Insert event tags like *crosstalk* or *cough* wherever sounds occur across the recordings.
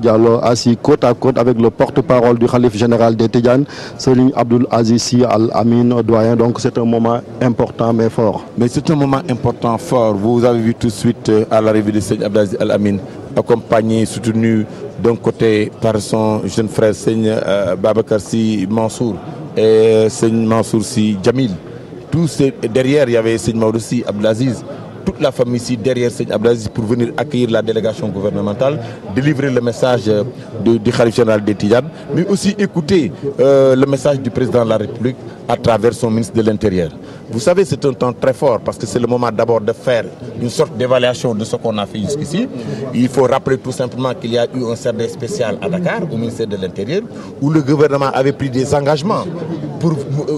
Diallo assis côte à côte avec le porte-parole du calife général des Tidjanes, Serigne Abdul Aziz Al Amin doyen. Donc c'est un moment important mais fort. Mais c'est un moment important fort. Vous avez vu tout de suite euh, à l'arrivée de Seigneur Abdul Al Amin, accompagné, soutenu d'un côté par son jeune frère Seigneur euh, Babakar Si Mansour et euh, Seigneur Mansour Si Djamil. Tout derrière il y avait Seigneur aussi Si toute la famille ici derrière Seigne Abdelaziz pour venir accueillir la délégation gouvernementale, délivrer le message euh, du Khalif général de Tijan, mais aussi écouter euh, le message du président de la République, à travers son ministre de l'Intérieur. Vous savez, c'est un temps très fort parce que c'est le moment d'abord de faire une sorte d'évaluation de ce qu'on a fait jusqu'ici. Il faut rappeler tout simplement qu'il y a eu un service spécial à Dakar, au ministère de l'Intérieur, où le gouvernement avait pris des engagements pour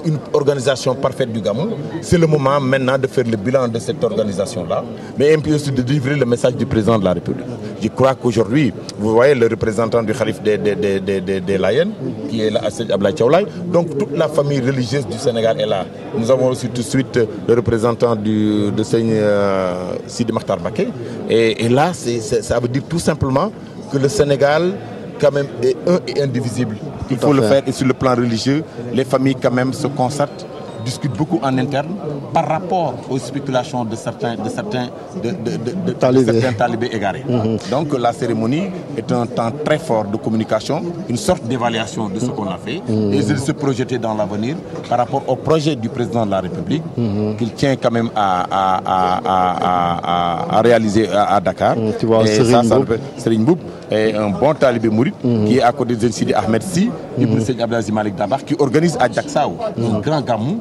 une organisation parfaite du Gamou. C'est le moment maintenant de faire le bilan de cette organisation-là, mais un peu aussi de livrer le message du président de la République. Je crois qu'aujourd'hui, vous voyez le représentant du Khalif des, des, qui est là, à Donc toute la famille religieuse du Sénégal est là. Nous avons reçu tout de suite le représentant du, de Seigneur euh, Sidi Martar Et, là, ça veut dire tout simplement que le Sénégal, quand même, est un et indivisible. Il faut le faire. Et sur le plan religieux, les familles, quand même, se concertent discute beaucoup en interne par rapport aux spéculations de certains, de certains, de, de, talibés. certains talibés égarés. Mhm. Donc la cérémonie est un temps très fort de communication, une sorte d'évaluation de ce qu'on a fait mhm. et de se projeter dans l'avenir par rapport au projet du président de la République mhm. qu'il tient quand même à, à, à, à réaliser à, Dakar. et ça, ça est un bon talibé mouride qui est à côté de Zensidi Ahmed du Ibn Abdelaziz Malik Dabar, qui organise à Jaksao, un grand gamou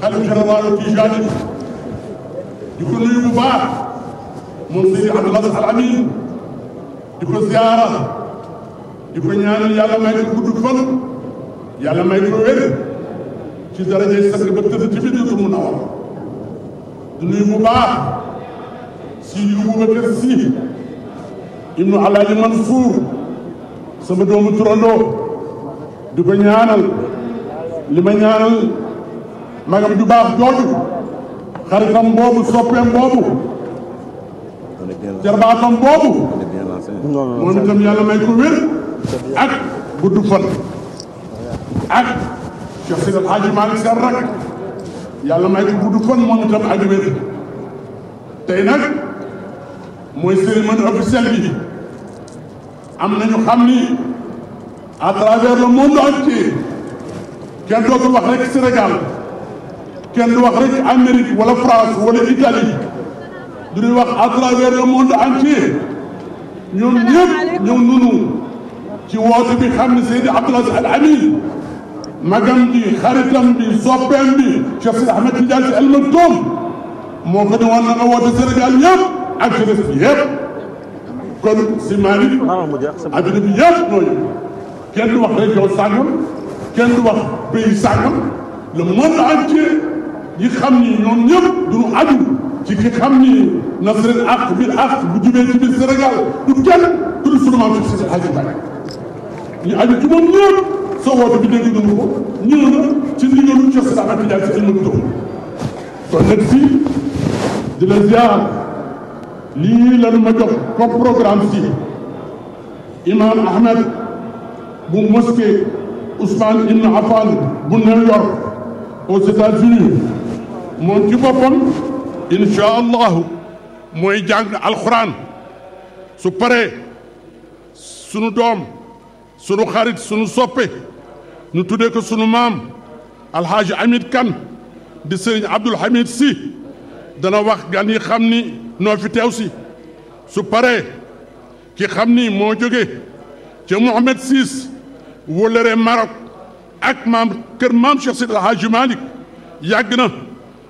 xalifa général Tijaani di ko nuyu bu baax moom Seydi Abdou Aziz Al Amin di ko ziara di ko ñaanal yàlla may ko gudd fan yàlla may ko wér ci darajay sëkk ba tëdd ci biir mu nawar di nuyu bu baax Seydi Boubacar Sy ibnu Alaaji Mansour sama doomu turandoo di ko ñaanal li ma ñaanal magam du baax jooju xaritam boobu soppeem boobu jarbaatam boobu moom itam yàlla may ko wér ak gudd fan ak Cheikh Seydi El Hadji Malick Sy rak yàlla may ko gudd fan moom itam ak wér tey nag mooy cérémonie officielle bi am nañu xam ni à travers le monde entier kenn dootul wax rek Sénégal كان لوح أمريكا ولا فرنسا ولا إيطاليا دري وقت أطلع غير الموند أنتي نون نيب نون نونو جوات بخمس سيد أطلس العمي مجمع دي خريطم دي صوبم دي شوف أحمد تجاس المطوم ممكن وانا قوات السرقال يب أكثر فيهب كن سيماني أدري بيجاس نوي كان لوح رك أوسانم كان لوح بيسانم لمن أنتي yi xam ni ñoom ñëpp duñu aju ci ki xam ni na seen ak biir ak bu jubee ci biir Sénégal du kenn du sunu maam si si Hadji Mbaye ñu aju ci moom ñëpp soo woote bi dégg nañu ko ñëw na ci ndigalu Cheikh Sidi Ahmed Tidiane si ilmu toog kon nag fii di la ziar lii lan ma jox comme programme si imam Ahmed bu mosquée Ousmane Ibn Affan bu New York aux États-Unis moom ci bopam insha allah moy jàng alxuraan su paré sunu dom sunu xarit sunu soppe nu tuddee ko sunu mam alhaj amid Kan di serigne Abdul Hamid si dana wax gan yi xamni no fi tew si su paré ki xamni mo moo jóge ca Mohamed Siis wóllëre Maroc ak mam keur mam Cheikh Seydi hajj malik yagna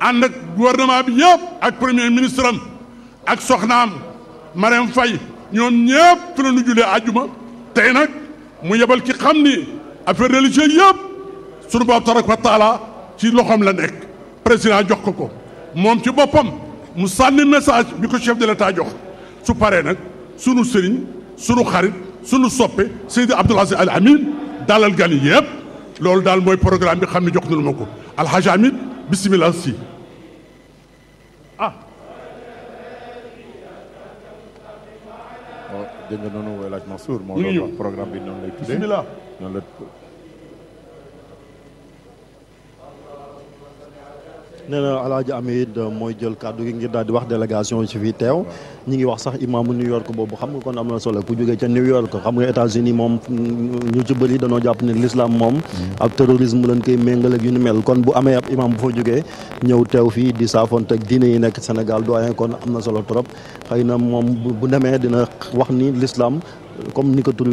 ànd ak gouvernement bi yëpp ak premier ministre am ak soxnaam Marème Faye ñoom ñëpp fi la nu julee àjjuma tey nag mu yebal ki xam ni affaire religieuse yëpp sunu bopp tabaraka wa taala ci loxoom la nekk président jox ko ko moom ci boppam mu sànni message bi ko chef de l'état jox su paree nag sunu sëriñ sunu xarit sunu soppe Seydi Abdoul Aziz Al Amin dalal gan yëpp loolu daal mooy programme bi xam ne jox nañu ma ko alhaji Amin bisimilah si dégg nga noonu El Hadj Mansour. moo doon wax programme bi noonu lay tuddee. bisimilah noonu la nee na alaaji Amid mooy jël kàddu gi ngir daal di wax délégation ci fii teew ñi ngi wax sax imaamu New York boobu xam nga kon am na solo ku jógee ca New York xam nga États-Unis moom ñu ci bëri danoo jàpp ne lislaam moom mm. ak terrorisme lañ koy méngale ak yu nu mel kon bu amee ab imam bu fa jógee ñëw teew fii di saafonte ak diine yi nekk Sénégal doyen kon am na solo trop xëy na moom bu demee dina wax ni lislaam comme l'islam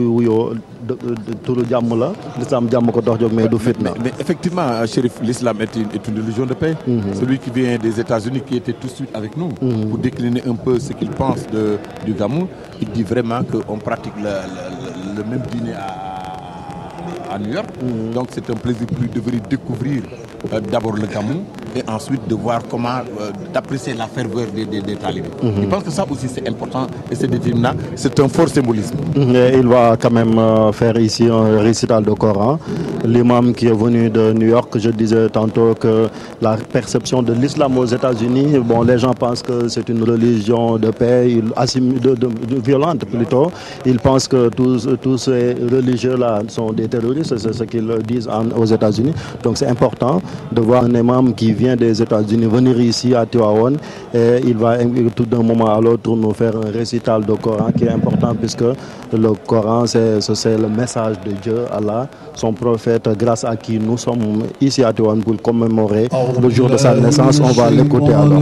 effectivement euh, Chérif l'islam est une, illusion de paix mhm. celui qui vient des États-Unis qui était tout de suite avec nous mhm. pour décliner un peu ce qu'il pense du Gamou il dit vraiment qu'on pratique le, même dîner à, New York mhm. donc c'est un plaisir plus de découvrir euh, d'abord le Gamou et ensuite de voir comment, apprécier euh, d'apprécier la ferveur des, des, mhm. Je pense que ça aussi c'est important et c'est films c'est un fort symbolisme. Mhm. Et il va quand même euh, faire ici un récital de Coran. L'imam qui est venu de New York, je disais tantôt que la perception de l'islam aux États-Unis, bon, les gens pensent que c'est une religion de paix, de, de, violente plutôt. Ils pensent que tous, tous ces religieux-là sont des terroristes, c'est ce qu'ils disent aux États-Unis. Donc c'est important de voir un imam qui vient des États-Unis venir ici à Tiwawon et il va tout d'un moment à l'autre nous faire un récital de Coran qui est important puisque le Coran c'est le message de Dieu, Allah, son prophète, grâce à qui nous sommes ici à Tiwawon pour commémorer le jour de sa naissance. On va l'écouter alors.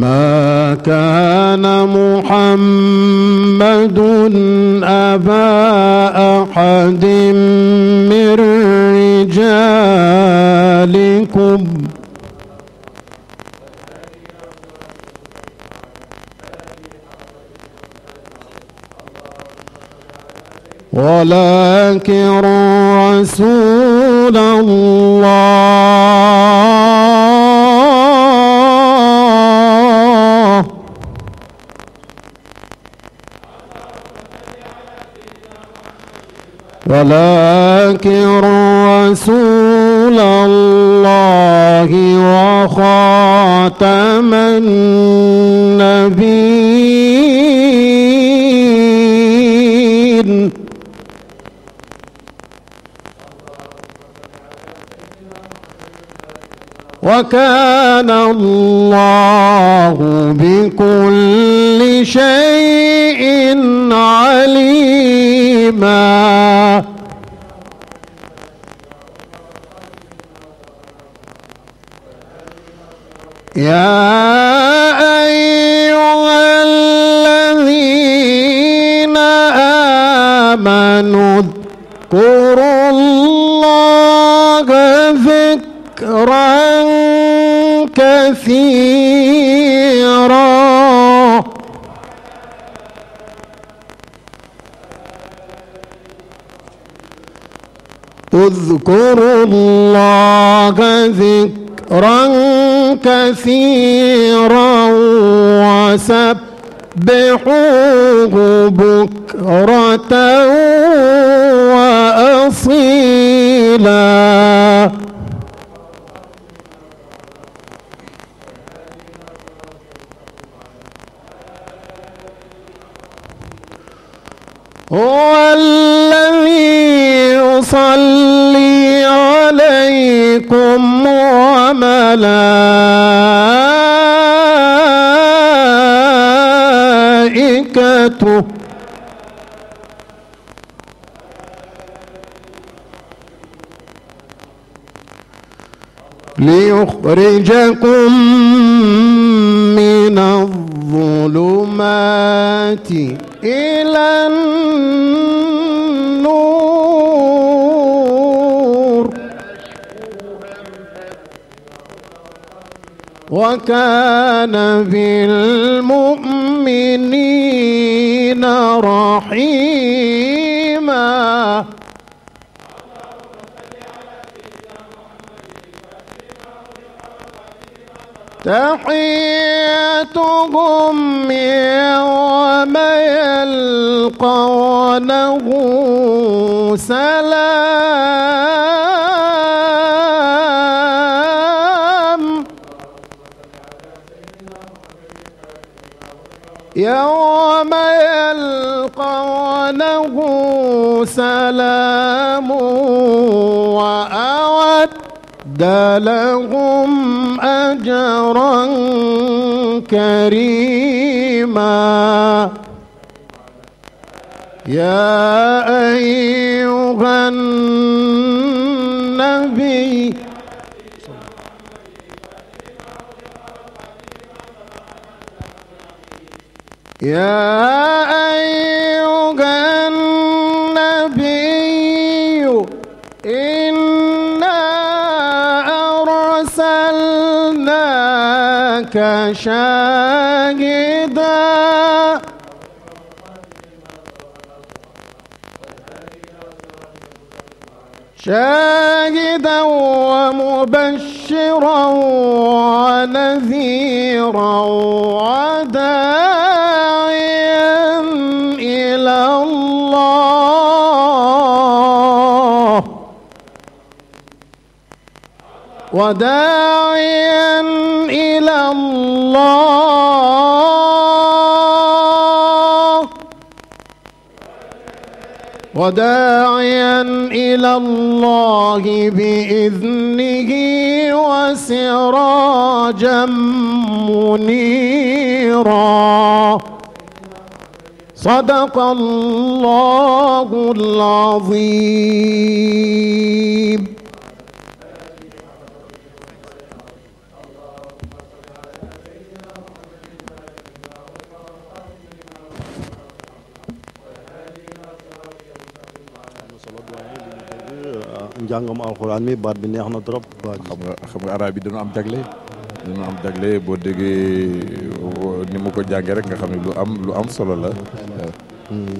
ما كان محمد أبا أحد من رجالكم ولكن رسول الله ولكن رسول الله وخاتم النبيين وكان الله بكل شيء عليما يا أيها الذين آمنوا اذكروا الله ذكرا ذكرا كثيرا اذكروا الله ذكرا كثيرا وسبحوه بكرة وأصيلا هو الذي يصلي عليكم وملائكته ليخرجكم من الظلمات إلى النور وكان بالمؤمنين رحيماً تحيتهم يوم يلقونه سلام يوم يلقونه سلام وآخر أعد لهم أجرا كريما يا أيها النبي يا أيها النبي لك شاهدا شاهدا ومبشرا ونذيرا وداعيا إلى الله وداعيا إلى الله وداعيا إلى الله بإذنه وسراجا منيرا صدق الله العظيم njàngam alxuraan mi baat bi neex na trop. xam xam nga arab yi dañu am jagle. dañu am jagle boo déggee ni mu ko jàngee rek nga xam ne lu am lu am solo la. Hmm.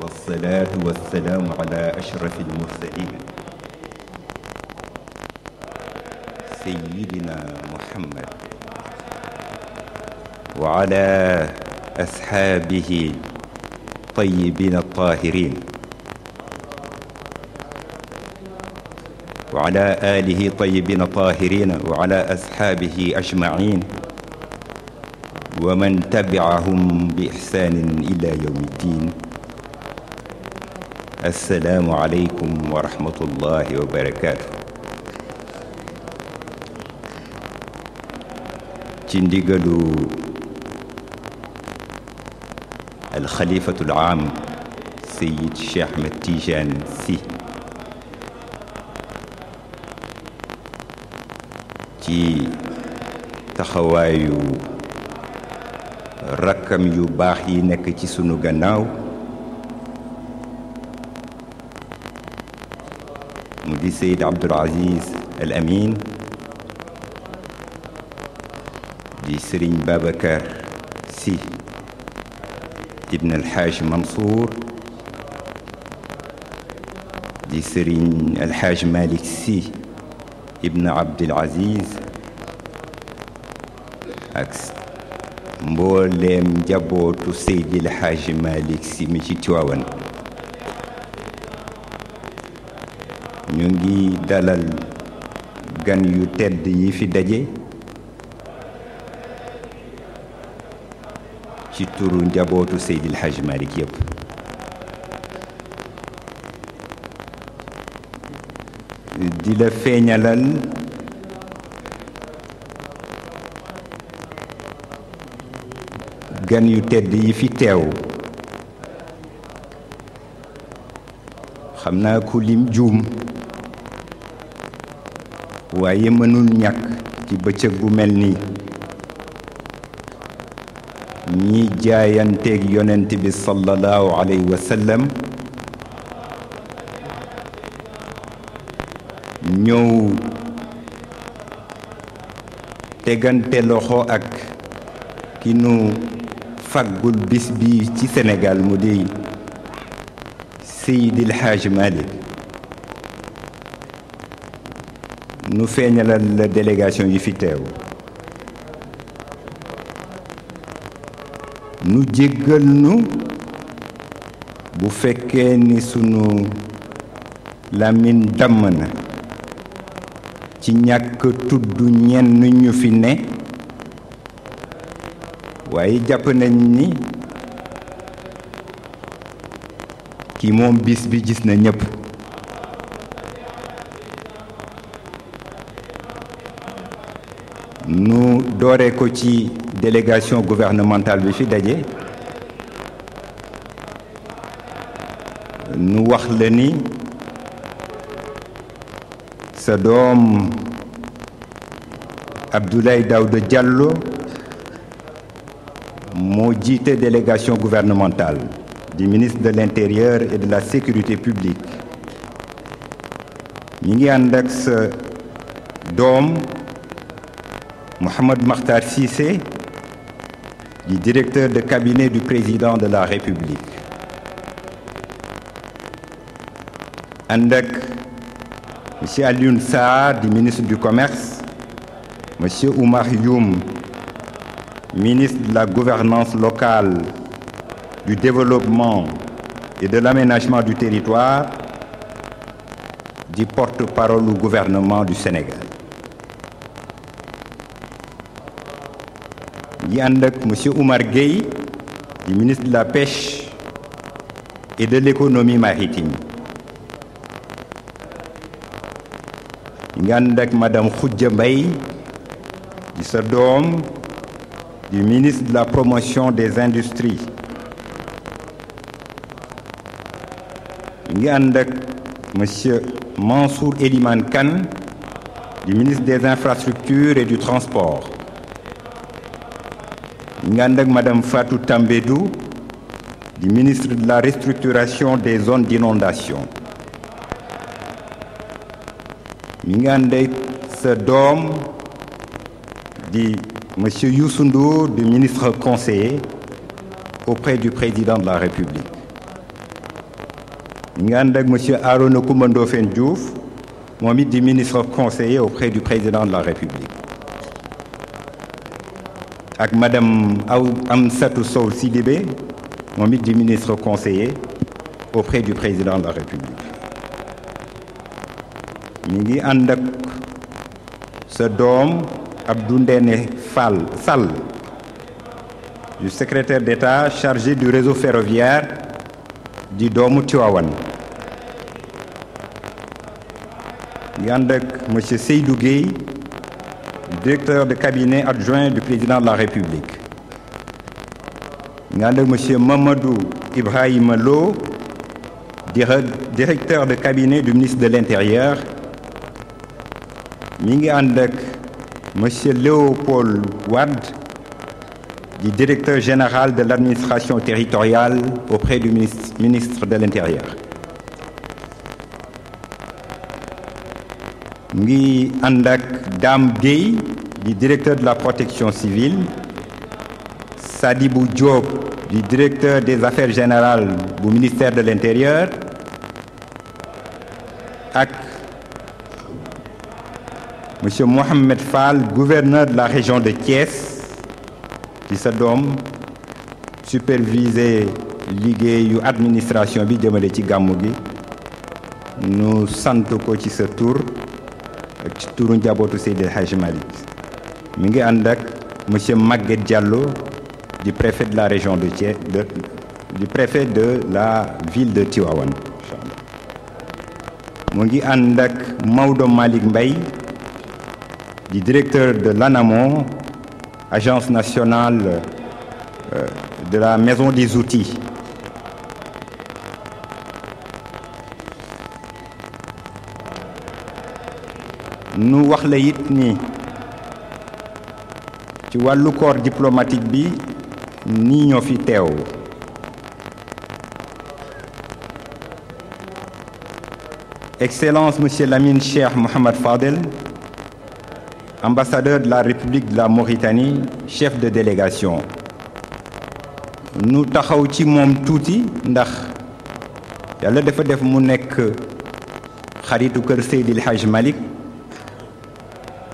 والصلاة والسلام على أشرف المرسلين سيدنا محمد وعلى أصحابه الطيبين الطاهرين وعلى آله طيبين طاهرين وعلى أصحابه أجمعين ومن تبعهم بإحسان إلى يوم الدين السلام عليكم ورحمة الله وبركاته تندقلوا الخليفة العام سيد الشيخ متيجان سي تي تخوايو ركم يباحي نكتي سنو دي السيد عبد العزيز الأمين دي سرين بابكر سي ابن الحاج منصور دي سرين الحاج مالك سي ابن عبد العزيز أكس mboolem njabootu Seydi El الحاج مالك سي mi ci ñu ngi dalal gan yu tedd yi fi daje ci turu njabootu Seydil Hadj Malick yépp di la feeñalal gan yu tedd yi fi teew xam naa ku lim juum waaye mënul ñàkk ci bëccëg bu mel nii ñi jaayanteeg yonent bi sallallahu alayhi wa sallam ñëw loxo ak ki nu faggul bis bi ci Sénégal mu di Seydil Hadj nu feeñalal la délégation yi fi teew nu jéggal nu bu fekkee ni sunu làmmiñ damm na ci ñàkk tudd ñenn ñu fi ne waaye jàpp nañ ni ki moom bis bi gis na ñépp Doré ko délégation gouvernementale bi fi nous nu wax le ni Abdoulaye Daouda Diallo mo délégation gouvernementale du ministre de l'intérieur et de la sécurité publique ñi ngi sa Mohamed Martar Sissé, du directeur de cabinet du président de la République. Andek, M. Alioun Saar, du ministre du Commerce, M. Oumar Youm, ministre de la Gouvernance locale, du Développement et de l'Aménagement du territoire, du porte-parole au gouvernement du Sénégal. Il y monsieur Oumar Gueye ministre de la pêche et de l'économie maritime Il y madame du ministre de la promotion des industries Il Mansour Eliman Khan, du ministre des infrastructures et du transport Ngandak madame Fatou Tambedou, ministre de la restructuration des zones d'inondation M. monsieur ministre conseiller auprès du président de la République Ngandak monsieur ministre conseiller auprès du président de la République ak madame Amsatou Sow Sidibé mon ministre conseiller auprès du président de la République Nous avons ce ak ce Fall du secrétaire d'État chargé du réseau ferroviaire du dôme Tivaouane Nous avons ak monsieur Seydou directeur de cabinet adjoint du président de la République M. Mamadou Ibrahim Lo directeur de cabinet du ministre de l'Intérieur M. Léopold Wad, directeur général de l'administration territoriale auprès du ministre de l'Intérieur M. ngi Andak directeur de la protection civile Sadibou Diop du directeur des affaires générales du ministère de l'intérieur Et monsieur Mohamed Fall gouverneur de la région de Thiès qui sa supervisé superviser l'administration administration bi nous, ci Nous gi Nous ci turu njabootu Seydi Hadji Malick mi ngi ànd ak monsieur Maguette Diallo du préfet de la région de Thiès de du préfet de la ville de Tivaouane mu ngi ànd ak Maodo Malick Mbaye du directeur de l'ANAMO agence nationale euh, de la maison des outils Nous wax la yit ni ci walu corps diplomatique bi ni ñoo fi Excellence Monsieur Lamine Cheikh Mohamed Fadel ambassadeur de la République de la Mauritanie chef de délégation Nous taxaw ci mom touti ndax yalla dafa def mu nek xaritu kër Seydil Malik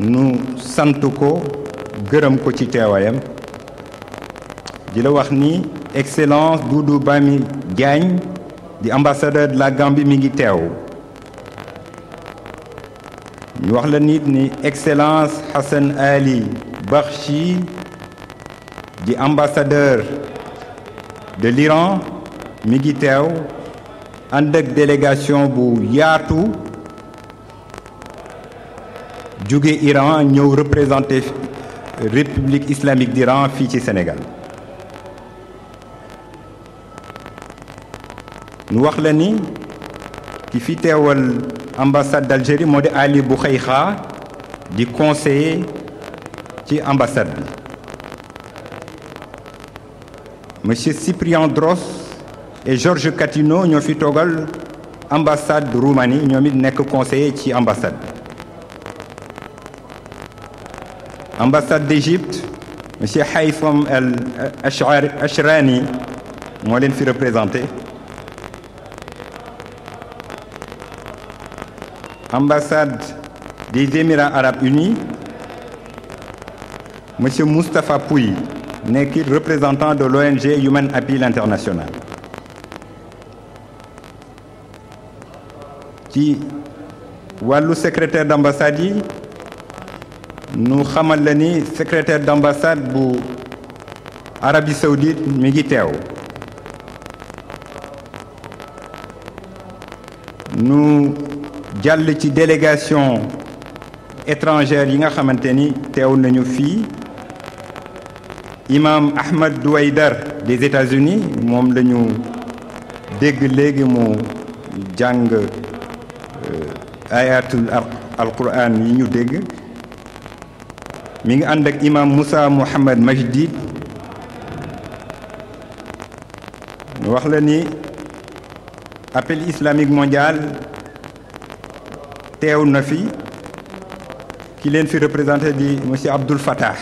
Nous Santoko, ko gërëm ko ci di la wax excellence Doudou Bami Diagne di ambassadeur de la Gambie mi ngi teew ñu wax la excellence Hassan Ali Bakhshi di ambassadeur de l'Iran mi ngi dehors de ak délégation bu yaatu Juge Iran ñeu représenter république islamique d'Iran fi ci Sénégal Nous wax la ki d'Algérie modé Ali Boukhaïkha di conseiller ci ambassade bi monsieur Cyprien Dross et Georges Catino nous togal l'ambassade de Roumanie ñomit nek conseiller ci ambassade ambassade d'Égypte M. Haïfom El Ashrani moo fut représenté ambassade des Émirats arabes unis M. Moustapha Pouy représentant de l'ONG Human Appeal International Qui le secrétaire d'ambassade nous sommes le secrétaire d'ambassade bu Arabie Saoudite mi ngi Nous nu délégation étrangère yi nga xamante ni nañu imam Ahmed Douaïdar des États-Unis nous sommes ñu dégg mo jang euh, ayatul alquran yi mi ngi imam Moussa Mohamed Majdi wax la ni appel islamique mondial teew na fi ki fi représenté par monsieur Abdoul Fattah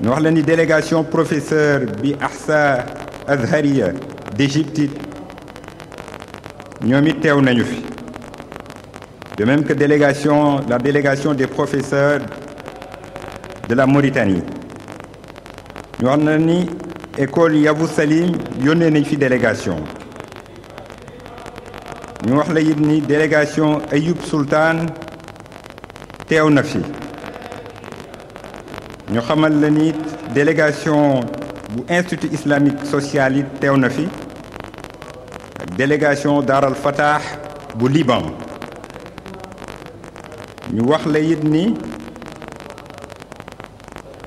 Nous avons la délégation professeur bi Ahsa Azharia d'Égypte ñoom it fi de même que la délégation des professeurs de la Mauritanie. Nous avons l'école ni école Yavou Salim une délégation Nous avons la délégation Ayoub Sultan Théonafi. na fi ñu la délégation bu institut islamique social Théonafi, délégation Dar al délégation Fatah du Liban nous wax la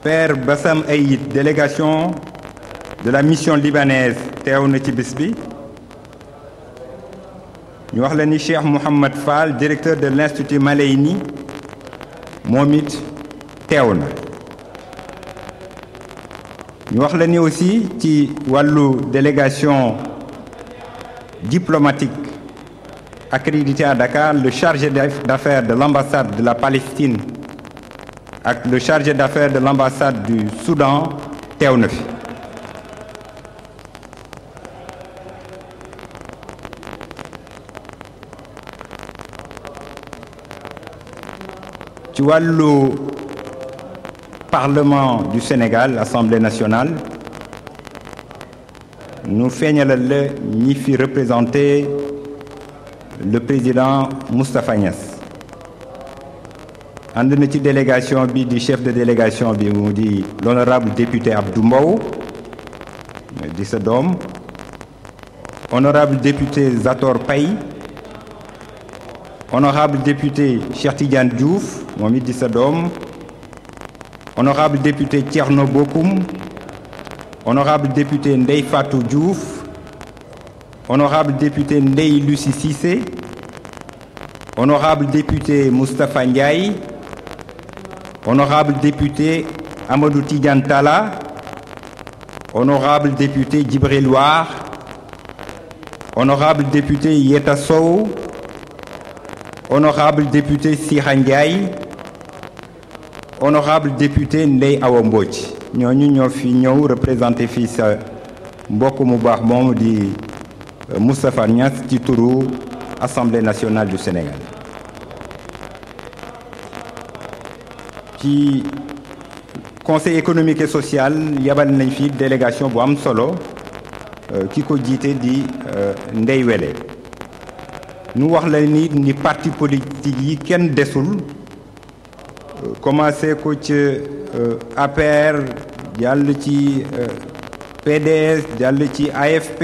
père Bassam Eyid, délégation de la mission libanaise teew na ci bis bi ñu wax Cheikh directeur de l'Institut Malayni Mohamed it Nous na ñu wax la aussi ci délégation diplomatique accrédité à Dakar le chargé d'affaires de l'ambassade de la Palestine le chargé d'affaires de l'ambassade du Soudan Théon Tu vois le parlement du Sénégal l'Assemblée nationale nous faisons le ñi représenter le président Moustapha Niass En na délégation bi chef de délégation l'honorable député Abdou di sa honorable député Zator Pay. honorable député Cheikh Diouf dit di honorable député Tierno Bokoum honorable député Ndeifatou Fatou Diouf honorable député Ndei Lucie Sissé, honorable député Moustapha Ndiaye, honorable député Amadou Tidjantala, honorable député Djibril Loire, honorable député Yeta Sow, honorable député Sirangay, honorable député Ney Awamboj. Nous avons représenté fils Mboko Moubar, Moustapha Nias ci Assemblée nationale du Sénégal Qui... conseil économique et social yabal délégation bu solo ...qui euh, ko dit di euh, Nous ni ni parti politique yi APR PDS AFP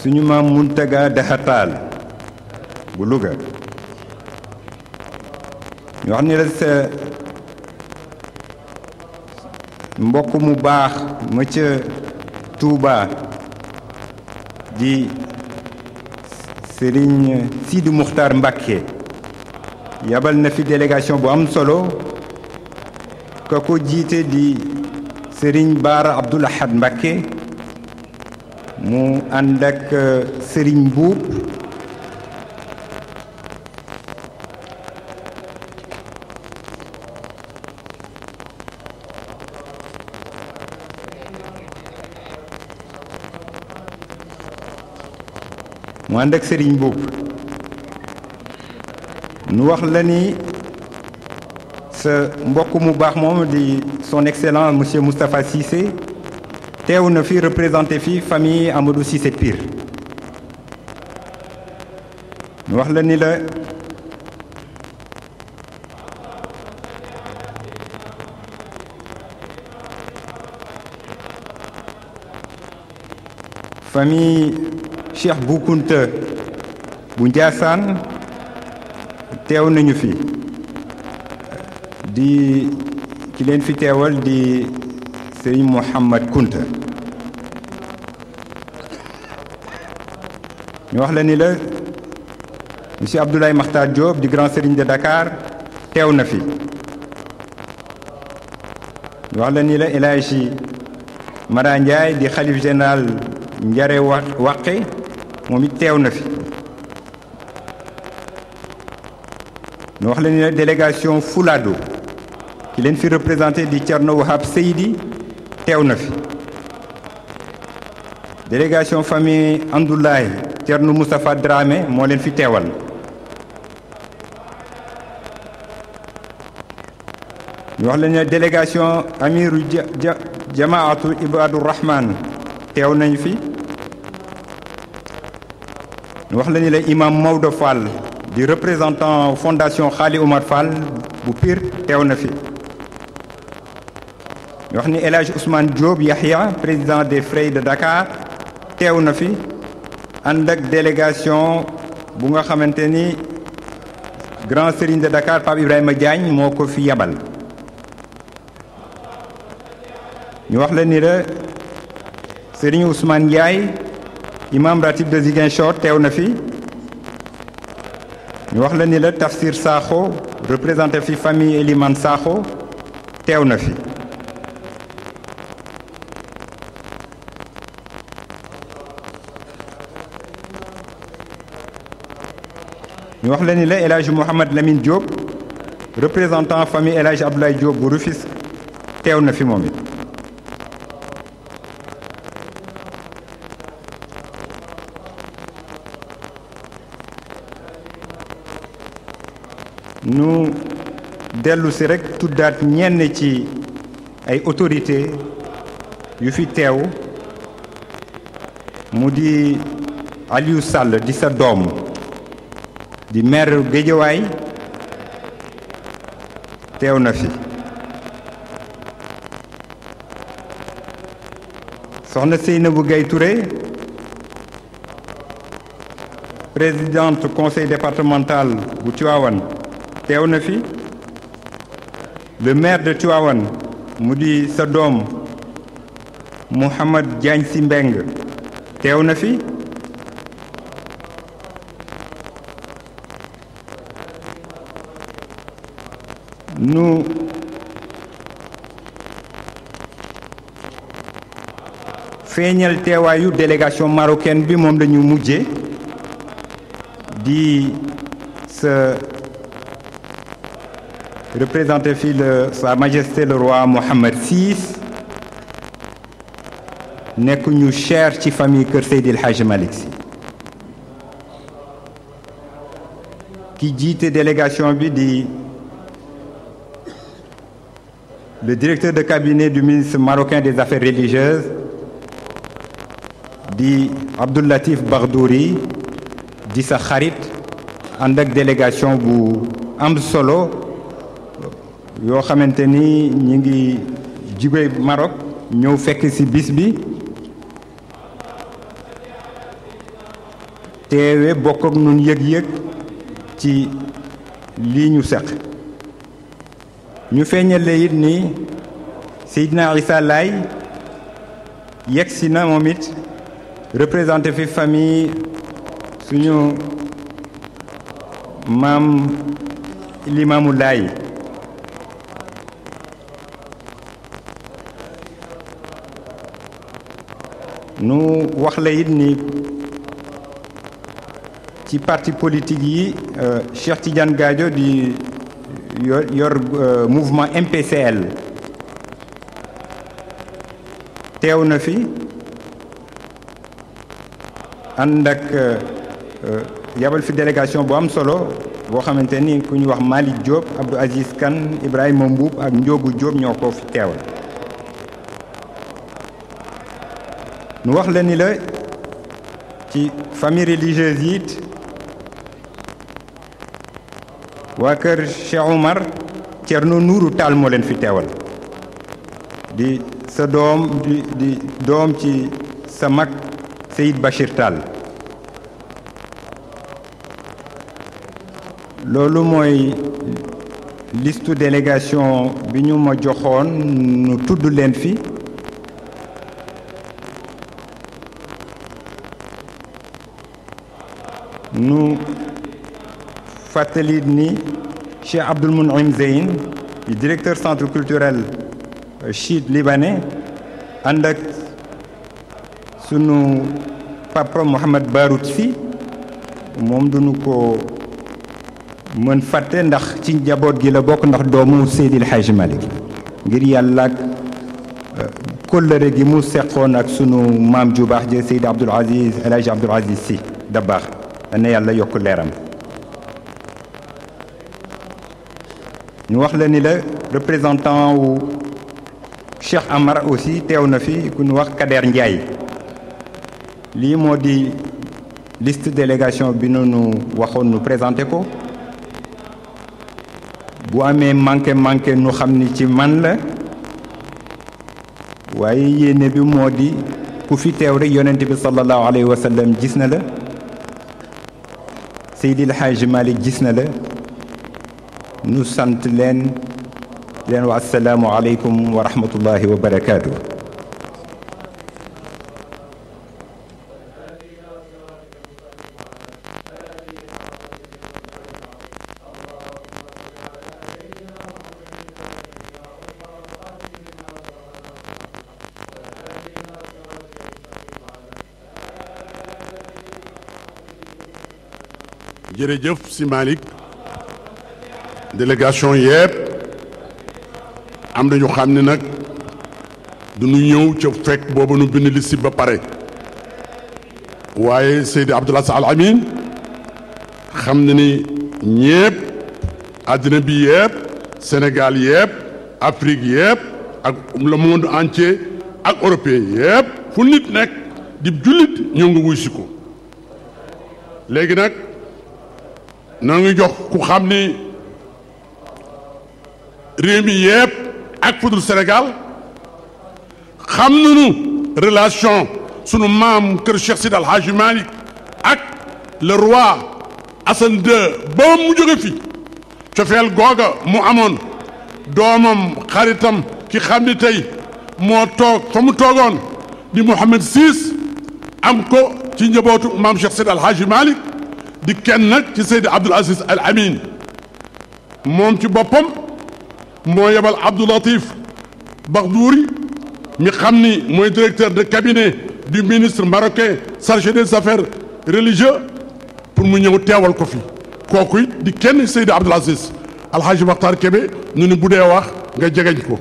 suñu Muntaga Daxataal bu Louga ñu wax ni la sa mu baax ma di Serigne Sidi yabal fi délégation bu am solo Koko ko di Serigne Abdul euh, mu ànd ak Serigne Mbuub mu ànd ak Serigne Mbuub nu wax la ni ce mbokk mu bax mom di son excellent monsieur Mustapha Cissé on ne fi représenter fi famille Amadou Cissé Pire wax la ni la famille Cheikh Boukounta bu Ndiassane teew fait fi di ki leen fi teewal di Mohamed Kounter. Kunta ñu wax M. ni M. Abdoulaye Makhtar Diop du grand Serigne de Dakar teew Nous fi ñu wax la ni la El Mara Ndiaye di Khalife général Njare Waqe moom la délégation Foulado, qui est représentée du di Hab Wahab Seydi délégation famille Andoulaye Ternou Moustapha Dramé moo leen Nous allons ñu wax délégation amiru jamaatu Rahman teew Nous fi ñu wax leen imam Fall représentant fondation Khali Omar Fall bu Pire nous Elage Ousmane Diop Yahya président des Frères de Dakar Théonafi, Nafi, fi délégation bu nga grand Sérigne de Dakar Pape Ibrahima Diagne Mokofi yabal Nous avons la ni la Ousmane Ndiaye imam ratib de Ziguinchor Théo Nafi. Nous avons wax la Tafsir Sakho représentant la famille Eliman Sakho Théonafi. Nous avons la Mohamed Lamine Diop représentant famille Elhaj Abdoulaye Diop fils Nous fi Nous rek avons autorité yu nous avons Aliou sa le maire de Théonafi. na fi Seynabou Touré présidente conseil départemental de Tivaouane le maire de Tivaouane Moudi Sodom, Mohamed Simbeng, Diagne Nous feeñal la délégation marocaine bi mom lañu mujjé di se représenter fi le sa majesté le roi Mohammed VI nekk ñu cher ci famille Kër Seydil El Hadji qui dit ki délégation bi di le directeur de cabinet du ministre marocain des Affaires religieuses, dit Abdoulatif Bardouri, dit sa en tant délégation pour am solo yo xamanteni ni ñi ngi Maroc ñeu fekk ci bis bi et bokk ak ñun yek yek ci li ñu ñu feeñale it ni Seydina Issa Laye yegsi na moom it représenté fi famille suñu maam Limaamu Laay nu wax la it ni ci parti politique yi euh, Cheikh Tidiane Gadio di yor euh, mouvement MPCL teew na fi ànd ak euh, euh, yabal fi délégation bu am solo vous xamante ni que ñu wax Malick Diop Abdou Aziz Kane Ibrahim Mamboub, ak Ndiogu Diop Nous ko fi teewal nu wax la ni la ci famille religieuse waa kër Omar Oumar Thierno Nourou Tall moo leen fi teewal di sa doom di di doom ci sa mag Seyid Bachir Tall loolu mooy listu délégation bi ñu ma joxoon nu tudd leen fi nu فاتليدني شي عبد المنعم زين ديريكتور سنتر كولتورال شيد ليباني عندك سنو بابرو محمد باروت في موم دونكو من فاتي ناخ سي نجابوت جي لا بوك ناخ دومو سيد الحاج مالك غير يالاك كل رجي مو سيخون اك سنو مام جوباخ جي سيد عبد العزيز الحاج عبد العزيز سي دبار ان يالا يوكو ليرام Nous wax la représentant Cheikh Amar aussi Théo Nafi, fi nous Kader Ndiaye liste délégation bi nous, waxoon nous présenté ko bu nous manqué manqué ci man la dit que bi que sallallahu alayhi wa sallam gis nu sant leen leen wa asalaamu aleykum wa rahmatullahi wa barakaatu jërëjëf si Malick délégation yëpp am nañu xam ne nag du ñëw ca fekk booba nu bind liste ba pare waaye Seydi Abdoul Aziz Al xam na ni ñëpp àddina bi yëpp senegal yëpp Afrique yëpp ak le monde entier ak européen yëpp fu nit nekk di jullit ñëw nga wuy si ko léegi nag na jox ku xam ni réew mi yëpp ak fudul Sénégal xam nañu relation sunu maam kër Cheikh Sidi Alhaji Malick ak le roi Hassan II ba mu jóge fi cofeel googa mu amoon doomam xaritam ki xam ni tey moo toog fa mu toogoon di Mohammed VI am ko ci njabootu maam Cheikh Sidi Alhaji Malick di kenn nag ci Seydi Abdoul Aziz Al Amin moom ci boppam moi yabal Abdou Latif mi xamni moy directeur de cabinet du ministre marocain chargé des affaires religieuses pour mu ñew teewal ko fi kokuy di kenn Seydou Abdoul Aziz Alhaji Makhtar Kébé ñu ni bu wax nga ko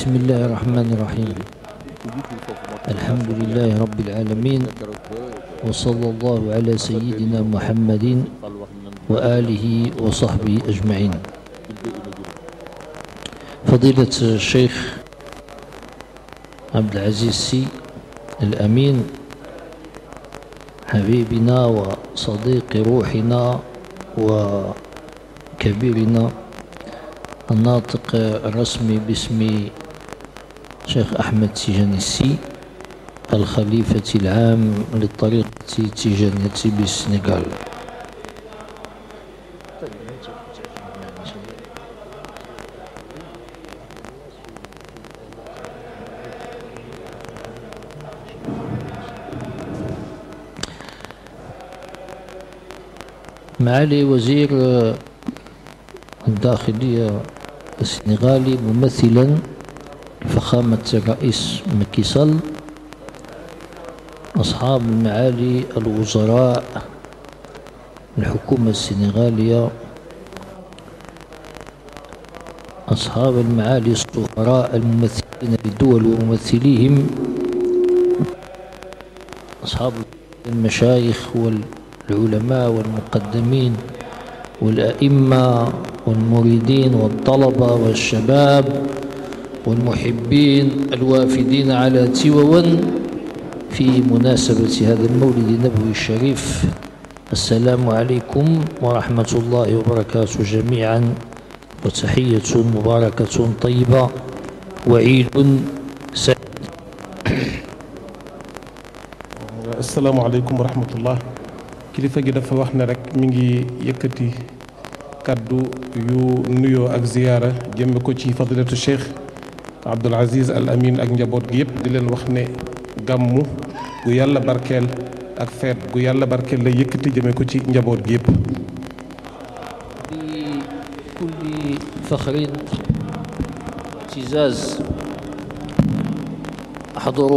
بسم الله الرحمن الرحيم الحمد لله رب العالمين وصلى الله على سيدنا محمد وآله وصحبه أجمعين فضيلة الشيخ عبد العزيز سي الأمين حبيبنا وصديق روحنا وكبيرنا الناطق الرسمي باسم شيخ أحمد تيجاني السي الخليفة العام للطريقة تيجانية بالسنغال معالي وزير الداخلية السنغالي ممثلا فخامة الرئيس مكي أصحاب المعالي الوزراء الحكومة السنغالية أصحاب المعالي السفراء الممثلين للدول وممثليهم أصحاب المشايخ والعلماء والمقدمين والأئمة والمريدين والطلبة والشباب والمحبين الوافدين على تيوان في مناسبة هذا المولد النبوي الشريف السلام عليكم ورحمة الله وبركاته جميعا وتحية مباركة طيبة وعيد سعيد السلام عليكم ورحمة الله kilifa gi فواحنا رك ne يكتي كادو يو نيو اك زياره nuyoo ak ziyaara jëmme عبد العزيز الامين اجنبوت جيب دلن وخني غامو بو يالا باركل اك فيت بو يالا باركل لا ييكتي جيمي كو سي نجابوت جيب كل فخر اعتزاز احضر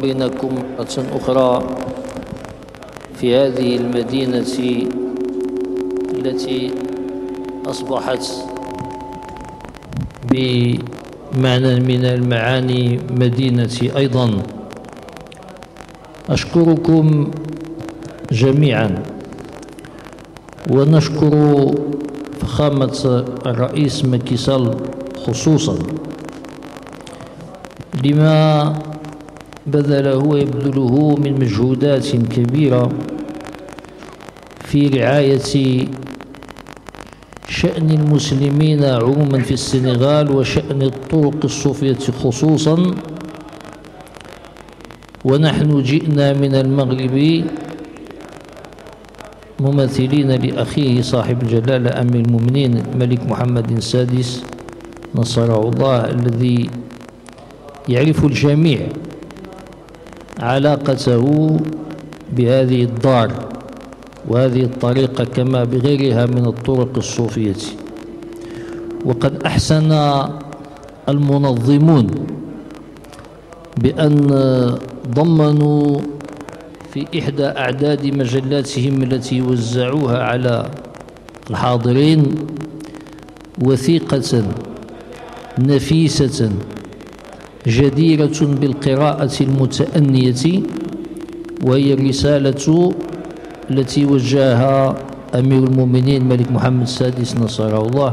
بينكم مره اخرى في هذه المدينه التي اصبحت معنى من المعاني مدينتي أيضا أشكركم جميعا ونشكر فخامة الرئيس مكيسال خصوصا لما بذله ويبذله من مجهودات كبيرة في رعاية شأن المسلمين عموما في السنغال وشأن الطرق الصوفية خصوصا ونحن جئنا من المغرب ممثلين لأخيه صاحب الجلالة أمير المؤمنين الملك محمد السادس نصره الله الذي يعرف الجميع علاقته بهذه الدار وهذه الطريقة كما بغيرها من الطرق الصوفية وقد أحسن المنظمون بأن ضمنوا في إحدى أعداد مجلاتهم التي وزعوها على الحاضرين وثيقة نفيسة جديرة بالقراءة المتأنية وهي الرسالة التي وجهها أمير المؤمنين ملك محمد السادس نصره الله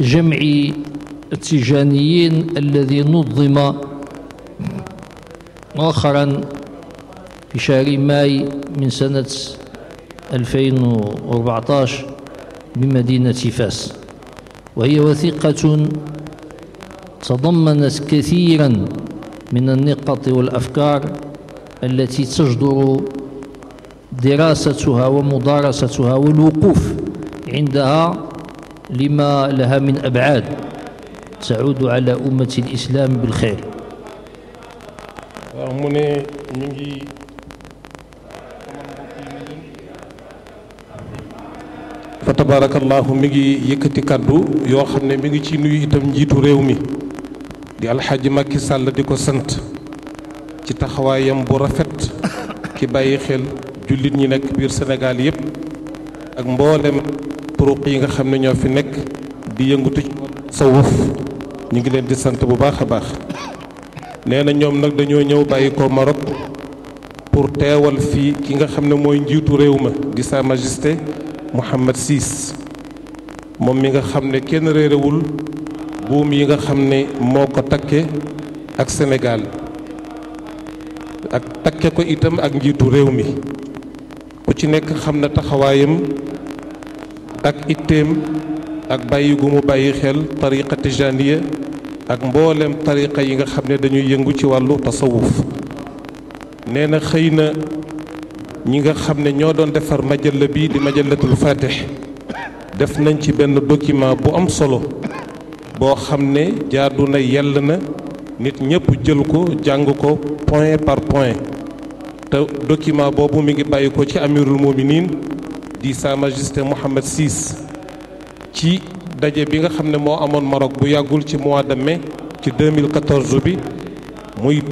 لجمع التجانيين الذي نظم مؤخرا في شهر ماي من سنة 2014 بمدينة فاس وهي وثيقة تضمنت كثيرا من النقط والأفكار التي تجدر دراستها ومدارستها والوقوف عندها لما لها من أبعاد تعود على أمة الإسلام بالخير فتبارك الله ميغي يكتي كادو يو خامني ميغي سي ريومي دي الحاج مكي سال ديكو سنت ci taxawayam bu rafet ci baye xel julit ñi nek bir Sénégal yeb ak mbollem turuq yi nga xamne ño fi nek di yëngutu ci tasawuf ñi ngi leen di sant bu baaxa baax neena ñom nak dañoo ñëw baye ko Maroc pour téwal fi ki nga xamne moy njitu rewma di Sa Majesté Mohammed VI mom mi nga xamne ne kenn réerewul buum yi nga xamne moko takke ak Sénégal ak takke ko itam ak njiitu réew mi ku ci nekk xam na taxawaayam ak itteem ak bàyyi gu mu bàyyi xel tariqa tijaniya ak mboolem tariqa yi nga xam ne dañuy yëngu ci wàllu tasawuf nee na xëy na ñi nga xam ne ñoo doon defar majalla bi di majallatul fatih def nañ ci benn document bu am solo boo xam ne jaadu na yell na nit ñëpp jël ko jàng ko point par point te document boobu mi ngi bàyyi ko ci amirul muminin di sa majesté Mohammed VI ci daje bi nga xam ne moo amoon Maroc bu yàggul ci mois de mai ci 2014 bi muy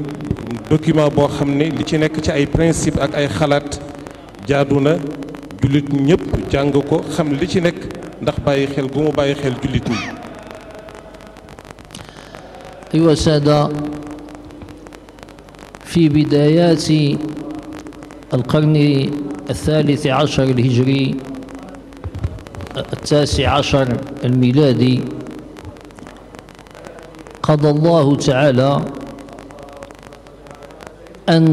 document boo xam ne li ci nekk ci ay principe ak ay xalaat jaadu na jullit ñëpp jàng ko xam li ci nekk ndax bàyyi xel gu mu bàyyi xel jullit ñi أيها السادة في بدايات القرن الثالث عشر الهجري التاسع عشر الميلادي قضى الله تعالى أن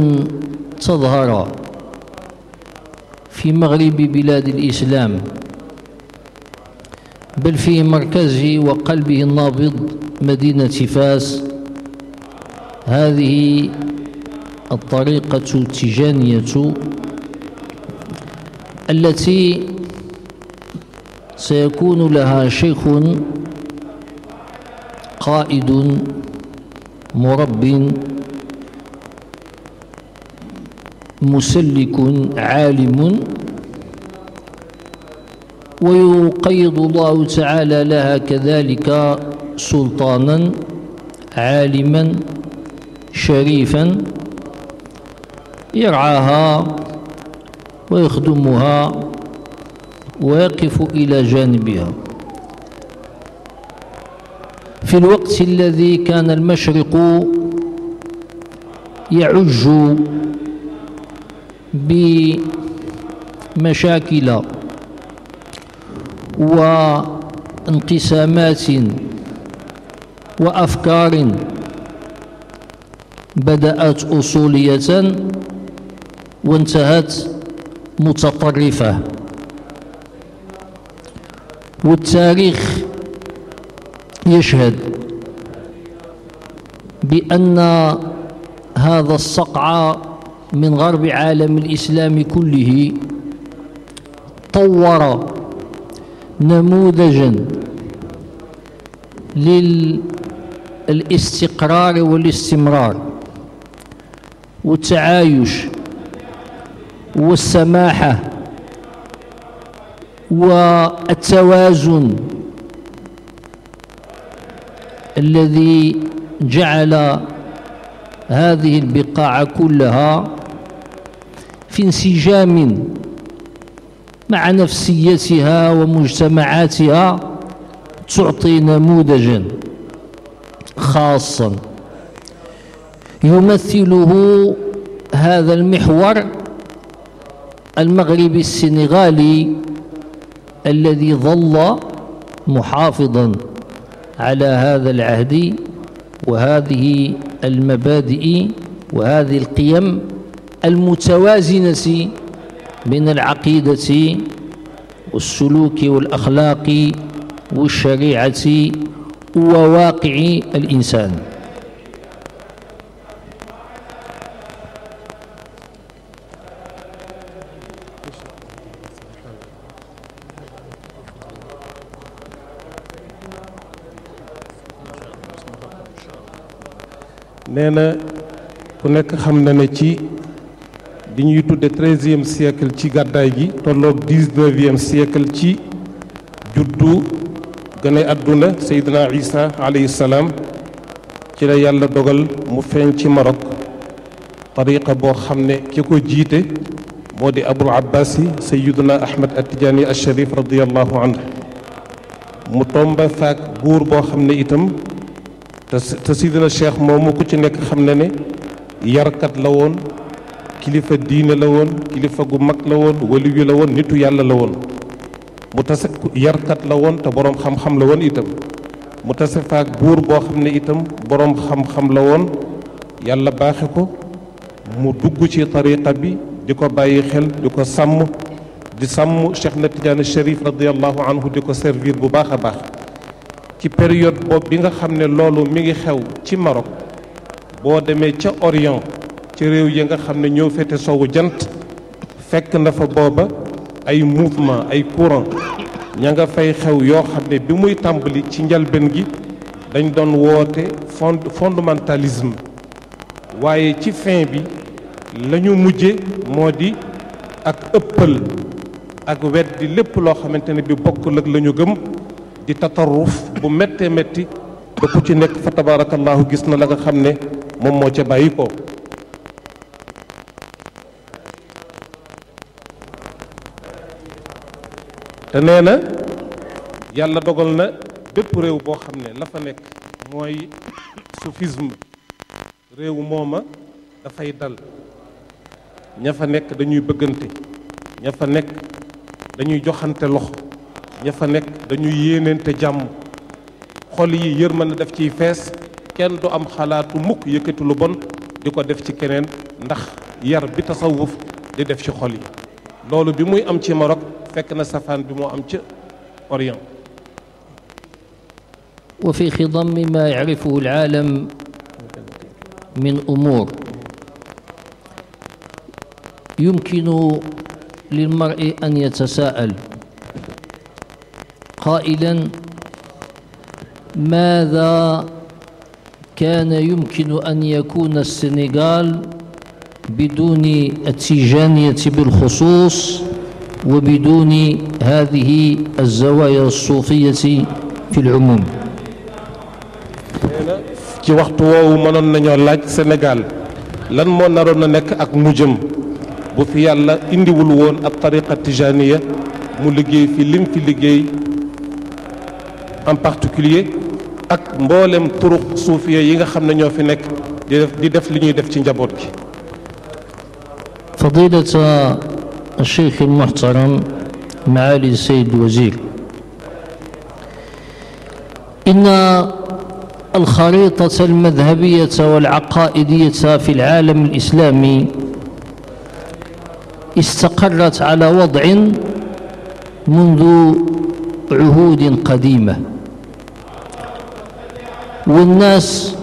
تظهر في مغرب بلاد الإسلام بل في مركزه وقلبه النابض مدينة فاس هذه الطريقة التجانية التي سيكون لها شيخ قائد مرب مسلك عالم ويقيض الله تعالى لها كذلك سلطانا عالما شريفا يرعاها ويخدمها ويقف إلى جانبها في الوقت الذي كان المشرق يعج بمشاكل وانقسامات وأفكار بدأت أصولية وانتهت متطرفة والتاريخ يشهد بأن هذا الصقع من غرب عالم الإسلام كله طور نموذجا لل الاستقرار والاستمرار والتعايش والسماحة والتوازن الذي جعل هذه البقاع كلها في انسجام مع نفسيتها ومجتمعاتها تعطي نموذجاً خاصا يمثله هذا المحور المغربي السنغالي الذي ظل محافظا على هذا العهد وهذه المبادئ وهذه القيم المتوازنة بين العقيدة والسلوك والأخلاق والشريعة وواقع الإنسان nee na ku nekk xam na ne ci bi ñuy tudde treizième siècle ci gàddaay gi tolloog dix-neuvième siècle ci juddu gane àdduna seydina isa alayhi salaam ci la yàlla dogal mu feeñ ci Maroc tariqa boo xam ne ki ko jiite moo di abul abbasi sayiduna ahmed attijaani alsharif radiallahu anhu mu tomba faak buur boo xam ne itam te te sidina cheikh moomu ku ci nekk xam ne ne yarkat la woon kilifa diine la woon kilifa gu mag la woon waliyu la woon nitu yàlla la woon mu tase yarkat la woon te boroom xam-xam la woon itam mu tase faag buur boo xam ne itam boroom xam-xam la woon yàlla baaxe ko mu dugg ci tariqa bi di ko bàyyi xel di ko sàmm di sàmm Cheikh na Tidiane Chérif radiallahu anhu di ko servir bu baax a baax ci période boobu bi nga xam ne loolu mi ngi xew ci Maroc boo demee ca Orient ci réew yi nga xam ne ñoo féete sowu jant fekk na fa booba ay mouvement ay courant ña nga fay xew yoo xam ne bi muy tàmbali ci njalbeen gi dañ doon woote fond fondamentalisme waaye ci fin bi lañu ñu mujje moo di ak ëppal ak weddi lépp loo xamante ne bi bokk ak lañu gëm di tatarruf bu mettee métti ba ku ci nekk fa tabarakallahu gis na la nga xam ne moom moo ca bàyyi ko te nee na yàlla dogal na bépp réew boo xam ne la fa nekk mooy soufisme réew mooma dafay dal ña fa nekk dañuy bëggante ña fa nekk dañuy joxante loxo ña fa nekk dañuy yéenente jàmm xol yi yërmande def ciy fees kenn du am xalaatu mukk yëkkati lu bon di ko def ci keneen ndax yar bi tasawuf di def ci xol yi loolu bi muy am ci Maroc فكنا سفان دمو أمتش أوريان وفي خضم ما يعرفه العالم من أمور يمكن للمرء أن يتساءل قائلا ماذا كان يمكن أن يكون السنغال بدون التيجانية بالخصوص وبدون هذه الزوايا الصوفية في العموم ci waxtu woowu mënoon nañoo laaj Sénégal lan moo naroon a nekk ak mujjëm bu fi yàlla indiwul woon ab tariqa tijaniya mu liggéey fi lim fi liggéey en particulier ak mboolem turuq suufiya yi nga xam ne ñoo fi nekk di def di def li ñuy def ci njaboot gi. fadilata الشيخ المحترم معالي السيد الوزير إن الخريطة المذهبية والعقائدية في العالم الإسلامي استقرت على وضع منذ عهود قديمة والناس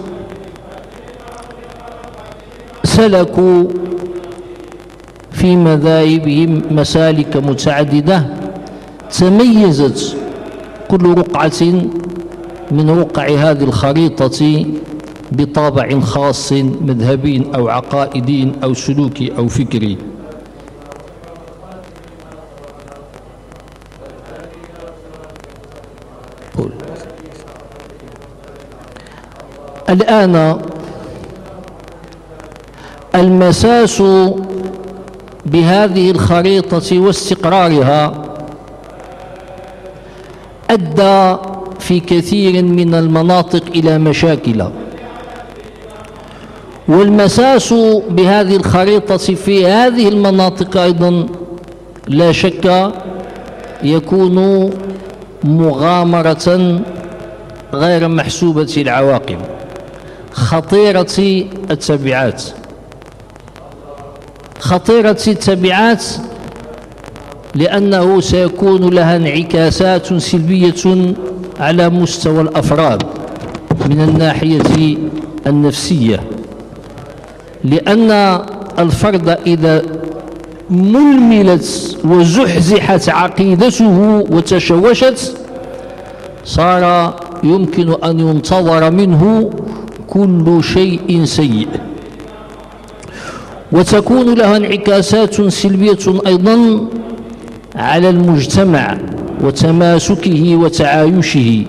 سلكوا في مذاهبهم مسالك متعددة تميزت كل رقعة من رقع هذه الخريطة بطابع خاص مذهبي أو عقائدي أو سلوكي أو فكري الآن المساس بهذه الخريطة واستقرارها أدى في كثير من المناطق إلى مشاكل والمساس بهذه الخريطة في هذه المناطق أيضا لا شك يكون مغامرة غير محسوبة العواقب خطيرة التبعات خطيرة التبعات لأنه سيكون لها انعكاسات سلبية على مستوى الأفراد من الناحية النفسية لأن الفرد إذا ململت وزحزحت عقيدته وتشوشت صار يمكن أن ينتظر منه كل شيء سيء وتكون لها انعكاسات سلبية أيضا على المجتمع وتماسكه وتعايشه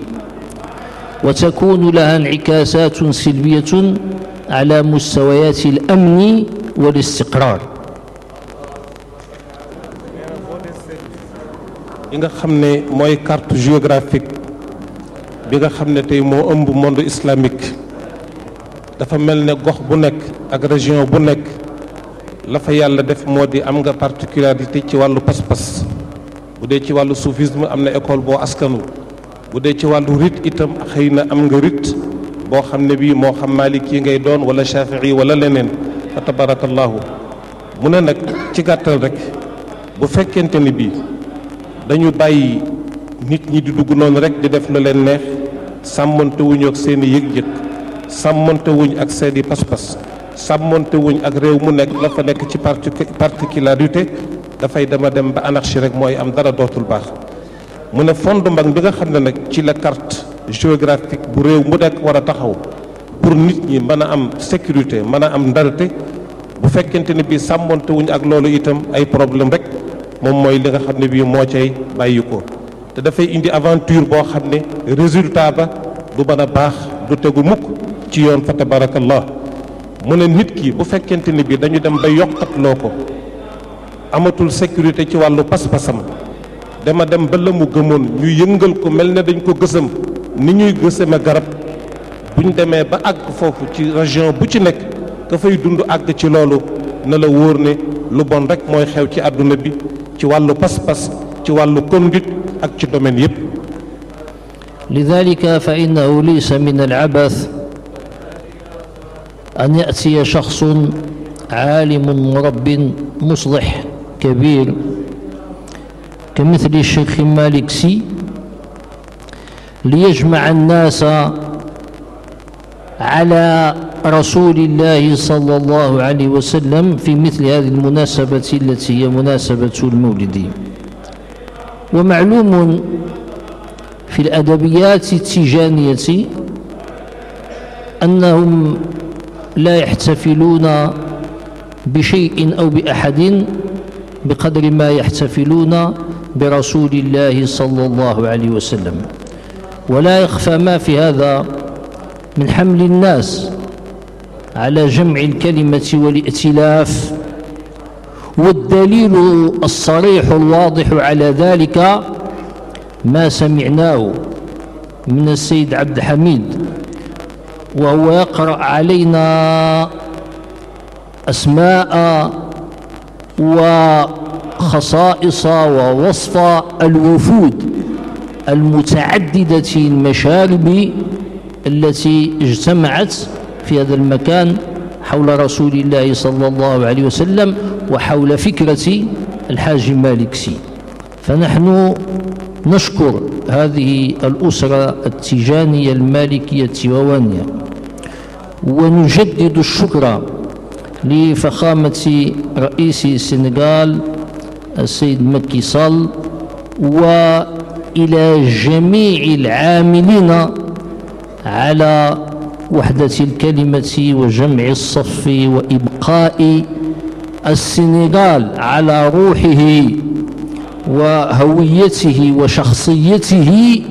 وتكون لها انعكاسات سلبية على مستويات الأمن والاستقرار nga xamne moy carte géographique bi nga xamne tay mo ëmb monde islamique dafa melne gox bu nek ak région bu nek la fa yàlla def moo di am nga particularité ci wàllu pas-pas bu ci wàllu soufisme am école boo askanu bu ci wàllu rite itam xëy na am nga rite boo xam ne bii moo xam maalik yi ngay doon wala shafii wala leneen fa tabarakallahu mu ci gàttal rek bu fekkente ni bii dañu bàyyi nit ñi di dugg noonu rek di def lu leen neex sàmmante wuñu ak seen i yëg-yëg sàmmante ak seen i pas sàmmoontewuñ ak réew mu nekk la fa nekk ci particularité dafay dama dem ba anarchie rek mooy am dara dootul baax mu ne fondement bi nga xam ne nag ci la carte géographique bu réew mu nekk war a taxaw pour nit ñi mën a am sécurité mën a am ndalte bu fekkente ne bii sàmmonte wuñ ak loolu itam ay problème rek moom mooy li nga xam ne bii moo cay bàyyi ko te dafay indi aventure boo xam ne résultat ba du mën a baax du tegu mukk ci yoon fa tabarakallah mune nit ki bu fekkente ni bi dañu dem ba yokkat ko amatul sécurité ci walu pass passam dama dem ba lamu gëmon ñu yëngal ko melne dañ ko gëssam ni ñuy gësame garab buñ démé ba ag fofu ci région bu ci nek ka fay dund ag ci lolu na la wóor ne lu bon rek moy xew ci aduna bi ci walu pass pass ci walu conduite ak ci domaine yépp لذلك فإنه ليس من العبث أن يأتي شخص عالم مرب مصلح كبير كمثل الشيخ مالك سي ليجمع الناس على رسول الله صلى الله عليه وسلم في مثل هذه المناسبة التي هي مناسبة المولد ومعلوم في الأدبيات التجانية أنهم لا يحتفلون بشيء أو بأحد بقدر ما يحتفلون برسول الله صلى الله عليه وسلم ولا يخفى ما في هذا من حمل الناس على جمع الكلمة والائتلاف والدليل الصريح الواضح على ذلك ما سمعناه من السيد عبد الحميد وهو يقرأ علينا أسماء وخصائص ووصف الوفود المتعددة المشارب التي اجتمعت في هذا المكان حول رسول الله صلى الله عليه وسلم وحول فكرة الحاج مالك سي فنحن نشكر هذه الأسرة التيجانية المالكية التيوانية ونجدد الشكر لفخامة رئيس السنغال السيد مكي صال وإلى جميع العاملين على وحدة الكلمة وجمع الصف وإبقاء السنغال على روحه وهويته وشخصيته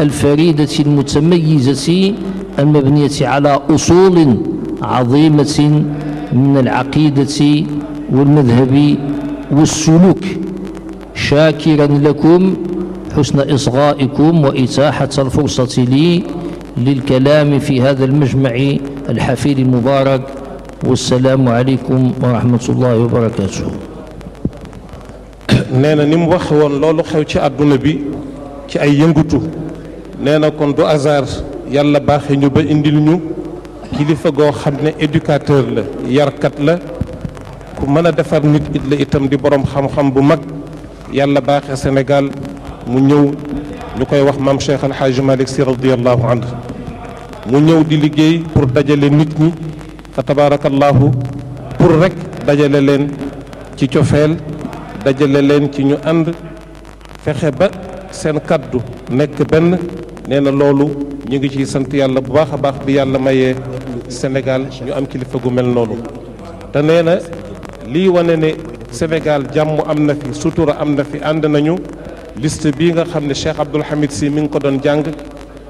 الفريدة المتميزة المبنية على أصول عظيمة من العقيدة والمذهب والسلوك شاكرا لكم حسن إصغائكم وإتاحة الفرصة لي للكلام في هذا المجمع الحفير المبارك والسلام عليكم ورحمة الله وبركاته nee nim wax won waxe xew ci aduna bi ci ay yëngutu nee kon du hasard yàlla baxé ñu ba indil ñu kilifa go xamné éducateur la yar kat la ku mëna defar nit it la itam di borom xam-xam bu mag yàlla baxé Sénégal mu ñëw ñukoy wax mam Cheikh Al malik sir Sy radiyallahu anhu mu ñëw di liggéey pour dajale nit ñi fa tabarakallahu pour rek dajale len ci ciofel dajale leen ci ñu ànd fexe ba seen kàddu nekk benn nee na loolu ñu ngi ciy sant yàlla bu baax a baax bi yàlla mayee Sénégal ñu am kilifa gu mel noonu te nee na lii wane ne Sénégal jàmm am na fi sutura am na fi ànd nañu list bii nga xam ne Cheikh Abdoul Hamid Sy mi ngi ko doon jàng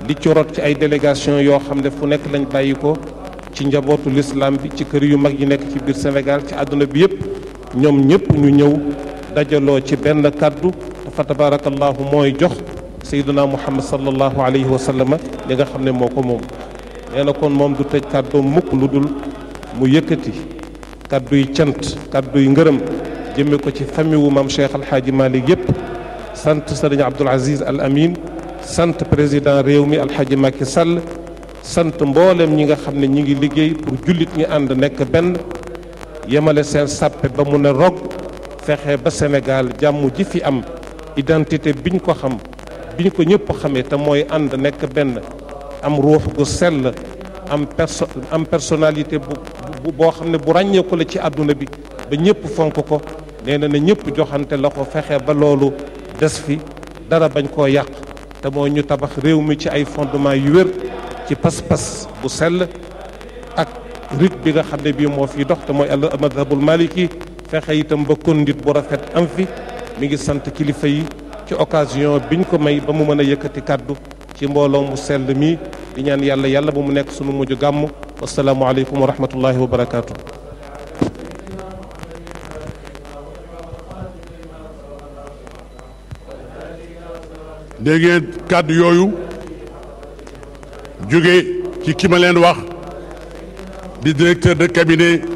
li ci ci ay délégation yoo xam ne fu nekk lañ bàyyi ko ci njabootu l'islam bi ci kër yu mag yi nekk ci biir Sénégal ci àdduna bi yëpp ñoom ñëpp ñu ñëw dajalo ci ben kàddu fa tabarakallahu moy jox sayduna muhammad sallallahu alayhi wa sallam li nga xamne moko mom neena kon mom du tëj kàddu mukk ludul mu yëkkati kàddu yi cant kàddu yi ngeureum jeme ko ci fami wu mam cheikh alhaaji malik yépp sant sëriñ abdul aziz al amin sant président rewmi al alhaaji Macky Sall sante mbollem ñi nga xamne ñi ngi liggey pour julit ñi ànd nek ben yemale sen sàppe ba mu ne rog fexe ba Sénégal jàmm ji fi am identité biñ ko xam biñ ko ñëpp xamé te moy ànd nek ben am roof gu sel am am personnalité bu bo xamné bu ragné ko la ci aduna bi ba ñëpp fonk ko nee na ne ñëpp joxante la ko fexe ba lolu dess fi dara bañ ko yàq te mo ñu tabax réew mi ci ay fondement yu wér ci pas pass bu sel ak rit bi nga xamné bi mo fi dox te moy al madhhabul maliki fexe itam ba conduite bu rafet am fi mi ngi sante kilifa yi ci occasion biñ ko may ba mu a ci mu mi di ñaan yalla mu nekk Assalamu wa rahmatullahi wa barakatuh. dégg yooyu ci ki ma leen wax directeur de cabinet.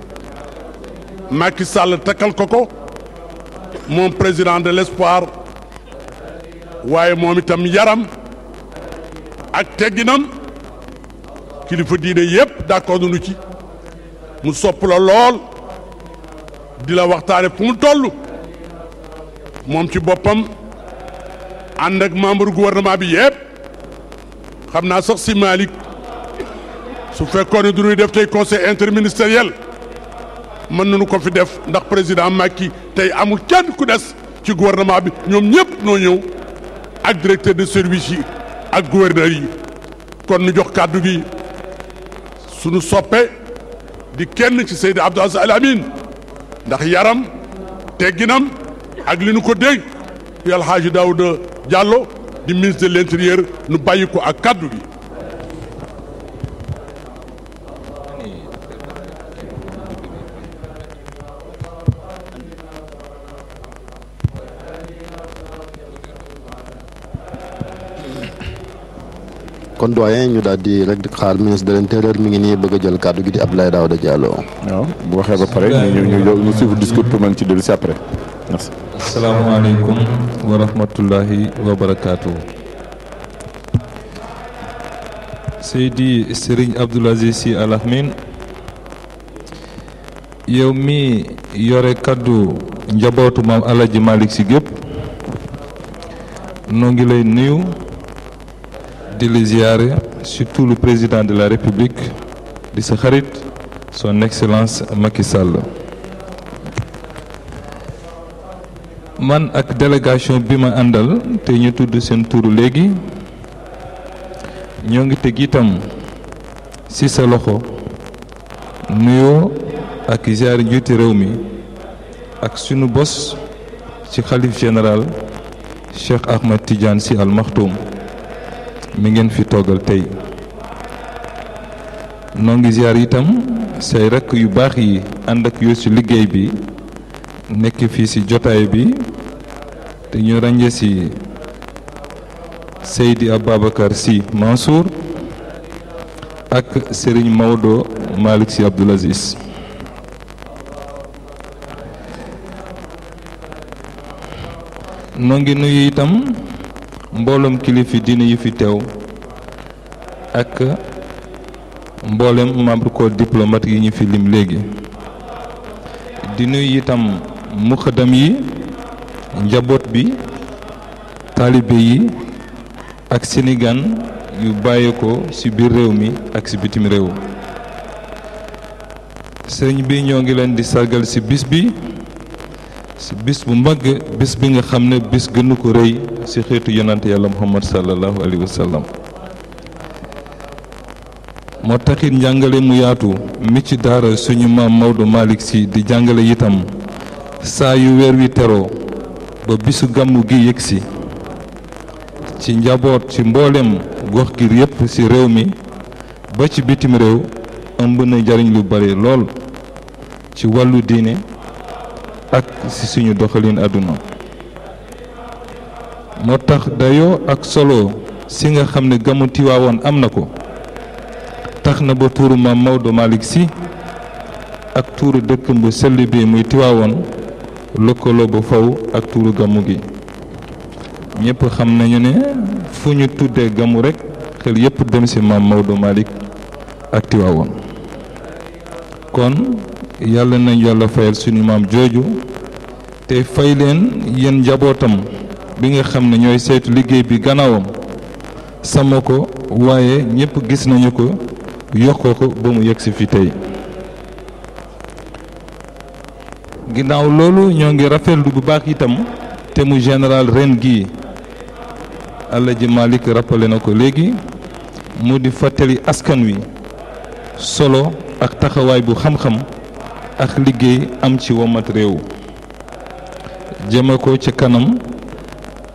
Macky Sall takal Koko, mon président de l'espoir waye moom itam yaram ak tegginam kilifa diine yep, d'accord nu ci mu sopp la lol dila la voir fu mu toll moom ci bopam and ak membre gouvernement bi yep xamna naa sax si Malick su fekkone du def tay conseil interministériel mën nañu ko fi def ndax président Macky tey amul kenn ku des ci gouvernement bi ñoom ñëpp noo ñëw ak directeur de service yi ak gouverneur yi kon nu jox kàddu gi sunu soppe di kenn ci Seydi Abdou Aziz Al Amine ndax yaram tegginam ak li nu ko dénk El Hadji Daouda Diallo di ministre de l'intérieur nu bàyyi ko ak kàddu gi kon doyen ñu daal di rek di xaar ministre de l'intérieur mi ngi ni bëgg jël cadeau gi di Abdoulaye Daouda Diallo. bu waxee ba paré ñu ñu ñu ñu suivre discours pour man ci dellu ci après merci. alaykum wa rahmatullahi wa barakatuh Seydi Serigne Abdoul si alahmin yow mi yore kaddu njabootu mam Alaji malik si gep noo ngi lay nuyu. di la surtout le président de la république de sa son excellence Macky Sall. man ak délégation Bima Andal, àndal te ñu tudd sen turu légui. ñoo ngi tegg itam ci sa loxo nuyo ak ziare njiiti réew mi ak suñu boss ci khalif général Cheikh Ahmed Tidiane Sy Al Maktoum. mi ngeen fi toogal tey noo ngi ziar itam say rek yu baax yi ànd ak yoo ci liggéey bi nekk fii ci jotaay bi te ñu ci Seydi Ababacar si Mansour ak Serigne Maodo Malick si Abdoul Aziz noo ngi nuyu itam mbooloom kilifi diine yu fi teew ak mboolem membre corps diplomatique yi ñu fi lim léegi di nuyu itam mukadam yi njaboot bi taalibe yi ak sinigan yu bàyyi ko ci biir réew mi ak ci bitim réew sëriñ bi ñoo ngi leen di sargal ci bis bi ci bis bu mag bis bi nga xam ne bis gënu ko rëy si xeetu yonante yàlla muhammad sallallahu alayhi wa moo taxit njàngale mu yaatu mi ci daara suñu maam Maodo Malick si di jàngale itam saa yu weer wi teroo ba bisu gàmmu gi yëg si ci njaboot ci mboolem gox gi yépp ci réew mi ba ci bitim réew ëmb na njariñ lu bare lool ci wàllu diine ak ci suñu doxalin àdduna moo tax dayoo ak solo si nga xam ne gàmmu Tiwaawoon am na ko tax na ba tuuru maam Maodo Malick si ak tuuru dëkk bu sell bi muy Tiwaawoon lëkkaloo ba faw ak tuuru gàmmu gi ñëpp xam nañu ne fu ñu tuddee gàmmu rekk xel yëpp dem ci maam Maodo Malick ak Tiwaawoon kon yàlla nañ yàlla fayal suñu maam jooju te fay leen yéen njabootam bi nga xam ne ñooy seetu liggéey bi gannaawam sama ko waaye ñépp gis nañu ko yokkoo ko ba mu yegsi fi tey ginnaaw loolu ñoo ngi rafetlu bu baax itam te mu général ren gii Alaaji Malick rappelé na ko léegi mu di fàttali askan wi solo ak taxawaay bu xam-xam ak liggéey am ci womat réew jëme ko kanam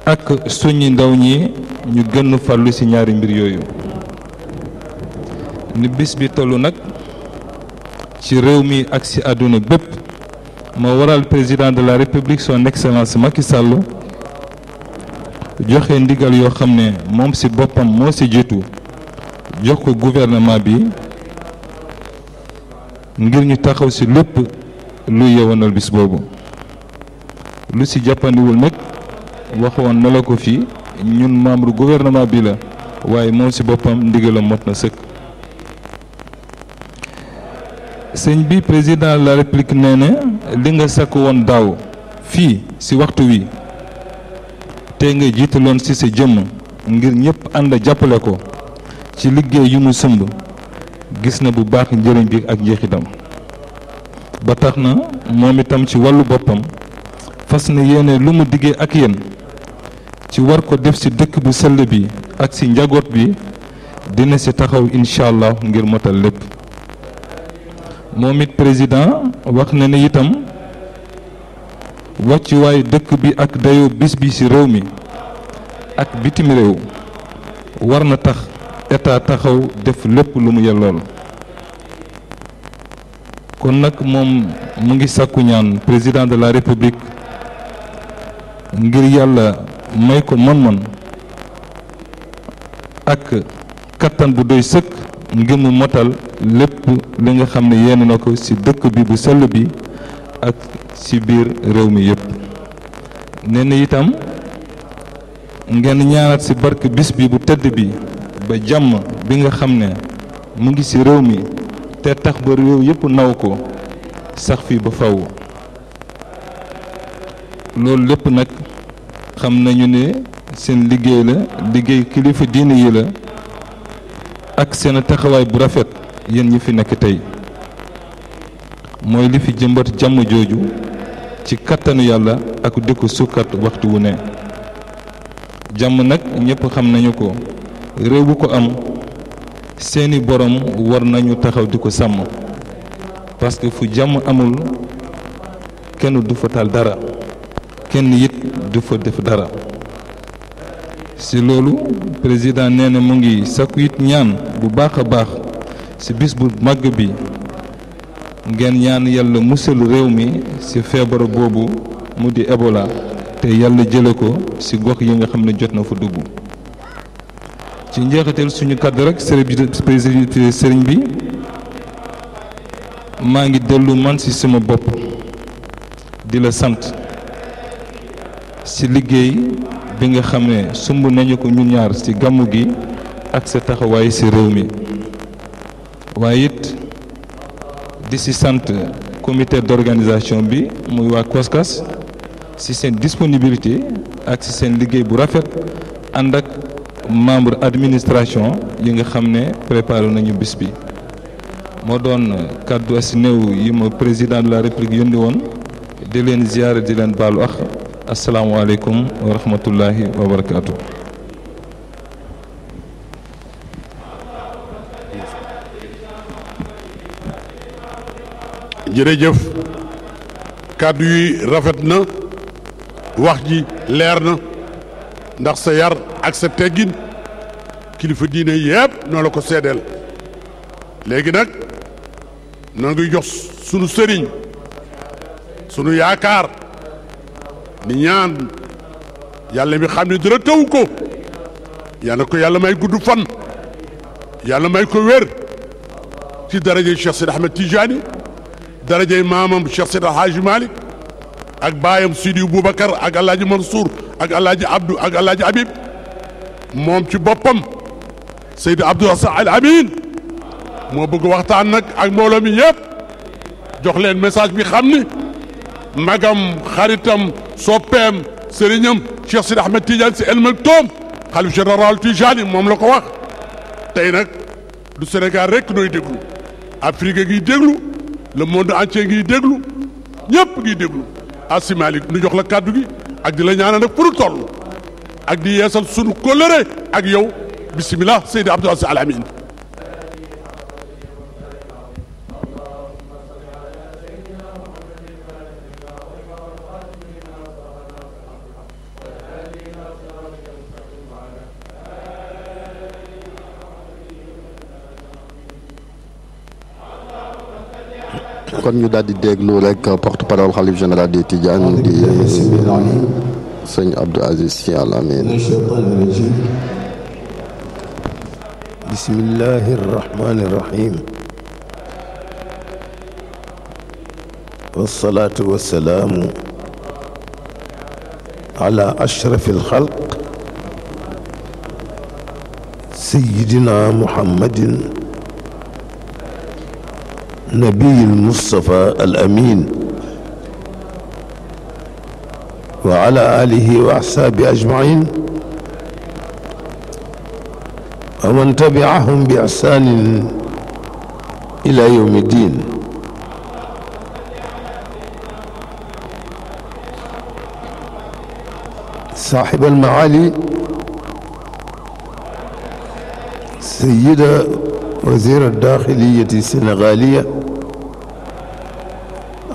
ak soññi ndaw ñi ñu gën fallu ci ñaari mbir yooyu ni bis bi ak président de la république son excellence Macky Sall joxe ndigal yoo xam ne ci jox ko gouvernement bi ngir ñu taxaw ci lépp lu yewanal bis boobu lu ci jàppandiwul nag waxon nalako fi ñun membre gouvernement bi la waye mo si bopam ndigalam mot na sëkk bi président la république nee li nga sak won daw fi si waxtu wi té nga jiitaloon si ci jëm ngir ñepp anda jappalé ko ci liggéey yu mu sumb gis na bu baax njëriñ bi ak njeexitam ba taxna momi tam ci walu bopam fas na lu mu diggé ak ci war ko def ci dëkk bu sell bi ak ci njagoot bi dina ci taxaw incha allah ngir motal lépp moom it président wax na ne itam wàccuwaayu dëkk bi ak dayoo bis bi ci réew mi ak bitim réew war na tax état taxaw def lépp lu mu yellool kon nag moom mu ngi sàkku ñaan président de la république ngir yàlla may ko ak katan bu doy seuk ngir mu motal lepp li nga xamne yenn nako ci dekk bi bu sel bi ak ci bir rew mi yeb nen itam ngeen ñaanat ci bark bis bi bu tedd bi ba jam bi nga xamne mu ngi ci rew mi te tax ba rew yeb naw ko sax fi ba faw lol lepp nak xam nañu ne seen liggéey la liggéey kilifa diine yi la ak seen taxawaay bu rafet yéen ñi fi nekk tey mooy li fi jëmbat jàmm jooju ci kàttanu yàlla ak di ko sukkat waxtu wu ne jàmm nag ñëpp xam nañu ko réew bu ko am seeni boroom war nañu taxaw di ko sàmm parce que fu jàmm amul kenn du fa taal dara kenn it du fa def dara si loolu président nee na mu ngi sakku it ñaan bu baax a baax si bis bu màgg bi ngeen ñaan yàlla musal réew mi si feebar boobu mu di Ebola te yàlla jële ko si gox yi nga xam ne jot na fa dugg ci njeexital suñu kàddu rek sëriñ bi maa ngi dellu man ci sama bopp di la sant si liggéey bi nga xam ne nañu ko ñun ñaar si gamu gi ak sa taxawaay si réew mi it di comité d'organisation bi muy wa Koskas si sen disponibilité ak si sen liguey bu rafet andak membre administration yi nga xamné ne préparé nañu bis bi mo don cadeau ci néew yi mo président de la république yónni woon di leen ziyaare di balu baalu asalaamualeykum wa rahmatullahi jërëjëf kàddu yi rafet na wax ji leer na ndax sa yar ak sa teggin kilifa diine yépp noo la ko seedeel léegi nag noo ngi jox sunu sëriñ sunu yaakaar. di ñaan yàlla mi xam ne dara taw ko yàlla ko yàlla may gudd fan yàlla may ko wér ci darajey Cheikh Sidi Ahmed Tijani darajey maamam Cheikh Sidi Alhaji Malick ak baayam Sidi Boubacar ak Alhaji Mansour ak Alhaji Abdou ak Alhaji Habib moom ci boppam Seydi Abdou Al Amin moo bëgg waxtaan nag ak mbooloo mi yëpp jox leen message bi xam ni magam xaritam sopem serignam Cheikh Sidi Ahmed Tidiane ci elmal tom khalif général Tidiane mom la ko wax tay nak du Sénégal rek noy déglu Afrique gi déglu le monde entier gi déglu ñep gi déglu asimalik nu jox la kàddu gi ak di la ñaanal nak pour tollu ak di yeesal sunu kóllëre ak yow bismillah sayyid Abdou Aziz Al Amine kon ñu daldi di déglu rek porte-parole xalif général de Tidiane di sëñ Abdou Aziz Sy Al بسم الله الرحمن الرحيم والصلاة والسلام على أشرف الخلق سيدنا محمد نبي المصطفى الأمين وعلى آله وأحسابه أجمعين ومن تبعهم بإحسان إلى يوم الدين صاحب المعالي سيدة وزير الداخلية السنغالية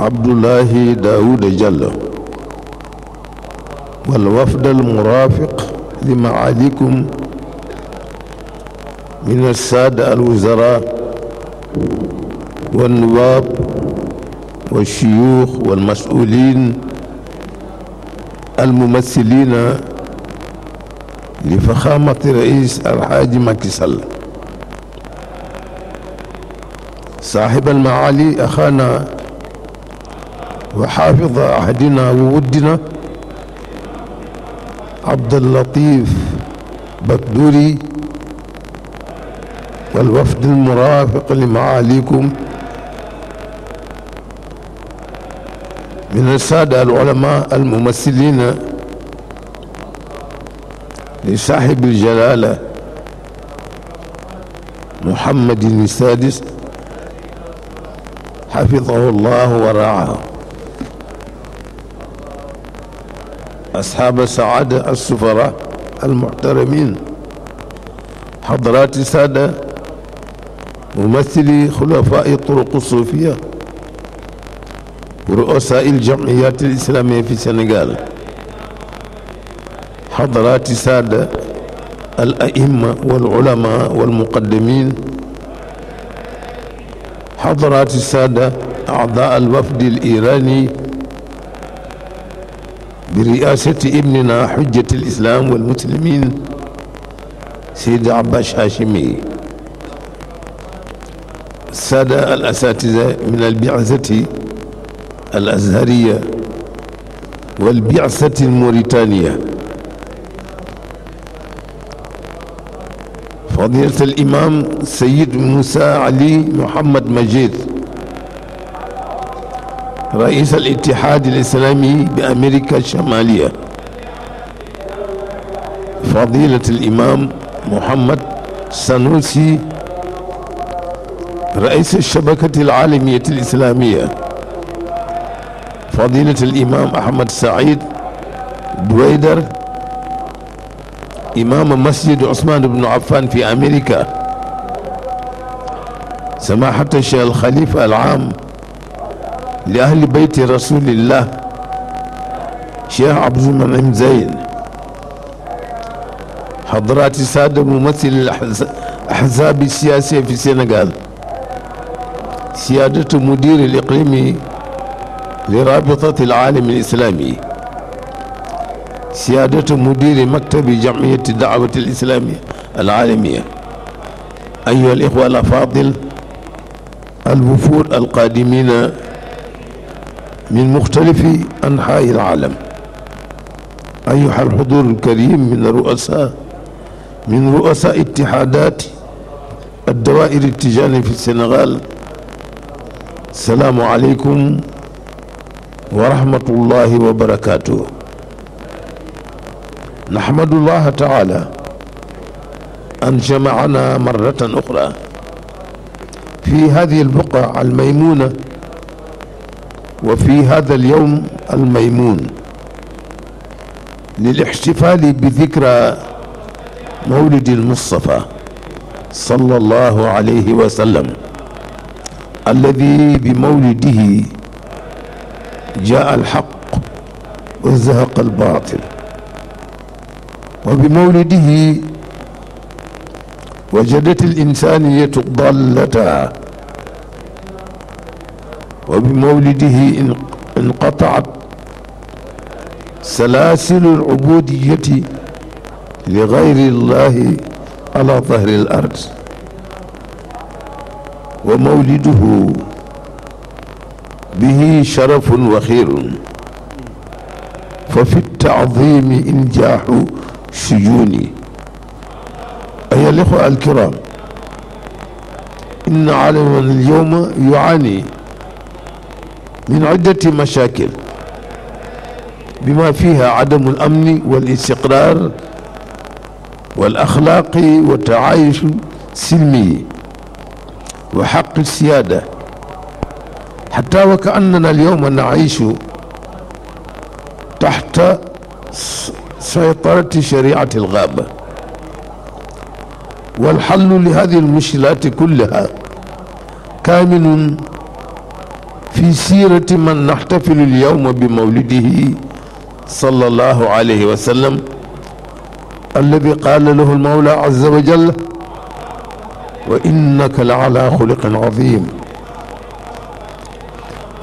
عبد الله داود جل والوفد المرافق لمعاليكم من السادة الوزراء والنواب والشيوخ والمسؤولين الممثلين لفخامة رئيس الحاج مكسل صاحب المعالي أخانا وحافظ عهدنا وودنا عبد اللطيف بكدوري والوفد المرافق لمعاليكم من السادة العلماء الممثلين لصاحب الجلالة محمد السادس حفظه الله ورعاه أصحاب السعادة السفراء المحترمين حضرات السادة ممثلي خلفاء الطرق الصوفية رؤساء الجمعيات الإسلامية في السنغال حضرات السادة الأئمة والعلماء والمقدمين حضرات السادة أعضاء الوفد الإيراني برئاسة ابننا حجة الإسلام والمسلمين سيد عباس هاشمي السادة الأساتذة من البعثة الأزهرية والبعثة الموريتانية فضيلة الإمام سيد موسى علي محمد مجيد رئيس الاتحاد الإسلامي بأمريكا الشمالية فضيلة الإمام محمد سنوسي رئيس الشبكة العالمية الإسلامية فضيلة الإمام أحمد سعيد دويدر إمام مسجد عثمان بن عفان في أمريكا سماحة الشيخ الخليفة العام لأهل بيت رسول الله شيخ عبد المنعم زين حضرات السادة ممثل الأحزاب السياسية في السنغال سيادة مدير الإقليمي لرابطة العالم الإسلامي سيادة مدير مكتب جمعية الدعوة الإسلامية العالمية أيها الإخوة الأفاضل الوفود القادمين من مختلف أنحاء العالم أيها الحضور الكريم من الرؤساء من رؤساء اتحادات الدوائر التجارية في السنغال السلام عليكم ورحمة الله وبركاته نحمد الله تعالى أن جمعنا مرة أخرى في هذه البقعة الميمونة وفي هذا اليوم الميمون للاحتفال بذكرى مولد المصطفى صلى الله عليه وسلم الذي بمولده جاء الحق وزهق الباطل وبمولده وجدت الإنسانية ضالتها وبمولده انقطعت سلاسل العبودية لغير الله على ظهر الأرض ومولده به شرف وخير ففي التعظيم إنجاح شجوني أيها الإخوة الكرام إن عالمنا اليوم يعاني من عدة مشاكل بما فيها عدم الأمن والاستقرار والأخلاق والتعايش السلمي وحق السيادة حتى وكأننا اليوم نعيش تحت سيطرة شريعة الغابة والحل لهذه المشكلات كلها كامن في سيرة من نحتفل اليوم بمولده صلى الله عليه وسلم الذي قال له المولى عز وجل وإنك لعلى خلق عظيم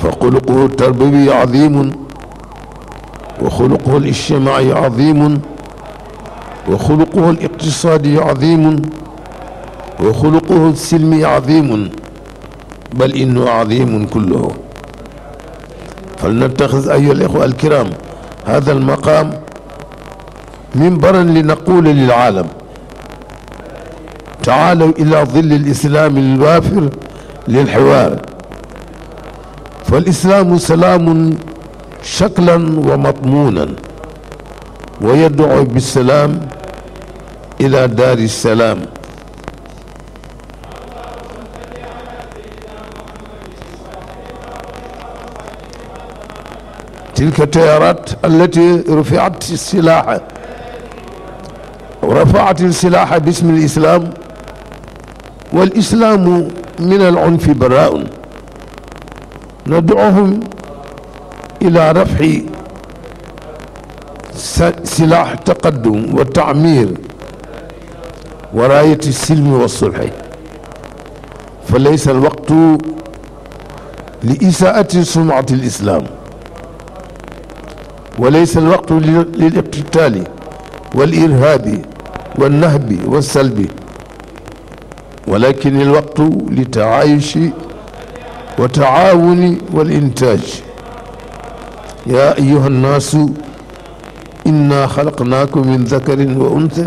فخلقه التربوي عظيم وخلقه الاجتماعي عظيم وخلقه الاقتصادي عظيم وخلقه السلمي عظيم بل إنه عظيم كله فلنتخذ أيها الإخوة الكرام هذا المقام منبرا لنقول للعالم تعالوا إلى ظل الإسلام الوافر للحوار فالإسلام سلام شكلا ومضمونا ويدعو بالسلام إلى دار السلام تلك التيارات التي رفعت السلاح رفعت السلاح باسم الإسلام والإسلام من العنف براء ندعوهم إلى رفع سلاح التقدم والتعمير وراية السلم والصلح فليس الوقت لإساءة سمعة الإسلام وليس الوقت للاقتتال والإرهاب والنهب والسلب ولكن الوقت للتعايش وتعاون والإنتاج يا أيها الناس إنا خلقناكم من ذكر وأنثى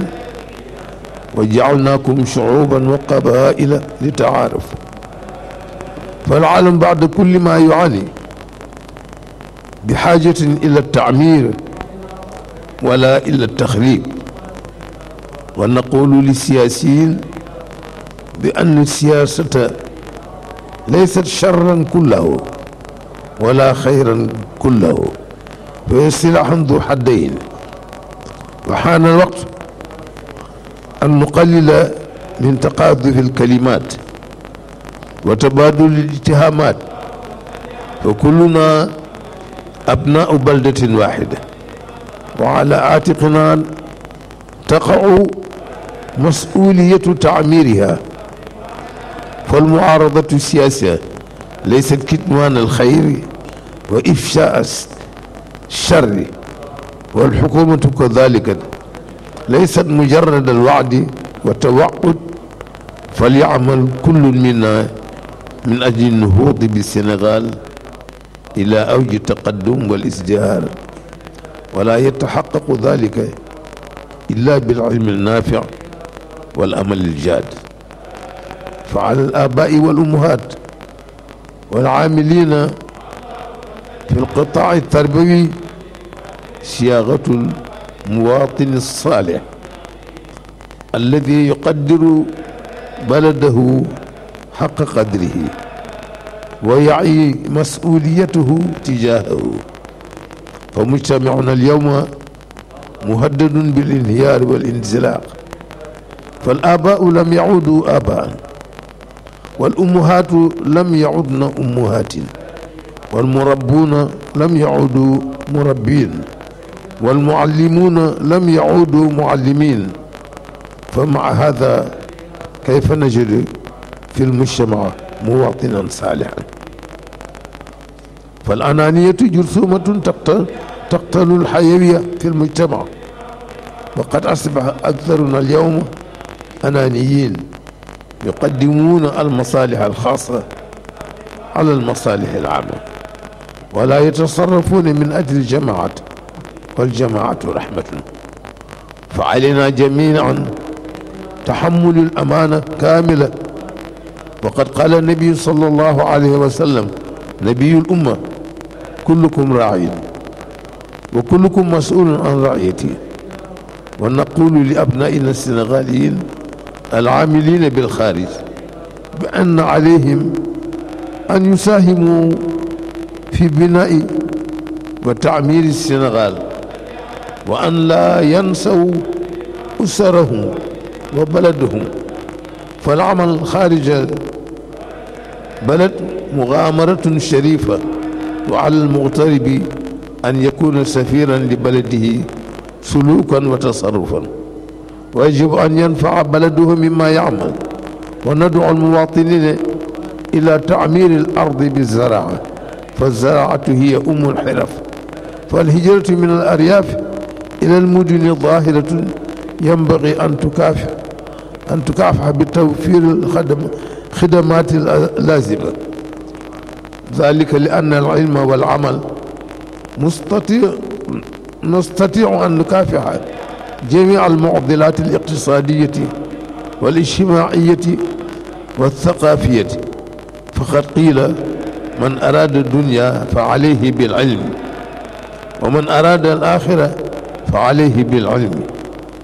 وجعلناكم شعوبا وقبائل لتعارفوا فالعالم بعد كل ما يعاني بحاجة إلى التعمير ولا إلى التخريب ونقول للسياسيين بأن السياسة ليست شرا كله ولا خيرا كله فهي سلاح ذو حدين وحان الوقت أن نقلل من تقاذف الكلمات وتبادل الاتهامات فكلنا أبناء بلدة واحدة وعلى عاتقنا تقع مسؤولية تعميرها فالمعارضة السياسية ليست كتمان الخير وإفشاء الشر والحكومة كذلك ليست مجرد الوعد والتوعد فليعمل كل منا من أجل النهوض بالسنغال إلى أوج التقدم والازدهار ولا يتحقق ذلك إلا بالعلم النافع والأمل الجاد فعلى الآباء والأمهات والعاملين في القطاع التربوي صياغة المواطن الصالح الذي يقدر بلده حق قدره ويعي مسؤوليته تجاهه فمجتمعنا اليوم مهدد بالانهيار والانزلاق فالآباء لم يعودوا آباء والأمهات لم يعدن أمهات والمربون لم يعودوا مربين والمعلمون لم يعودوا معلمين فمع هذا كيف نجد في المجتمع مواطنا صالحا فالأنانية جرثومة تقتل تقتل الحيوية في المجتمع وقد أصبح أكثرنا اليوم أنانيين يقدمون المصالح الخاصة على المصالح العامة ولا يتصرفون من أجل الجماعة والجماعة رحمة فعلينا جميعا تحمل الأمانة كاملة وقد قال النبي صلى الله عليه وسلم نبي الأمة كلكم راع وكلكم مسؤول عن رعيته ونقول لأبنائنا السنغاليين العاملين بالخارج بأن عليهم أن يساهموا في بناء وتعمير السنغال وأن لا ينسوا أسرهم وبلدهم فالعمل خارج بلد مغامرة شريفة وعلى المغترب أن يكون سفيرا لبلده سلوكا وتصرفا ويجب أن ينفع بلده مما يعمل وندعو المواطنين إلى تعمير الأرض بالزراعة فالزراعة هي أم الحرف فالهجرة من الأرياف إلى المدن ظاهرة ينبغي أن تكافح أن تكافح بتوفير الخدمات اللازمة ذلك لأن العلم والعمل مستطيع نستطيع أن نكافح جميع المعضلات الاقتصادية والاجتماعية والثقافية فقد قيل من أراد الدنيا فعليه بالعلم ومن أراد الآخرة فعليه بالعلم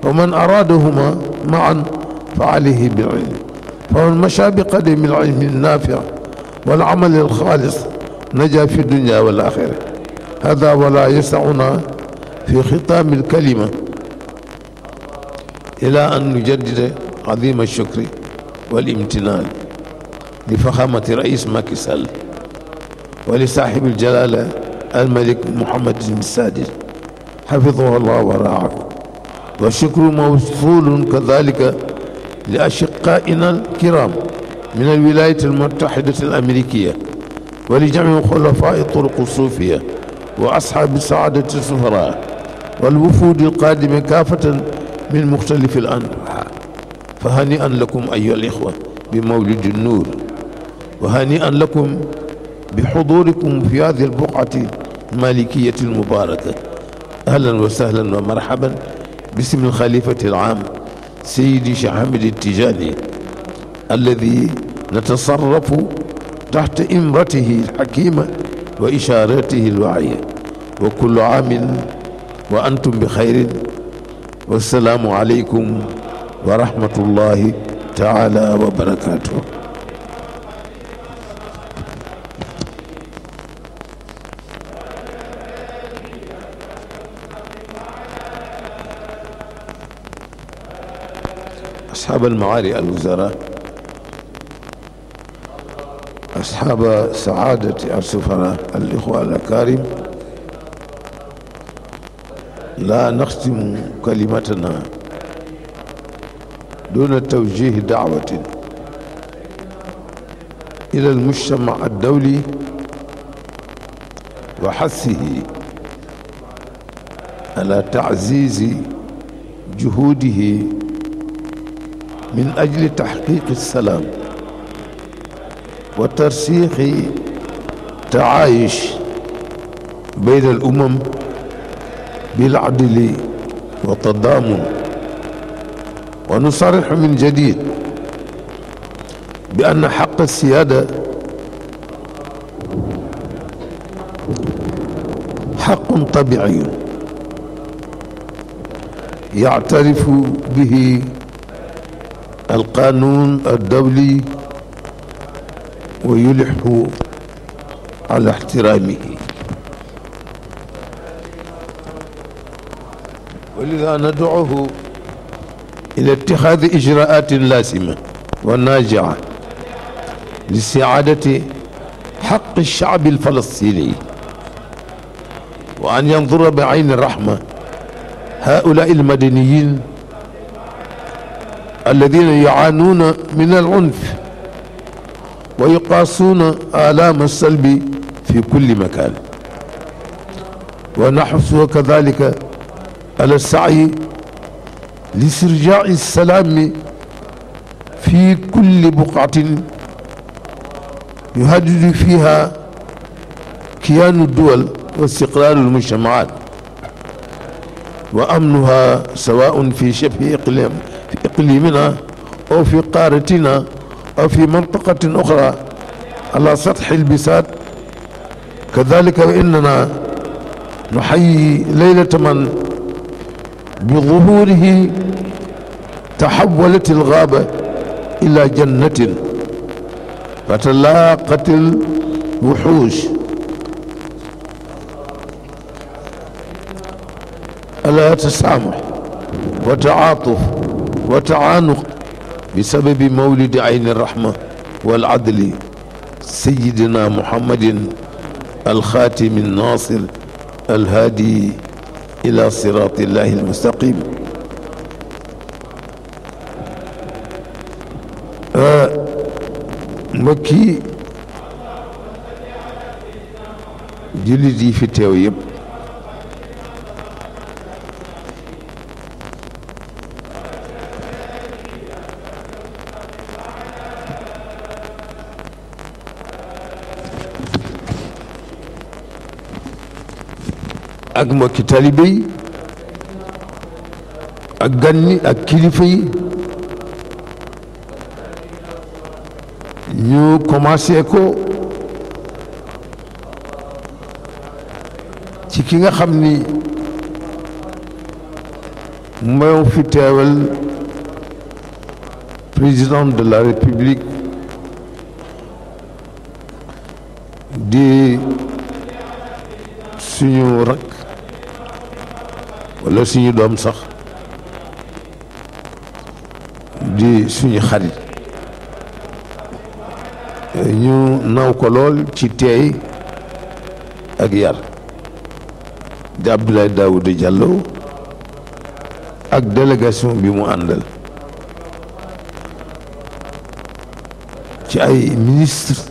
ومن أرادهما معا فعليه بالعلم فمن مشى بقدم العلم النافع والعمل الخالص نجا في الدنيا والآخرة هذا ولا يسعنا في ختام الكلمة إلى أن نجدد عظيم الشكر والامتنان لفخامة رئيس ماكي ولصاحب الجلالة الملك محمد السادس حفظه الله ورعاه والشكر موصول كذلك لأشقائنا الكرام من الولايات المتحدة الأمريكية ولجمع خلفاء الطرق الصوفية وأصحاب السعادة السفراء والوفود القادمة كافة من مختلف الأنحاء فهنيئا لكم أيها الإخوة بمولد النور وهنيئا لكم بحضوركم في هذه البقعة المالكية المباركة أهلا وسهلا ومرحبا باسم الخليفة العام سيدي شحمد التجاني الذي نتصرف تحت إمرته الحكيمة وإشارته الواعية وكل عام وأنتم بخير والسلام عليكم ورحمة الله تعالى وبركاته أصحاب المعالي الوزراء أصحاب سعادة السفراء الإخوة الأكارم لا نختم كلمتنا دون توجيه دعوة إلى المجتمع الدولي وحثه على تعزيز جهوده من أجل تحقيق السلام وترسيخ تعايش بين الأمم بالعدل والتضامن ونصرح من جديد بأن حق السيادة حق طبيعي يعترف به القانون الدولي ويلح على احترامه ولذا ندعوه إلى اتخاذ إجراءات لازمة وناجعة لاستعادة حق الشعب الفلسطيني وأن ينظر بعين الرحمة هؤلاء المدنيين الذين يعانون من العنف ويقاسون آلام السلب في كل مكان ونحث كذلك على السعي لاسترجاع السلام في كل بقعة يهدد فيها كيان الدول واستقرار المجتمعات وأمنها سواء في شبه إقليم في إقليمنا أو في قارتنا أو في منطقة أخرى على سطح البساد كذلك إننا نحيي ليلة من بظهوره تحولت الغابة إلى جنة فتلاقت الوحوش على تسامح وتعاطف وتعانق بسبب مولد عين الرحمة والعدل سيدنا محمد الخاتم الناصر الهادي إلى صراط الله المستقيم آه، مكي جلدي في fi ak mbokki talibe yi ak ganni ak kilifa yi ñu commencé ko ci ki nga xam ni moo fi teewal président de la république di suñu rak la suñu doom sax di suñu xarit ñu naw ko lool ci teey ak yar di Abdoulaye Daouda Diallo ak délégation bi mu àndal ci ay ministre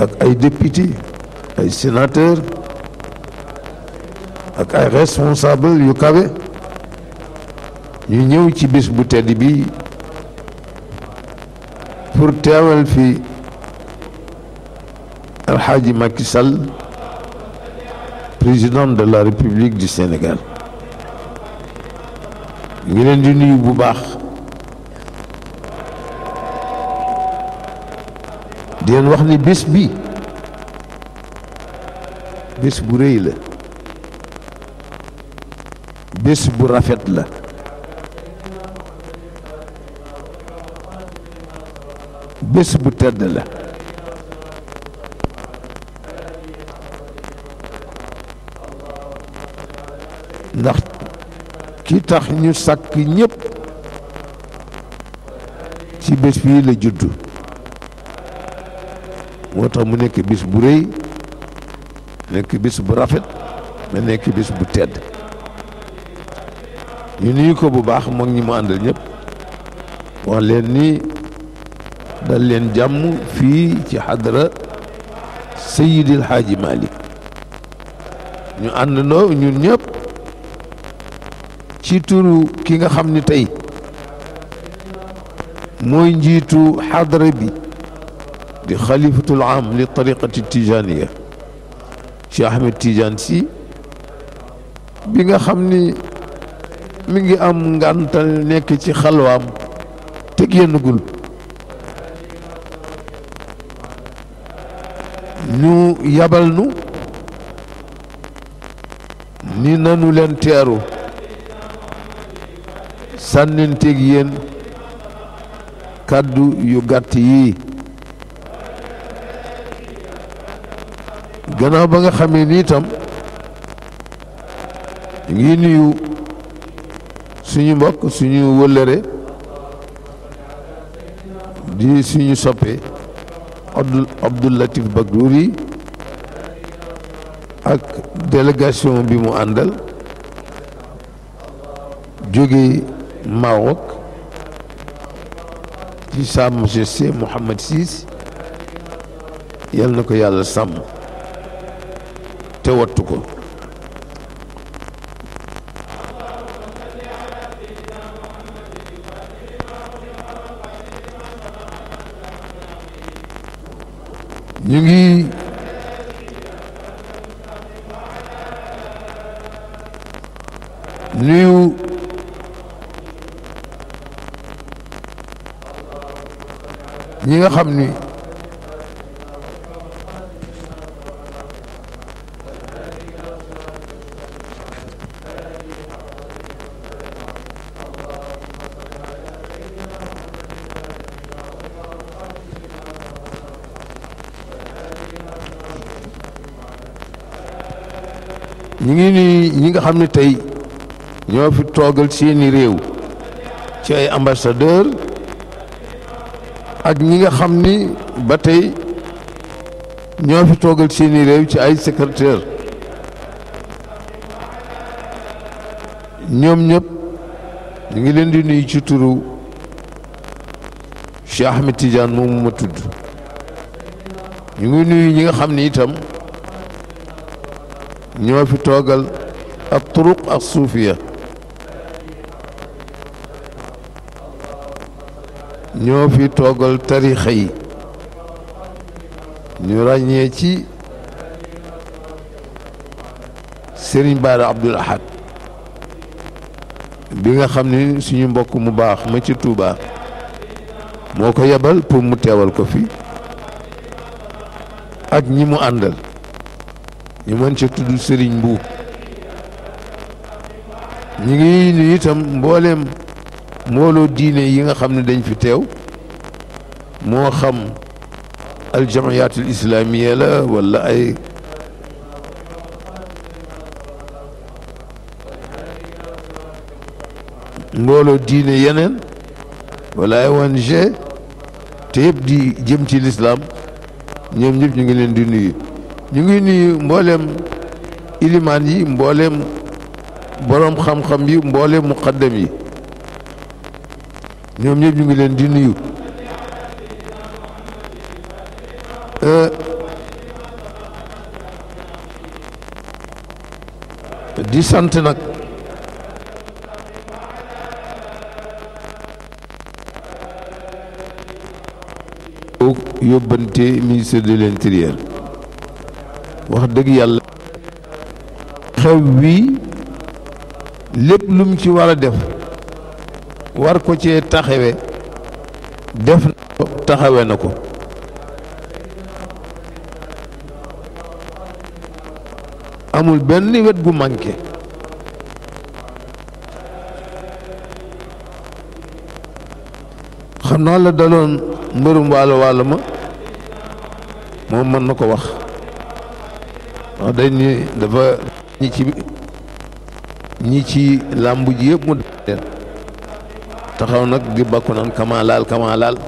ak ay député ay sénateur ak ay responsable yu kawe ñu ñëw ci bis bu tedd bi pour teewal fi Alxaaji Macky Sall président de la République du Sénégal ngi leen di nuyu bu baax di leen wax ni bis bi bis bu rëy la bés bu rafet la bés bu tedd la ndax ki tax ñu sàkk ñépp ci bés bii la juddu moo tax mu nekk bis bu rëy nekk bis bu rafet ma nekk bis bu tedd ñu nuyu ko bu baax mag ñi mu àndal ñëpp wax leen ni dal leen jàmm fii ci xadra Seydil Hadji Malick ñu àndandoo ñun ñëpp ci turu ki nga xam ni tey mooy njiitu xadra bi di xalifatul am li tariqati tijaniya Cheikh Ahmed Tidiane si bi nga xam ni mi ngi am ngàntal nekk ci xalwaam te génnagul ñu yabal nu ni nanu leen teeru sànnenteeg yéen kàddu yu gàtt yi gannaaw ba nga xamee ni itam ngi nuyu suñu mbokk suñu wëllëre di suñu soppe Abdou Abdoul Latif Bagdouri ak délégation bi mu àndal jóge Maroc ci Sa Majesté Mohammed VI yal na ko yàlla sàmm te wattu ko nga xam ni ñu ngi ni ñi nga xam ne tey ñoo fi toogal seeni réew ci ay ambassadeur ak ñi nga xam ni ba tey ñoo fi toogal seeni réew ci ay secrétaire ñoom ñëpp ñu ngi leen di nuyu ci turu Cheikh Ahmed Tidiane moomu ma tudd ñu ngi nuyu ñi nga xam ni itam ñoo fi toogal ak turuq ak suufiya ñoo fi toogal tarixa yi ñu ràññee ci Serigne Bara Abdoul Ahad bi nga xam ni suñu mbokk mu baax ma ci Touba moo ko yebal pour mu teewal ko fi ak ñi mu àndal ñu mën ca tudd sëriñ Mbuub ñi ngi nuyu itam mbooleem mbooloo diine yi nga xam ne dañ fi teew moo xam aljamiyaatul islaamiya la walla ay mbooloo diine yeneen walla ay ONG te yëpp di jëm ci lislaam ñoom ñëpp ñu ngi leen di nuyu ñu ngi nuyu mbooleem ilimaan yi mbooleem boroom xam-xam yi mbooleem muqaddam yi ñoom ñëpp ñu ngi leen di nuyu euh, di sant nag o yóbbante ministère de l'intérieur wax dëgg yàlla xew wi lépp lu ci wara def war ko cee taxawe def na ko taxawe na ko amul benn wet gu manqué xam naa la daloon mbërum waalo waalo ma moom mën na ko wax wax dañ dafa ñi ci ñi ci làmb ji yëpp mu def leen taxaw nag di bakku naan kama laal kama laal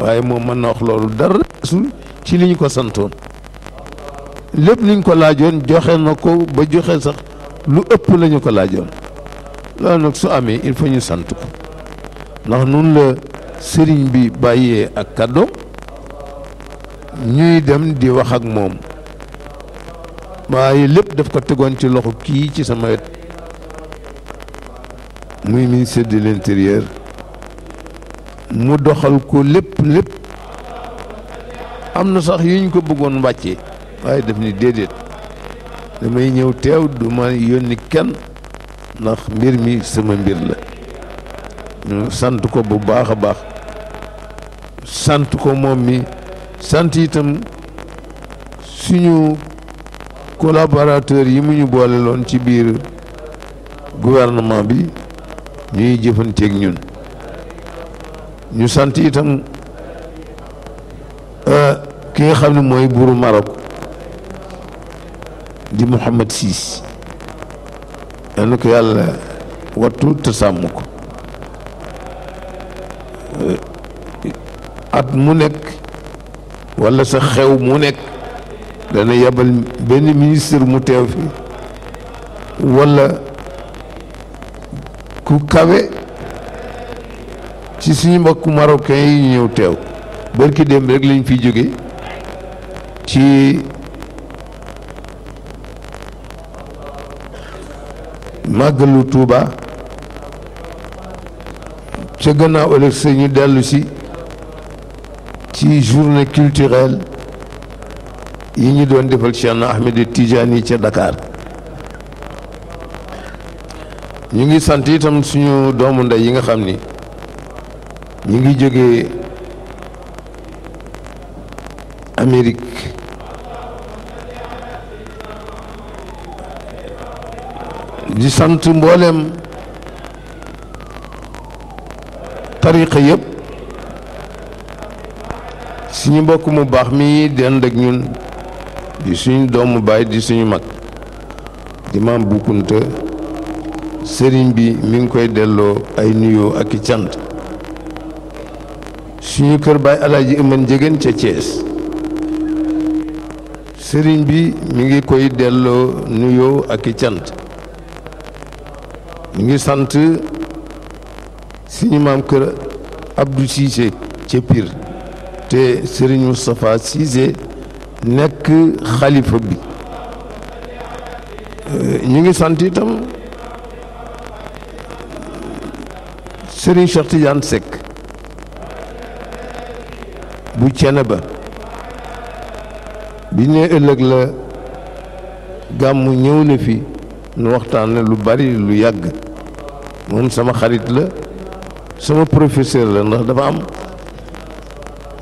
waaye moom mën na wax loolu dara su ci li ñu ko santoon lépp li ko laajoon joxe na ko ba joxe sax lu ëpp lañu ko laajoon loolu nag su amee il faut ñu sant ko ndax nun la sëriñ bi bàyyee ak kàddoom ñuy dem di wax ak moom waaye lépp def ko tegoon ci loxo kii ci sama wet muy ministère de l'intérieur mu doxal ko lépp lépp am na sax yu ñu ko bëggoon wàcce waaye daf ni déedéet damay ñëw teew du ma yónni kenn ndax mbir mi sama mbir la ñu sant ko bu baax a baax sant ko moom mi sant itam suñu collaborateur yi mu ñu boole loon ci biir gouvernement bi ñuy jëfënte ak ñun ñu sant itam ki nga xam ne mooy buuru Maroc di Mohammed siis yal ko yàlla wattu te sàmm ko at mu nekk wala sa xew mu nekk dana yebal benn ministre mu teew fi walla ku kawe ci suñu mbokk marocain yi ñëw teew bërki démb rek lañ fiy jóge ci màggalu Tuuba ca gannaaw ëllëg sa ñu si ci journée culturelle yi ñu doon defal Cheikh na Ahmed Tidiane ca Dakar ñu ngi sant itam suñu doomu ndey yi nga xam ni ñu ngi jógee amerig di sant mboolem tariqa yëpp suñu mbokk mu baax mi dend ak ñun di suñu doomu baay di suñu mag di maam bu sëriñ bi mi ngi koy delloo ay nuyoo aki cant suñu kër baay alaaji ëmën jegéen ca Thiès sëriñ bi mu ngi koy delloo nuyoo aki cant mi ngi sant suñu maam kër Abdou Cissé ca Pire te sëriñ Moustapha Cissé nekk xalifa bi euh, ñu ngi sant itam سرين شرطي جان سك بو تيانبا بي ني ايلك لا جامو نيونا في نوختان لو باري لو ياغ موم سما خريط لا سما بروفيسور لا ندا دا فام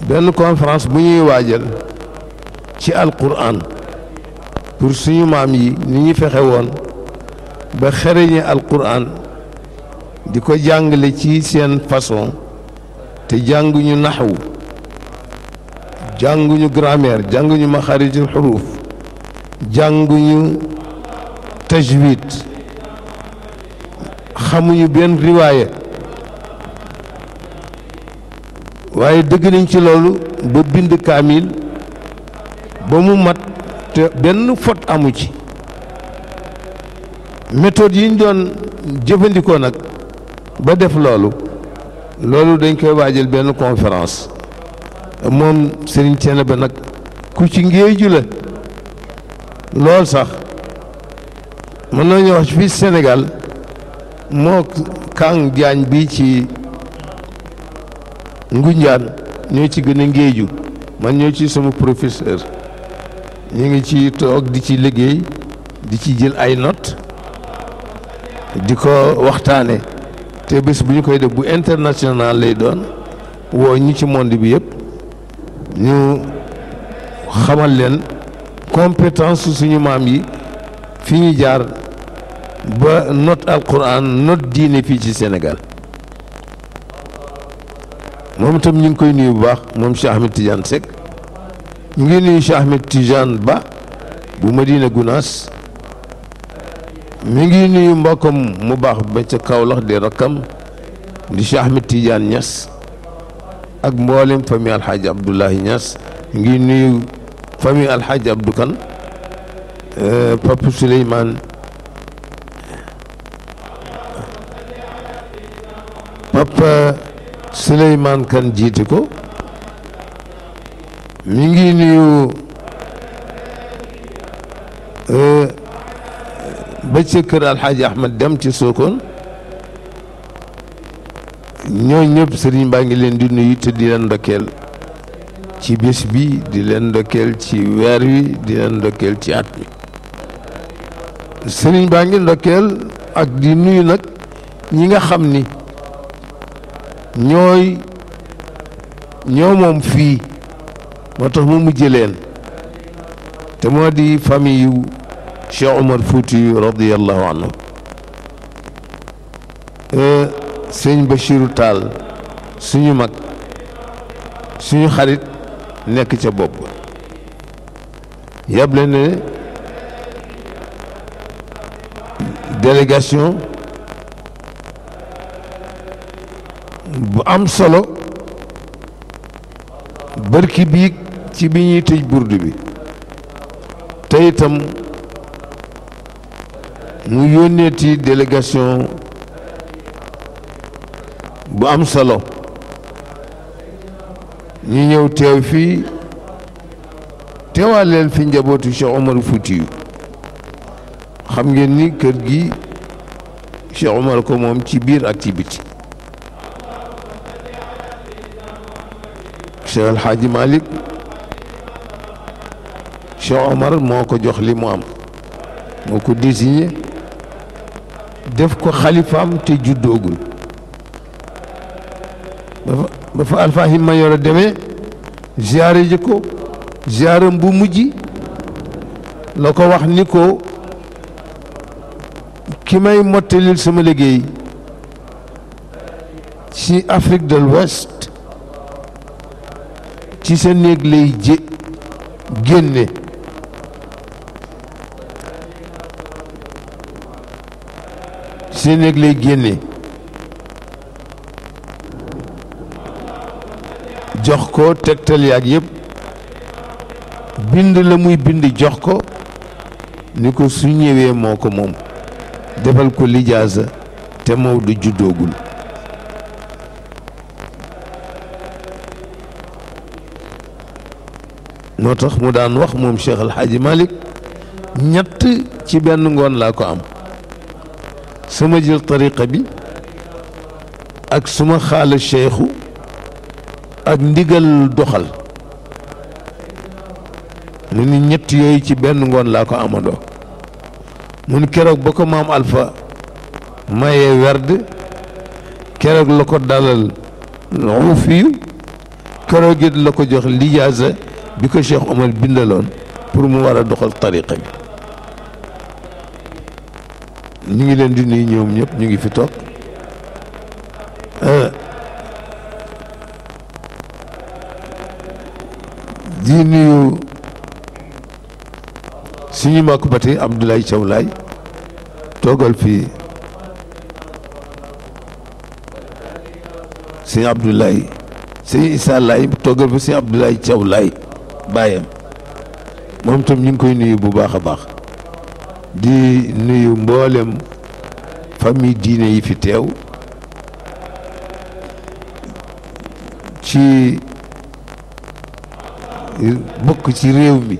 بن كونفرنس بو ني واجال سي القران pour suñu mam yi ni ñi fexé won ba xereñi di ko jàngale ci seen façon te jànguñu naxwu jànguñu grammaire jànguñu maxaarijul xuruuf jànguñu tajwid xamuñu benn riwaaya waaye dëgg nañ ci loolu ba bind kaamil ba mu mat te benn fot amu ci méthode yi ñu doon jëfandikoo nag ba def loolu loolu dañ koy waajal benn conférence moom Serigne ba nag ku ci ngéeju la lool sax mën nañu wax fii Sénégal moo Kang Diagne bi ci Ngunjaan ñoo ci gën a ngéeju man ñoo ci sama professeur ñu ngi ci toog di ci liggéey di ci jël ay notes di ko waxtaane te bés bu ñu koy def bu international lay doon woo ñu ci monde bi yëpp ñu xamal leen compétence suñu maam yi fi ñu jaar ba not alquran not diine fii ci senegal moom itam ñu ngi koy nuyu bu baax moom Cheikh Ahmed Tidiane Seck ñu ngi nuyu Cheikh Ahmed Tidiane Ba bu Madina Gounass mi ngi nuyu mbokam mu bax ba ca di rakam di Cheikh Ahmed Tidiane Niass ak mboolem famille Alhaji abdullah Niass ngi nuyu famille Alhaji Abdou euh Papa Souleymane Papa Souleymane kan jiti ko mi ngi nuyu euh, ba ci kër alxaaji ahmad dem ci sookoon ñoo ñëpp sëriñ baa ngi leen di nuyu te di leen ndokkeel ci bés bi di leen ndokkeel ci weer wi di leen ndokkeel ci at mi sëriñ baa ngi ndokkeel ak di nuyu nag ñi nga xam ni ñooy ñoo moom fii moo tax mu mujj leen te moo di famille Cheikh Omar Fouti radiallahu anhu eh, sëñ Bachirou Tall suñu mag suñu xarit nekk ca bopp yable ne délégation bu am solo bërki biig ci bi ñuy tëj burdu bi te itam mu yónneeti délégation bu am solo ñu ñëw teew fii teewaa fi njabootu Cheikh Omar Foutiyou xam ngeen ni kër gi Cheikh Omar ko moom ci biir ak ci biti Cheikh El Hadji Malick Omar moo ko jox li mu am moo ko désigné def ko xalifaam te juddoogul dafa dafa alfa himma yor a demee ziyaare ji ko ziyaaram bu mujj la ko wax ni ko ki may mottalil sama liggéey ci Afrique de l'Ouest ci sa néeg lay génne si néeg lay génne jox ko tegtal yaag yëpp bind la muy bind jox ko ni ko su ñëwee moo ko moom defal ko lijaasa te Maodo juddoogul moo tax mu daan wax moom Cheikh El Hadj ñett ci benn ngoon laa ko am سمجر الطريق بي اك سما خال الشيخ اك نديغال دوخال ني نيت يوي تي بن غون لاكو امادو من كيروك بوكو مام الفا ماي ورد كيروك لوكو دالل نوفيو كيروك لوكو جوخ لياز بيكو شيخ عمر بندلون pour me voir à l'école de ñu ngi leen di nuyu ñoom ñëpp ñu ngi fi toog euh, di nuyu suñu màkku bati Abdoulaye Thiaw Laay toogal fii sëñ Abdoulaye sëñ Issa Laay toogal fi sëñ Abdoulaye Thiaw Laay bàyyam moom tam ñu ngi koy nuyu bu baax a baax di nuyu mboolem famille diine yi fi teew ci bokk ci réew mi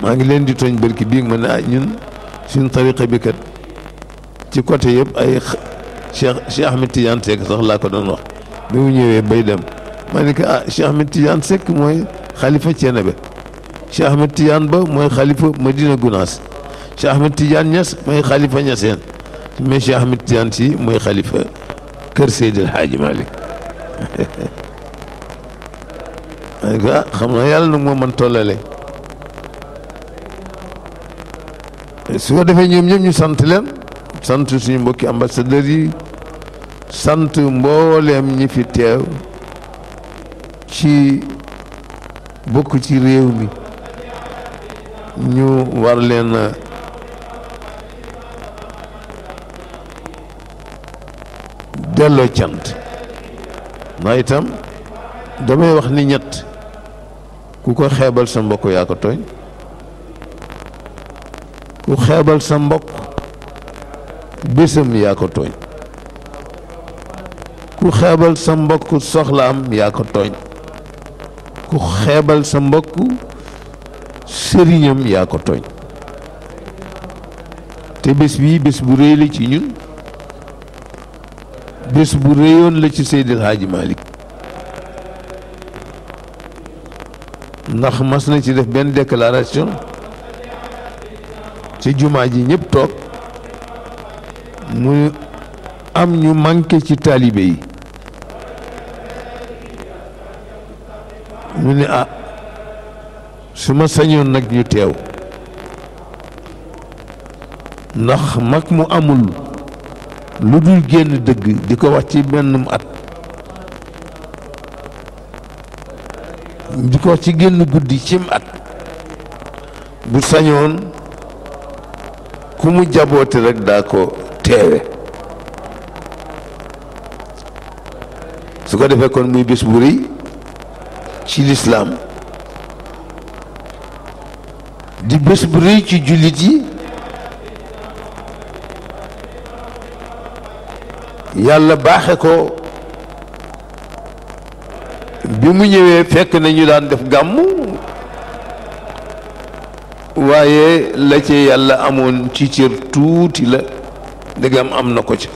maa ngi leen di tooñ bërki bii ma ne ah ñun suñ tariqa bi kat ci côté yëpp ay Cheikh Cheikh Ahmed Tidiane Seck sax laa ko doon wax bi mu ñëwee bay dem ma ne ko ah Cheikh Ahmed Tidiane Seck mooy xalifa Thiénaba Cheikh Ahmed Tidiane ba mooy xalifa Madina Gounass Cheikh Ahmed mooy xalifa Niassène mais Cheikh mooy xalifa kër Seydil Hadji Malick *laughs* xam nga yàlla nag moo mën tollale su ko defee ñoom ñëpp ñu sant leen sant suñu mbokki ambassadeurs yi sant mbooleem ñi fi teew ci bokk ci réew mi ñu war leen delloo cant ndax itam damay wax ni ñett ku ko xeebal sa mbokk yaa ko tooñ ku xeebal sa mbokk bésam yaa ku xeebal sa mbokk soxlaam yaa ko tooñ ku xeebal sa mbokk sëriñam yaa ko tooñ te bés bii bés bu réy la ci ñun bés bu réyoon la ci Seydil Haaji Malick ndax mas na ci def benn déclaration ci jumaa ji ñëpp toog mu am ñu mànke ci taalibe yi mu ni ah su ma sañoon nag ñu teew ndax mag mu amul lu dul génn dëgg di ko wax ci mennum at di ko wax ci génn guddi cim at bu sañoon ku mu jaboote rek daa ko teewe su ko defee kon muy bis bu rëy ci lislaam di bés bu rëy ci jullit yi yàlla baaxe ko bi mu ñëwee fekk na ñu daan def gàmm waaye la ci yàlla amoon ci cër tuuti la ndegam am na ko ca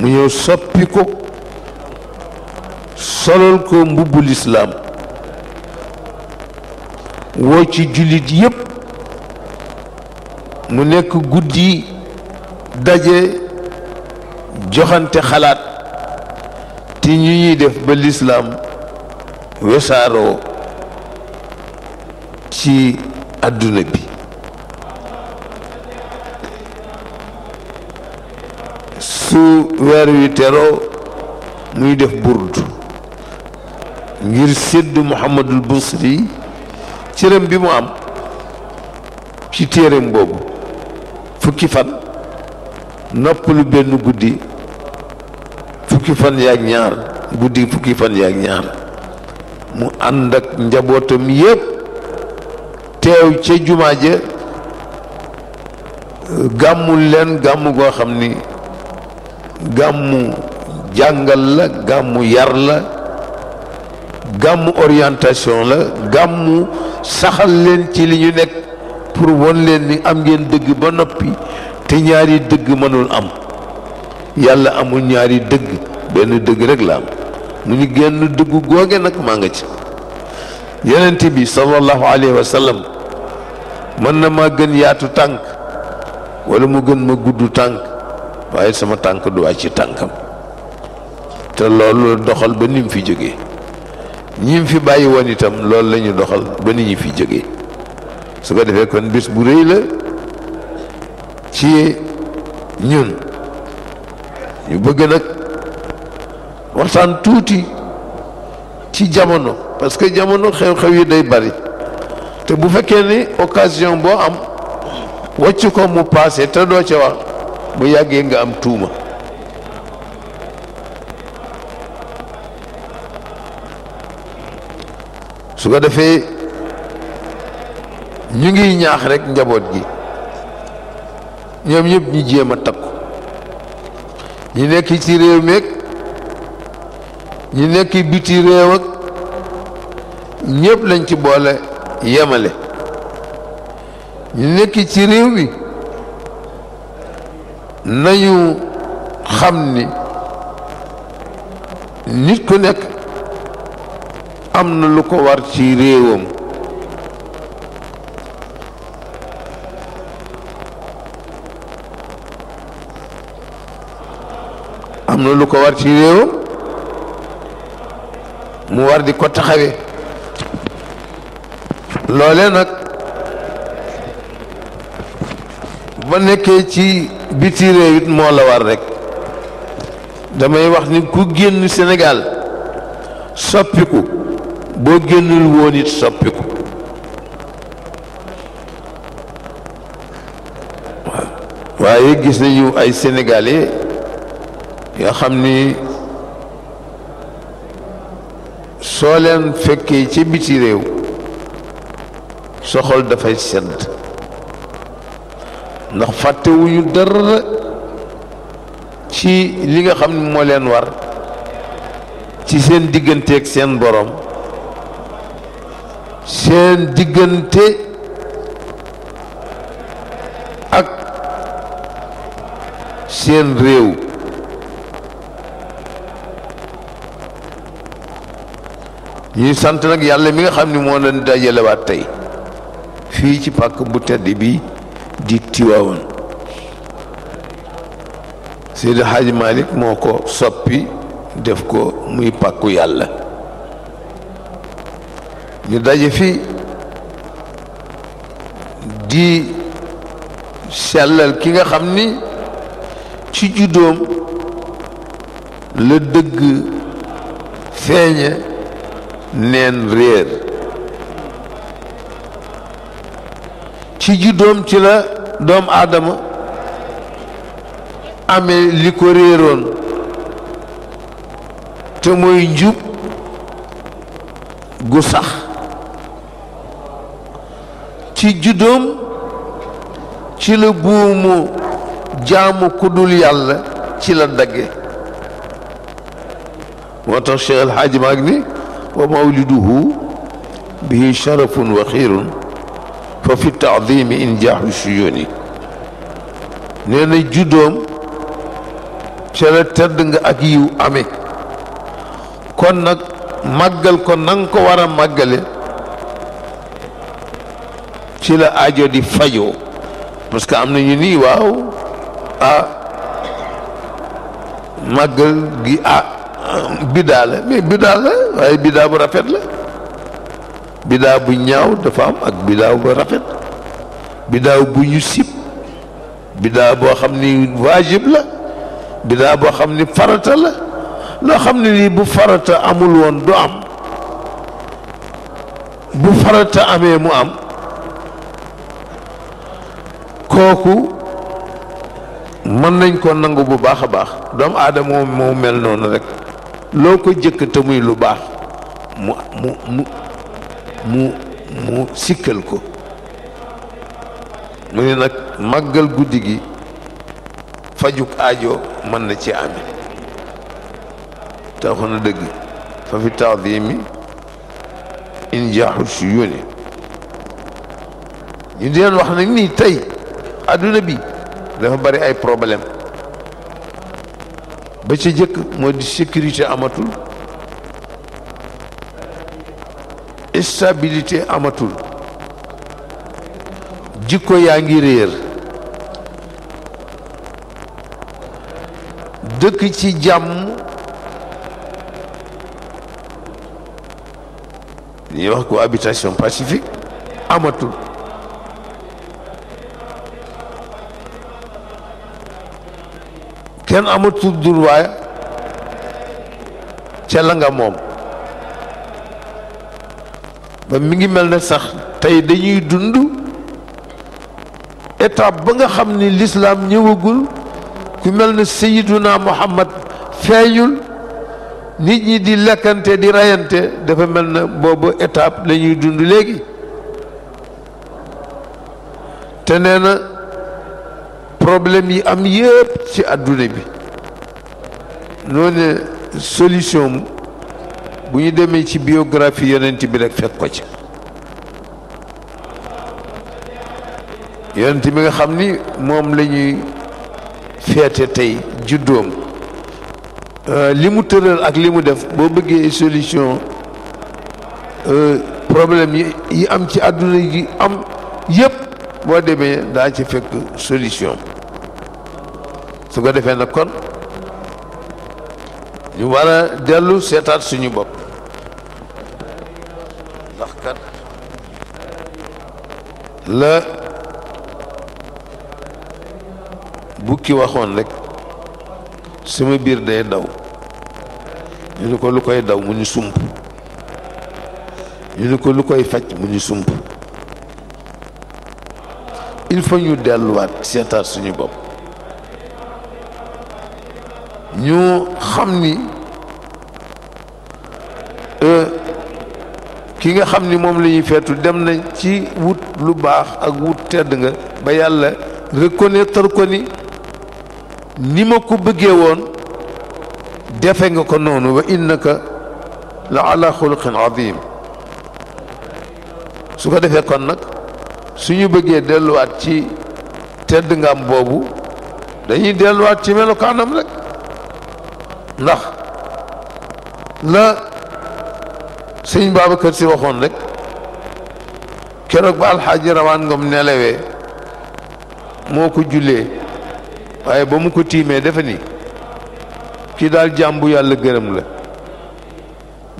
mu ñëw soppi ko solol ko mbubbu lislaam woo ci jullit yépp mu nekk guddi daje joxante xalaat ti ñu ñuy def ba lislaam wesaaroo ci àdduna bi su weer wi teroo muy def burdu ngir sédd Muhammadul Busri cëram bi mu am ci téeram boobu fukki fan noppalu benn guddi fukki fan yaak ñaar guddi fukki fan yaak ñaar mu ànd ak njabootam yépp teew ca jumaa ja gàmmul leen gàmm goo xam ni gàmmu jàngal la gàmmu yar la gàmmu orientation la gàmmu saxal leen ci li ñu nekk pour won leen ni am ngeen dëgg ba noppi te ñaari dëgg mënul am yàlla amul ñaari dëgg benn dëgg rek la am mu ñu génn dëggu googe nag maa nga ci yonent bi sallallahu alayhi wa sallam mën na maa gën yaatu tànk wala mu gën ma gudd tànk waaye sama tànk du wàcc ci tànkam te loolu doxal ba ni mu fi jóge ñi fi bàyyi woon itam loolu la doxal ba ni ñu fi jóge su ko defee kon bés bu rëy la ci ñun ñu bëgg nag. waxtaan tuuti ci jamono parce que jamono xew-xew yi day bari te bu fekkee ni occasion boo am wàcc ko mu paase te doo ca wax mu yàggee nga am tuuma su ko defee ñu ngi ñaax rekk njaboot gi ñoom ñëpp ñu jéem a takku ñu nekk ci réew meek ñi nekk biti réew ak ñëpp lañ ci boole yemale ñu nekk ci réew mi nañu xam ni nit ku nekk am na lu ko war ci réewam am na lu ko war ci réewam mu war di ko taxawee loolee nag ba nekkee ci biti réew it moo la war rek damay wax ni ku génn Sénégal soppiku boo génnul woon it soppiku waaye gis nañu ay sénégalais yoo xam ni soo leen fekkee ci biti réew soxol dafay sedd ndax fàttewuñu dara ci li nga xam ne moo leen war ci seen diggante ak seen boroom seen diggante ak seen réew ñuy sant nag yàlla mi nga xam ni moo leen dajalewaat tey fii ci pàkk bu tedd bi di Tiwaawan Seydi Hadji Malick moo ko soppi def ko muy pàkku yàlla ñu daje fi di sellal ki nga xam ni ci juddoom la dëgg feeñe neen réer ci juddoom ci la doomu aadama amee li ko réeroon te mooy njub gu sax ci juddoom ci la buumu jaamu kudul yàlla ci la dagge moo tax Cheikh El Hadj ni wa mawliduhu bihi sharafun wa khairun fa fi ta'dhim injaahu suyuni nee na juddoom ca la Konak nga ak yiw amee kon nag màggal ko nang ko war a màggale la aajo di fajoo parce que am nañu nii waaw ah, gi a. Ah, bida la mais bida la waaye bida bu rafet la bida bu ñaaw dafa am ak bida bu rafet bida bu ñu sib bidaa boo xam ni la bida bo xamni farata la lo xamni ni bu farata amul won du am bu farata amé mu am koku man nañ ko nangu bu baakha baax doomu aadama mel non rek loo ko jëkk te muy lu baax mu mu mu mu mu sikkal ko mu ne nag màggal guddi gi fajuk ajo mën na ci ame taxu na dëgg fa fi taadimi injaaxu si yóne ñu di wax nag nii tey adduna bi dafa bari ay problème ba ca jëkk moo di sécurité amatul stabilité amatul jikko yaa ngi réer dëkk ci jàmm ñuy wax ko habitation pacifique amatul kenn amatul tur durwaay ca la nga moom ba mi ngi mel ne sax tey dañuy dund étape ba nga xam ni lislaam ñëwagul ku mel ne sayiduna muhammad feeñul nit ñi di lekkante di reyante dafa mel na boobu étape lañuy ñuy dund léegi te nee na problème yi am yëpp ci àdduna bi noo solution bu ñu demee ci biographie yonent bi rek fekk ko ci yonent bi nga xam ni moom la ñuy feete tey juddoom euh, li mu tëral ak li mu def boo bëggee solution euh, problème yi yi am ci àdduna yi am yëpp boo demee daa ci fekk solution su ko defee nag kon ñu war a dellu seetaat suñu bopp ndax kat la bukki waxoon rek sama biir day daw ñu ne ko lu koy daw mu ñu sump ñu ne ko lu koy faj mu ñu sump il faut ñu delluwaat seetaat suñu bopp ñu xam ni euh, ki nga xam ni moom lañuy ñuy feetu dem nañ ci wut lu baax ak wut tedd nga ba yàlla reconnaître ko ni ni ma ko bëggee woon defe nga ko noonu wa innaka la ala xuluqin azim su ko defee kon nag suñu bëggee delluwaat ci tedd ngam boobu dañuy delluwaat ci melokaanam rek ndax la sëñ Babacar Si waxoon rek keroog ba alxaaji rawaan ngom nelawee moo ko jullee waaye ba mu ko tiimee dafa ni kii daal jaam bu yàlla gërëm la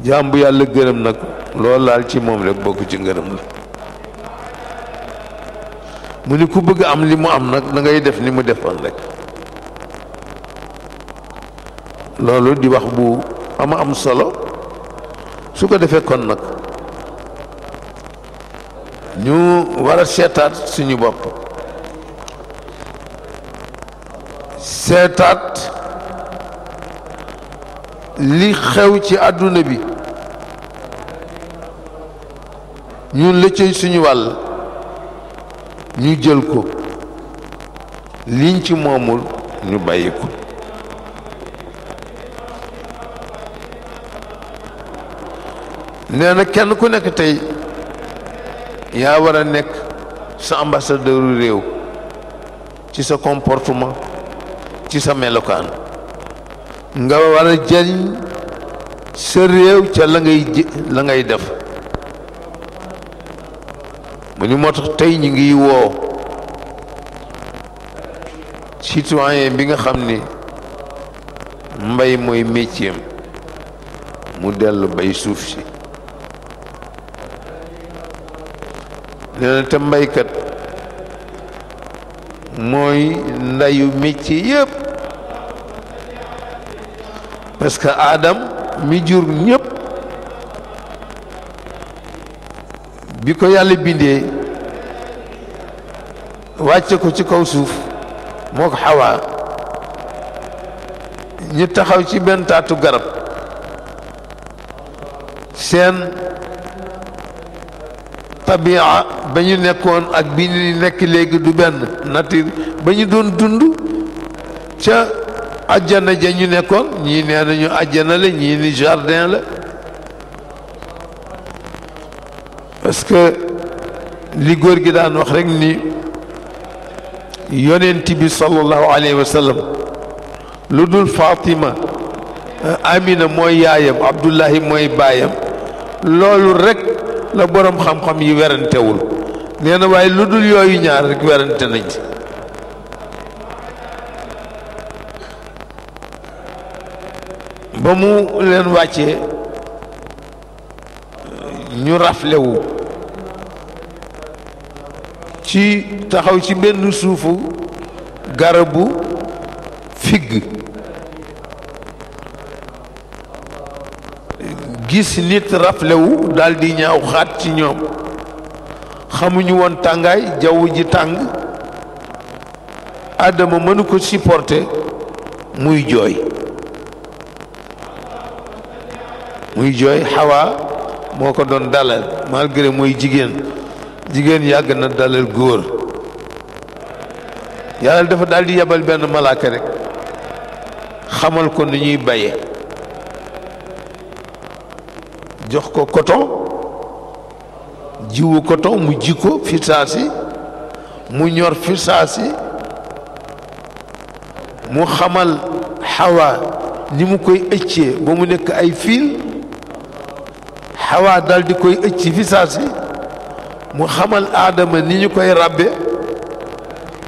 jaam bu yàlla gërëm nag loolu ci moom rek bokk ci ngërëm la mu ku bëgg am li mu am nag da ngay def ni mu defoon rek loolu di wax bu ama am solo su ko defee kon nag ñu war seetaat suñu bopp seetaat li xew ci àdduna bi ñun la cay suñu wàll ñu jël ko liñ ci moomul ñu bàyyi ko nee na kenn ku nekk tey yaa war a nekk sa ambassadeuru réew ci sa comportement ci sa melokaan nga war a jëriñ sa réew ca la ngay la ngay def mu ni moo tax tey ñu ngi woo citoyen bi nga xam ni mbay mooy métier mu dellu bay suuf si ne te mbaykat mooy ndayu métier yépp parce que Adam mi jur ñépp bi ko yàlla bindee wàcce ko ci kaw suuf moo ko xawaa ñu taxaw ci benn taatu garab seen tabia ba ñu nekkoon ak bi ñu nekk léegi du benn nature ba ñu doon dund ca ajjana ja ñu nekkoon ñii nee nañu ajjana la ñii ni jardin la parce que li góor gi daan wax rek ni yonent bi sallallahu alayhi wa lu dul Fatima Amina mooy yaayam Abdullahi mooy baayam loolu rek la boroom xam-xam yi werantewul nee na waaye lu dul yooyu ñaar rek werante nañ ci ba mu leen wàcce ñu raflewu ci taxaw ci benn suufu garabu gis nit raflewu daldi di ñaaw xaat ci ñoom xamuñu woon tàngaay jaw ji tàng Adama mënu ko supporter muy jooy muy jooy xawaa moo ko doon dalal malgré muy jigéen jigéen yàgg na dalal góor yàlla dafa daldi di yebal benn malaaka rek xamal ko ni ñuy baye jox ko koto jiwu coton mu ji ko fi saa mu ñor fi saa mu xamal xawaa ni mu koy ëccee ba mu nekk ay fiil xawaa dal di koy ëcc fi saa mu xamal aadama ni ñu koy ràbbe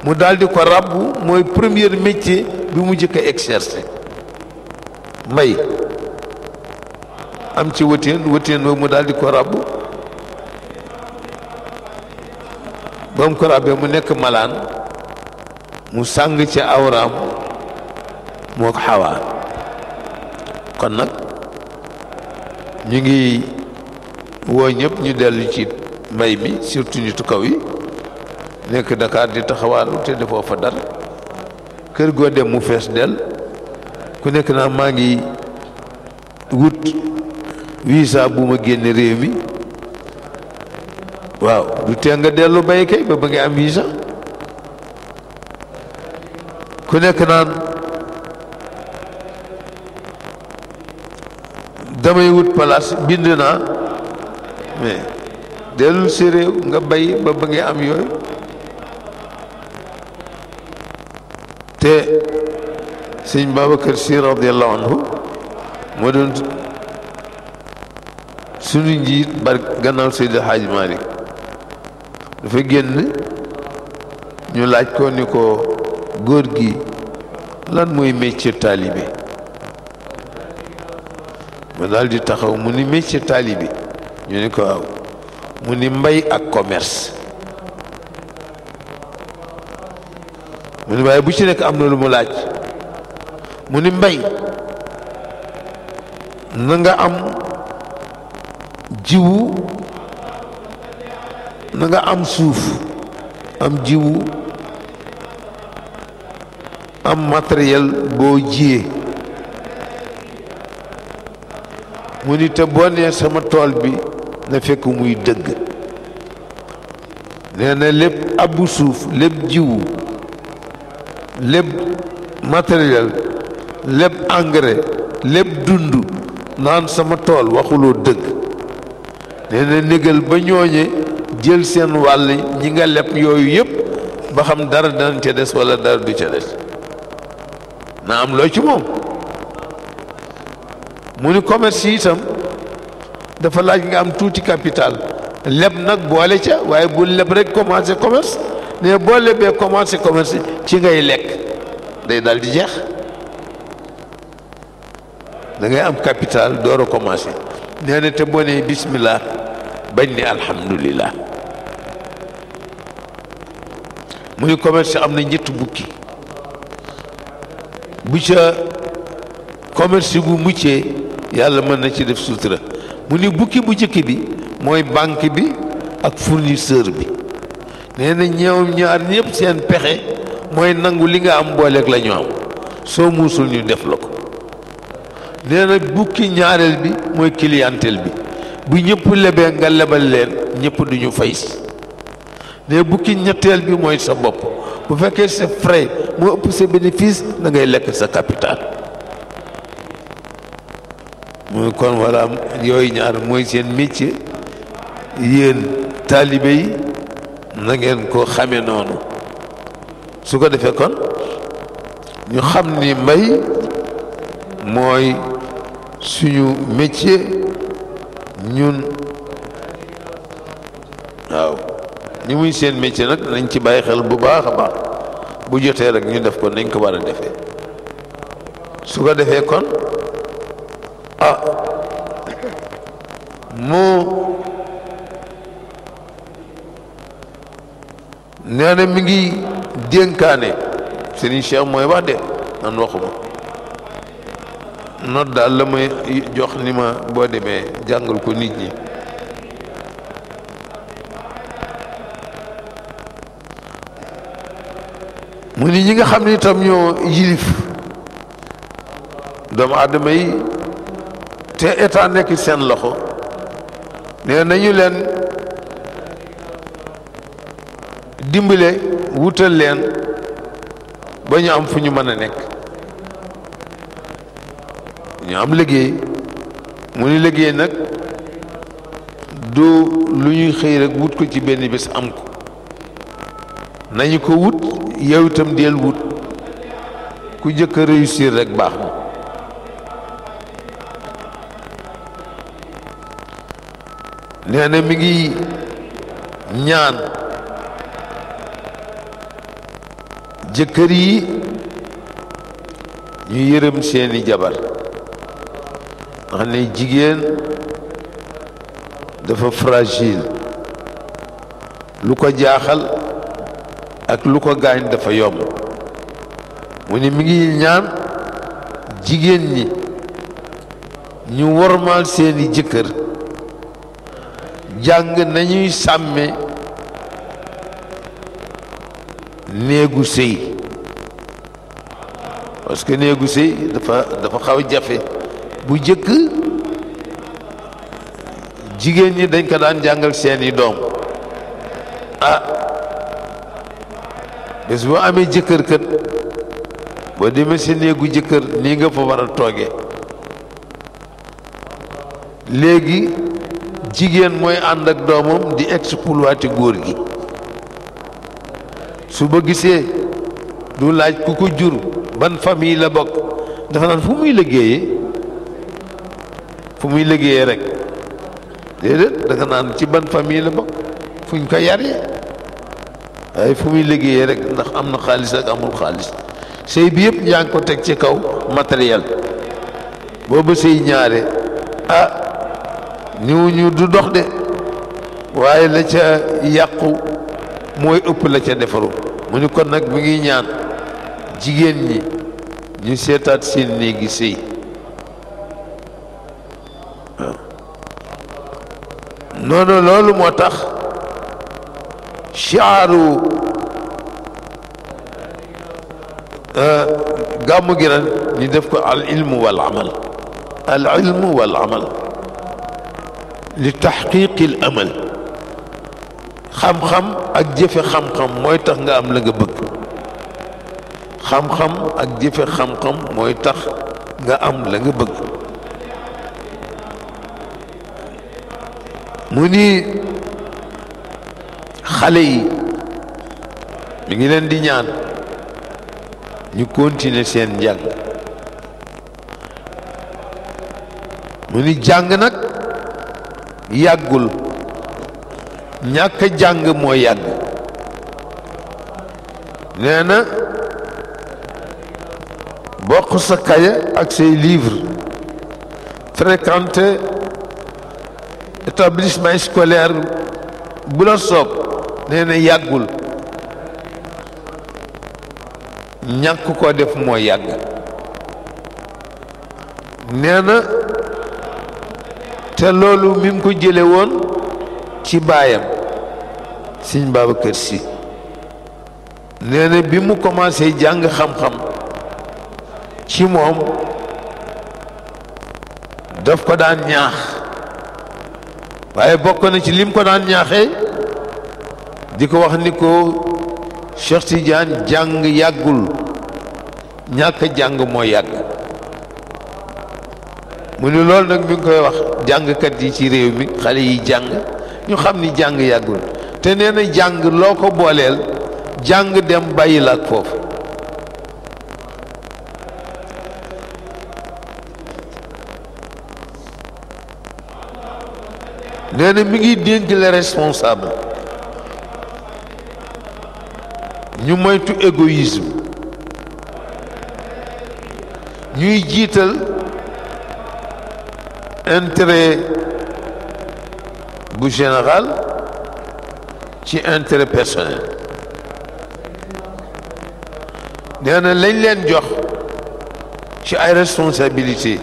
mu dal di ko ràbb mooy premier métier bi mu jëkk a mbay am ci wëteen wëteen ba mu daal ko ràbb ba ko ràbbee mu nekk malaan mu sàng ci awraam moo ko xawaa kon nag ñu ngi woo ñëpp ñu dellu ci mbay mi surtout nitu kaw yi nekk Dakar di taxawaalu te defoo fa dara kër goo mu fees dell ku nekk naa maa ngi wut visa bu ma génne réew mi waaw du nga dellu bay kay ba ba nga am visa ku nekk naan damay wut place bind naa mais dellul si réew nga bay ba ba nga am yooyu te sëñ Babacar Si radiyallahu anhu moo doon suñu njiit bar gannaaw Seydi Hadj Malick dafa génn ñu laaj ko ni ko góor gi lan mooy métier taalibe ma daal di taxaw mu ni métier taalibe ñu ni ko waaw mu ni mbay ak commerce mu ni waaye bu ci nekk am na lu mu laaj mu ni mbay na am jiwu nanga am suuf am jiwu am matériel boo jiyee mu ni te boo sama tool bi na fekk muy dëgg nee na lépp abu suuf lépp jiwu lépp matériel lépp engrais lépp dund naan sama tool waxuloo dëgg nee na négal ba ñooñe jël seen wàll ñi nga leb yooyu yëpp ba xam dara dana ca des wala dara du ca des na am loo ci moom mu ni commerce yi itam dafa laaj nga am tuuti capital leb nag boole ca waaye bu leb rek commencé commerce ne boo lebee commencé commerce ci ngay lekk day daal di jeex da ngay am capital door a commencé nee te boo nee bismillah bañ ni alhamdulillah mu ni commerce am na ñetti bukki bu ca commerce bu muccee yàlla mën na ci def sutura mu ni bukki bu jëkk bi mooy banque bi ak fournisseur bi nee na ñaar ñëpp seen pexe mooy nangu li nga am booleeg lañu ñu am soo muusul ñu def la ko nee na bukki ñaareel bi mooy clientèle bi bu ñëpp lebee nga lebal leen ñëpp du ñu fay si mais bukki ñetteel bi mooy sa bopp bu fekkee sa frais moo ëpp sa bénéfice da ngay lekk sa capital muy kon voilà yooyu ñaar mooy seen métier yéen taalibe yi na ngeen ko xame noonu su ko defee kon ñu xam ni mbay mooy suñu métier ñun waaw ñi muy seen métier nag nañ ci bàyyi xel bu baax a baax bu jotee rek ñu def ko nañ ko war a defe su ko defee kon ah mu nee na mi ngi dénkaane Serigne Cheikh mooy wax de man waxuma noot daal la may jox ni ma boo demee jàngal ko nit ñi mu ni ñi nga xam ni itam ñoo yilif doomu aadama yi te état nekk seen loxo nee nañu leen dimbale wutal leen ba ñu am fu ñu mën a nekk ñu am liggéey mu ni liggéey nag du lu ñuy xëy rek wut ko ci benn bés am ko nañu ko wut yow itam del wut ku jëkk a réussir rek baax na nee na mi ngi ñaan jëkkër yi ñu yërëm seeni jabar xam ne jigéen dafa fragile lu ko jaaxal ak lu ko gaañ dafa yomb mu ni mi ngi ñaan jigéen ñi ñu wormaal seeni jëkkër jàng nañuy sàmme néegu sëy parce que néegu sëy dafa dafa xaw jafe bu jëkk jigéen ñi dañ ko daan jàngal seeni doom ah bés boo amee jëkkër kët boo demee sa néegu jëkkër ni nga fa war a tooge léegi jigéen mooy ànd ak doomam di exploité góor gi suba gisee du laaj ku ko jur ban fami la bokk dafa naan fu muy liggéeyee fu muy liggéeyee rek déedéet da nga naan ci ban famille la bokk fu ñu ko yaree waaye fu muy liggéeyee rek ndax am na xaalis ak amul xaalis sëy bi yëpp yaa ko teg ci kaw matériel booba sëy ñaare ah niw ñu du dox de waaye la ca yàqu mooy ëpp la ca defaru mu ñu kon nag mi ngi ñaan jigéen ñi ñu seetaat seen néegi sëy noonu loolu moo tax chiaaru gàmmu gi ren ñu def ko al ilmu wal amal al ilmu wal amal li taxqiqil amal xam-xam ak jëfe xam-xam mooy tax nga am la nga bëgg xam-xam ak jëfe xam-xam mooy tax nga am la nga bëgg mu ni xale yi mi ngi leen di ñaan ñu continuer seen njàng mu ni jàng nag yàggul ñàkk jàng moo yàgg nee na bokk sa kaye ak say livre fréquenter établissement scolaire bu la soob nee na yàggul ñàkk ko def moo yàgg nee na te loolu mi ngi ko jële woon ci baayam Sëñ Babacar Si nee bi mu commencé jàng xam-xam ci moom daf ko daan ñaax waaye bokk na ci lim ko daan ñaaxee di ko wax ni ko Cheikh jàng yàggul ñàkk jàng moo yàgg mu ni loolu nag mu ngi koy wax jàngkat yi ci réew mi xale yi jàng ñu xam ni jàng yàggul te nee jàng loo ko booleel jàng dem bàyyi la ak foofu nous dit que les responsables nous sommes tous égoïsme. Nous avons dit intérêt général et intérêt personnel. Nous avons dit que les responsabilités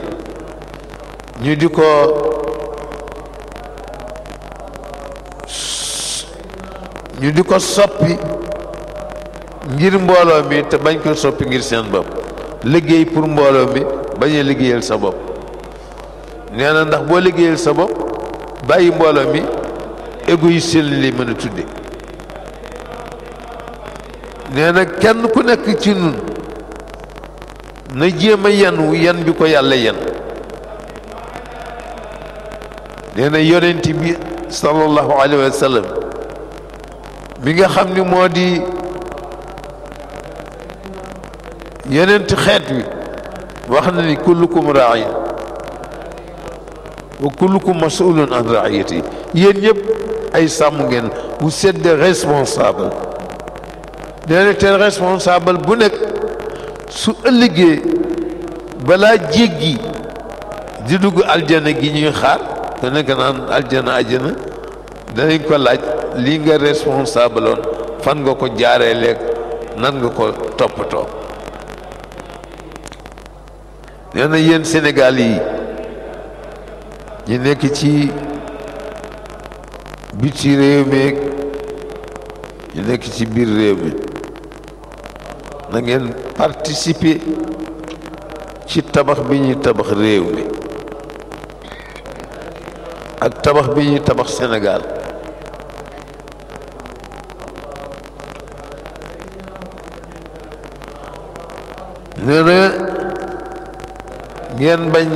nous avons dit ñu di ko soppi ngir mbooloo mi te bañ ko soppi ngir seen bopp liggéey pour mbooloo mi bañ a liggéeyal sa bopp nee na ndax boo liggéeyal sa bopp bàyyi mbooloo mi égoïste li lay mën a tudde nee na kenn ku nekk ci nun na jéem a yenu bi ko yàlla yen nee na bi sallallahu alayhi wa sallam bi nga xam ni moo di yeneenti xeet wi wax na ni kullukum raaya wa kullukum masulun an raayati yéen ñëpp ay sàmm ngeen vous êtes des responsables nee te responsable bu nekk su ëllëgee balaa jéggi di dugg aljana gi ñuy xaar te nekk naan aljana aljana danañ ko laaj lii nga responsable oon fan nga ko jaaree léeg nan nga ko toppatoo nee na yéen Sénégal yi ñu nekk ci biti réew mi ñu nekk ci biir réew mi nangeen ngeen participer ci tabax bi ñuy tabax réew mi ak tabax bi ñuy tabax Sénégal ngeen bañ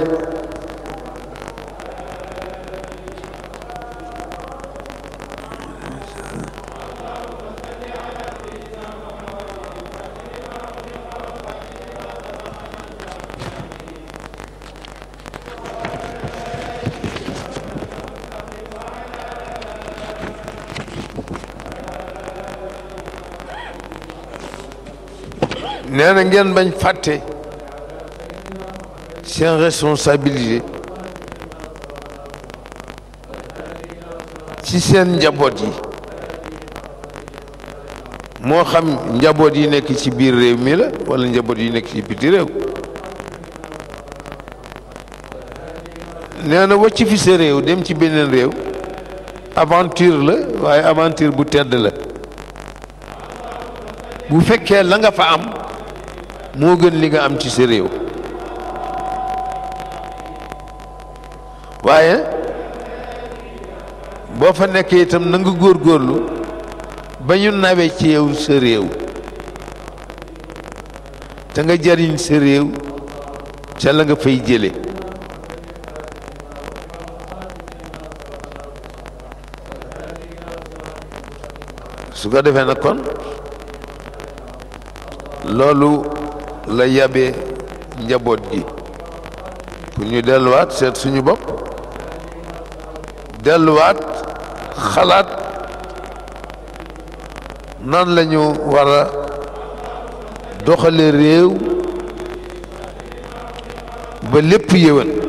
waaye ngeen bañ faté seen responsabilité ci sen njaboot yi mo xam njaboot yi nek ci biir réew mi la wala njaboot yi nek ci biti réew nee wacc fi sa réew dem ci beneen réew aventure la waaye aventure bu tedd la bu fekkee la nga fa am moo gën li nga am ci sa réew waaye boo fa nekkee itam na nga góorlu ba ñu nawe ci yow sa réew te nga jariñ sa réew ca la nga fay jële su ko defee nag kon loolu la yabe njaboot gi pour ñu delluwaat seet suñu bopp delluwaat xalaat nan lañu wara war a doxale réew ba lépp yéwén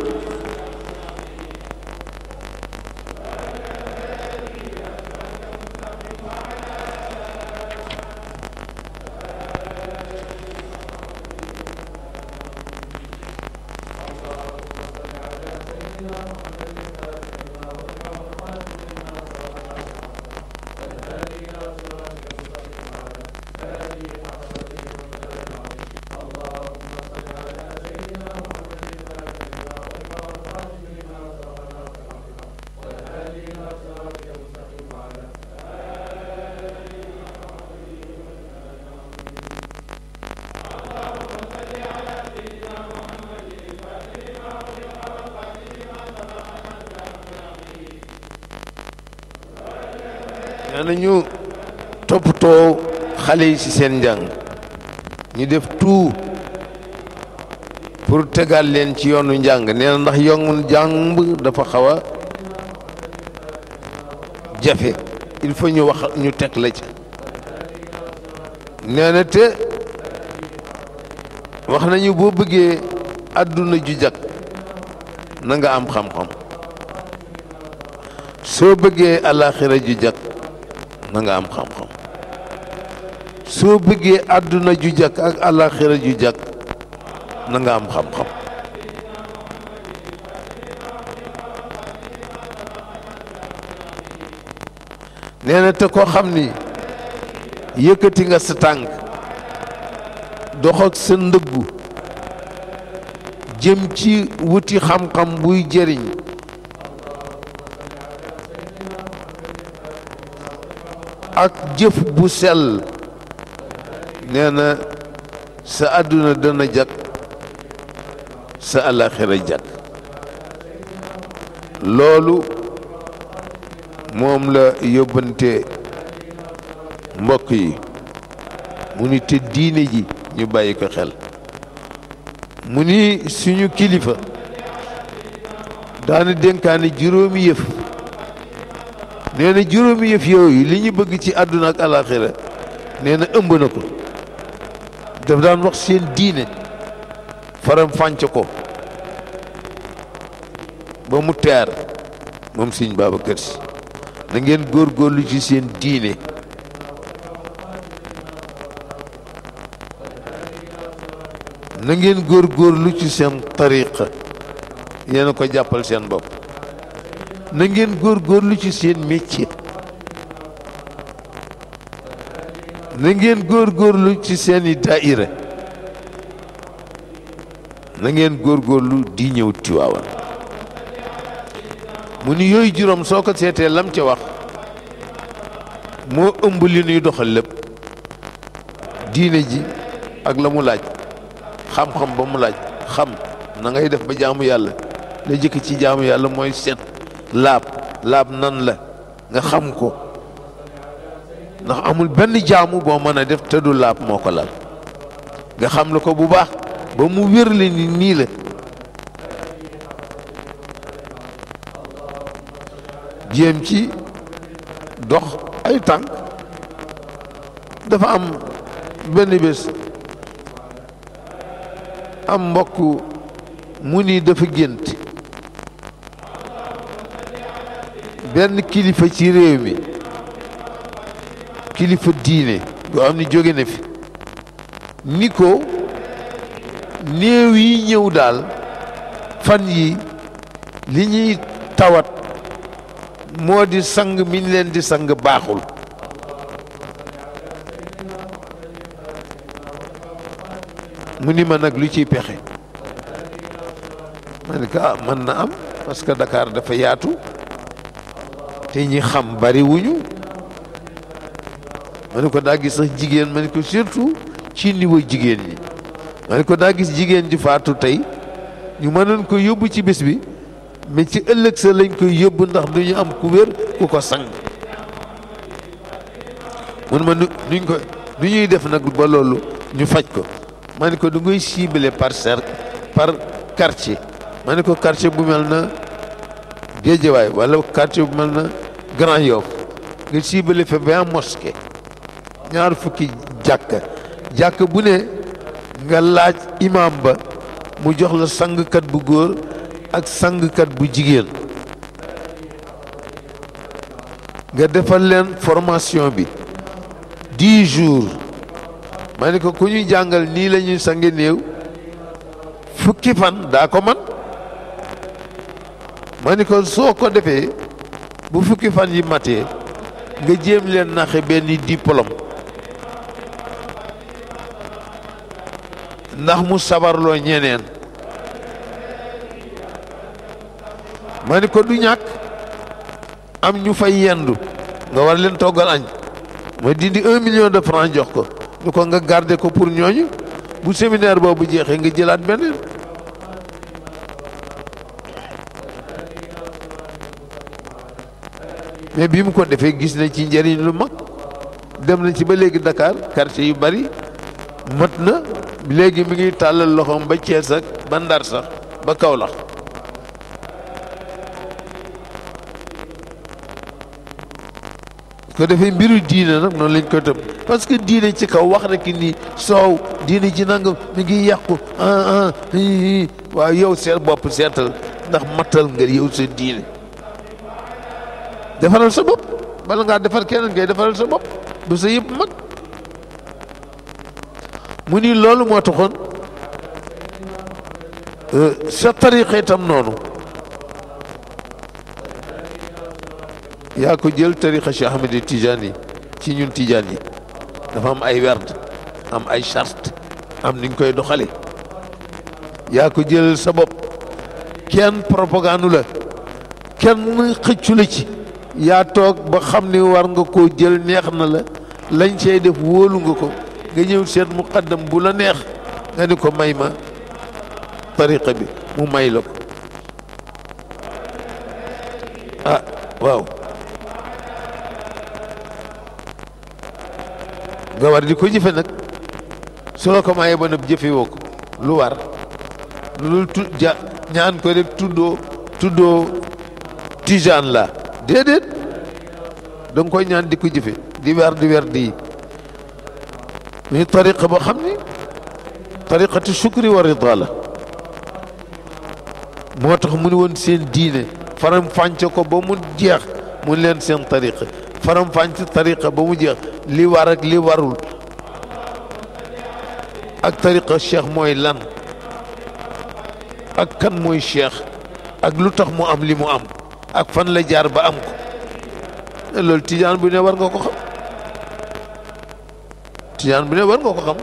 xale yi ci seen njàng ñu def tout pour tegaal leen ci yoonu njàng nee ndax yongu njàng dafa xaw a jafe il faut ñu wax ñu teg la ci nee te wax nañu boo bëggee àdduna ju jag na nga am xam-xam soo bëggee alaaxira ju jag na nga am xam soo bëggee àdduna ju jàkk ak àllaaxira ju jàkk na am xam-xam nee te koo xam ni yëkkati nga sa tànk dox ak sa ndëggu jëm ci wuti xam-xam buy jëriñ ak jëf bu sell nee sa àdduna dana jag sa alaxira jag loolu moom la yóbbante mbokk yi mu ni te diine ji ñu bàyyi ko xel mu ni suñu kilifa daana dénkaane juróomi yëf nee juróomi yëf yooyu li ñu bëgg ci àdduna ak alaxira nee ëmb na ko daf daan wax seen diine faram fànc ko ba mu teer moom sëñ Babacar Si góor ngeen góorgóorlu ci seen diine na ngeen góorgóorlu ci seen tariqa yéen ko jàppal seen bopp na ngeen góorgóorlu ci seen métier na ngeen góorlu ci seeni daayira na ngeen góorlu di ñëw Tiwaawan mu ni yooyu juróom soo ko seetee lam ca wax moo ëmb li nuy doxal lépp diine ji ak la mu laaj xam-xam ba mu laaj xam na ngay def ba jaamu yàlla la jëkk ci jaamu yàlla mooy seet laab laab nan la nga xam ko ndax amul benn jaamu boo mën a def tëddu laab moo ko laal nga xam la ko bu baax ba mu wér la ni nii la jéem ci dox ay tànk dafa am benn bés am mbokk mu ni dafa gént benn kilifa ci réew mi kilifa diine yoo am ni jóge na fi ni ko néew yi ñëw daal fan yi li ñuy tawat moo di sang mi leen di sang baaxul mu ni ma nag lu ciy pexe ma ne ah, mën na am parce que Dakar dafa yaatu te ñi xam bari wuñu ma ne ko daa gis sax jigéen ma ne ko surtout ci niveau jigéen ñi ma ko daa gis jigéen ji faatu tey ñu mënoon ko yóbbu ci bis bi mais ci ëllëg sa lañ koy yóbbu ndax du am ku wér ku ko sang mun ma nuñ ko nu ñuy def nag ba loolu ñu faj ko ma ne ko du ngay ciblé par cercle par quartier ma ne ko quartier bu mel na Guédiawaye wala quartier bu mel na Grand Yoff nga ciblé fa ba ñaar fukki jàkka jàkk bu ne nga laaj imam ba mu jox la sangkat bu góor ak sangkat bu jigéen nga defal leen formation bi dix jours ma ne ku ñuy jàngal nii la sa sange néew fukki fan daa ko man ma ne ko soo ko defee bu fukki fan yi matee nga jéem leen naxe benn diplôme ndax mu sabarloo ñeneen ma ni ko du ñàkk am ñu fay yendu nga war leen toggal añ ma dindi million de francs jox ko ñu ko nga gàrde ko pour ñooñu bu séminaire boobu jeexee nga jëlaat beneen mais bi mu ko defee gis nañ ci njëriñ lu mag dem nañ ci ba léegi Dakar quartier yu bari mat na legi mi ngi talal loxom ba ciess ak ba Ndar sax ba Kawlax ko defé mbiru diine nak non lañ ko tëb parce que diine ci kaw wax rek ni soow diine ci nang mi ngi yàqu ah ah wa yow seet bop setal ndax matal nga yow sa diine defal sa bop bal nga defal kenen ngay defal sa bop bu sa yep mak mu ni loolu moo taxoon euh, sa tariqa itam noonu yaa ko jël tariqa Cheikh Ahmed Tijaan yi ci ñun Tijaan yi dafa am ay werd am ay charte am niñ koy doxale yaa ko jël sa bopp kenn propagande la kenn xëccu la ci yaa toog ba xam ni war nga ko jël neex na la lañ cey def wóolu nga ko nga ñëw seet muqaddam bu la neex nga ni ko may ma tariqa bi mu may la ko ah waaw nga war di ko jëfe nag su la ko mayee ba nag jëfewoo ko lu war lu tu ja ñaan ko rek tuddoo tijaan la déedéet da koy ñaan di ko jëfe di weer di weer di هي طريقة بخمني طريقة الشكر والرضا له موتخ من وين سين دينه فرم فانتكو بومون جيخ من لين سين طريقة فرم فانت طريقة بومون جيخ لي وارك لي وارول اك طريقة الشيخ موي لان اك كان موي الشيخ اك لوتخ مو ام لي مو ام اك فان لا جار با امكو لول تيجان بو نيوار غوكو خم tijaan bi ne war nga ko xam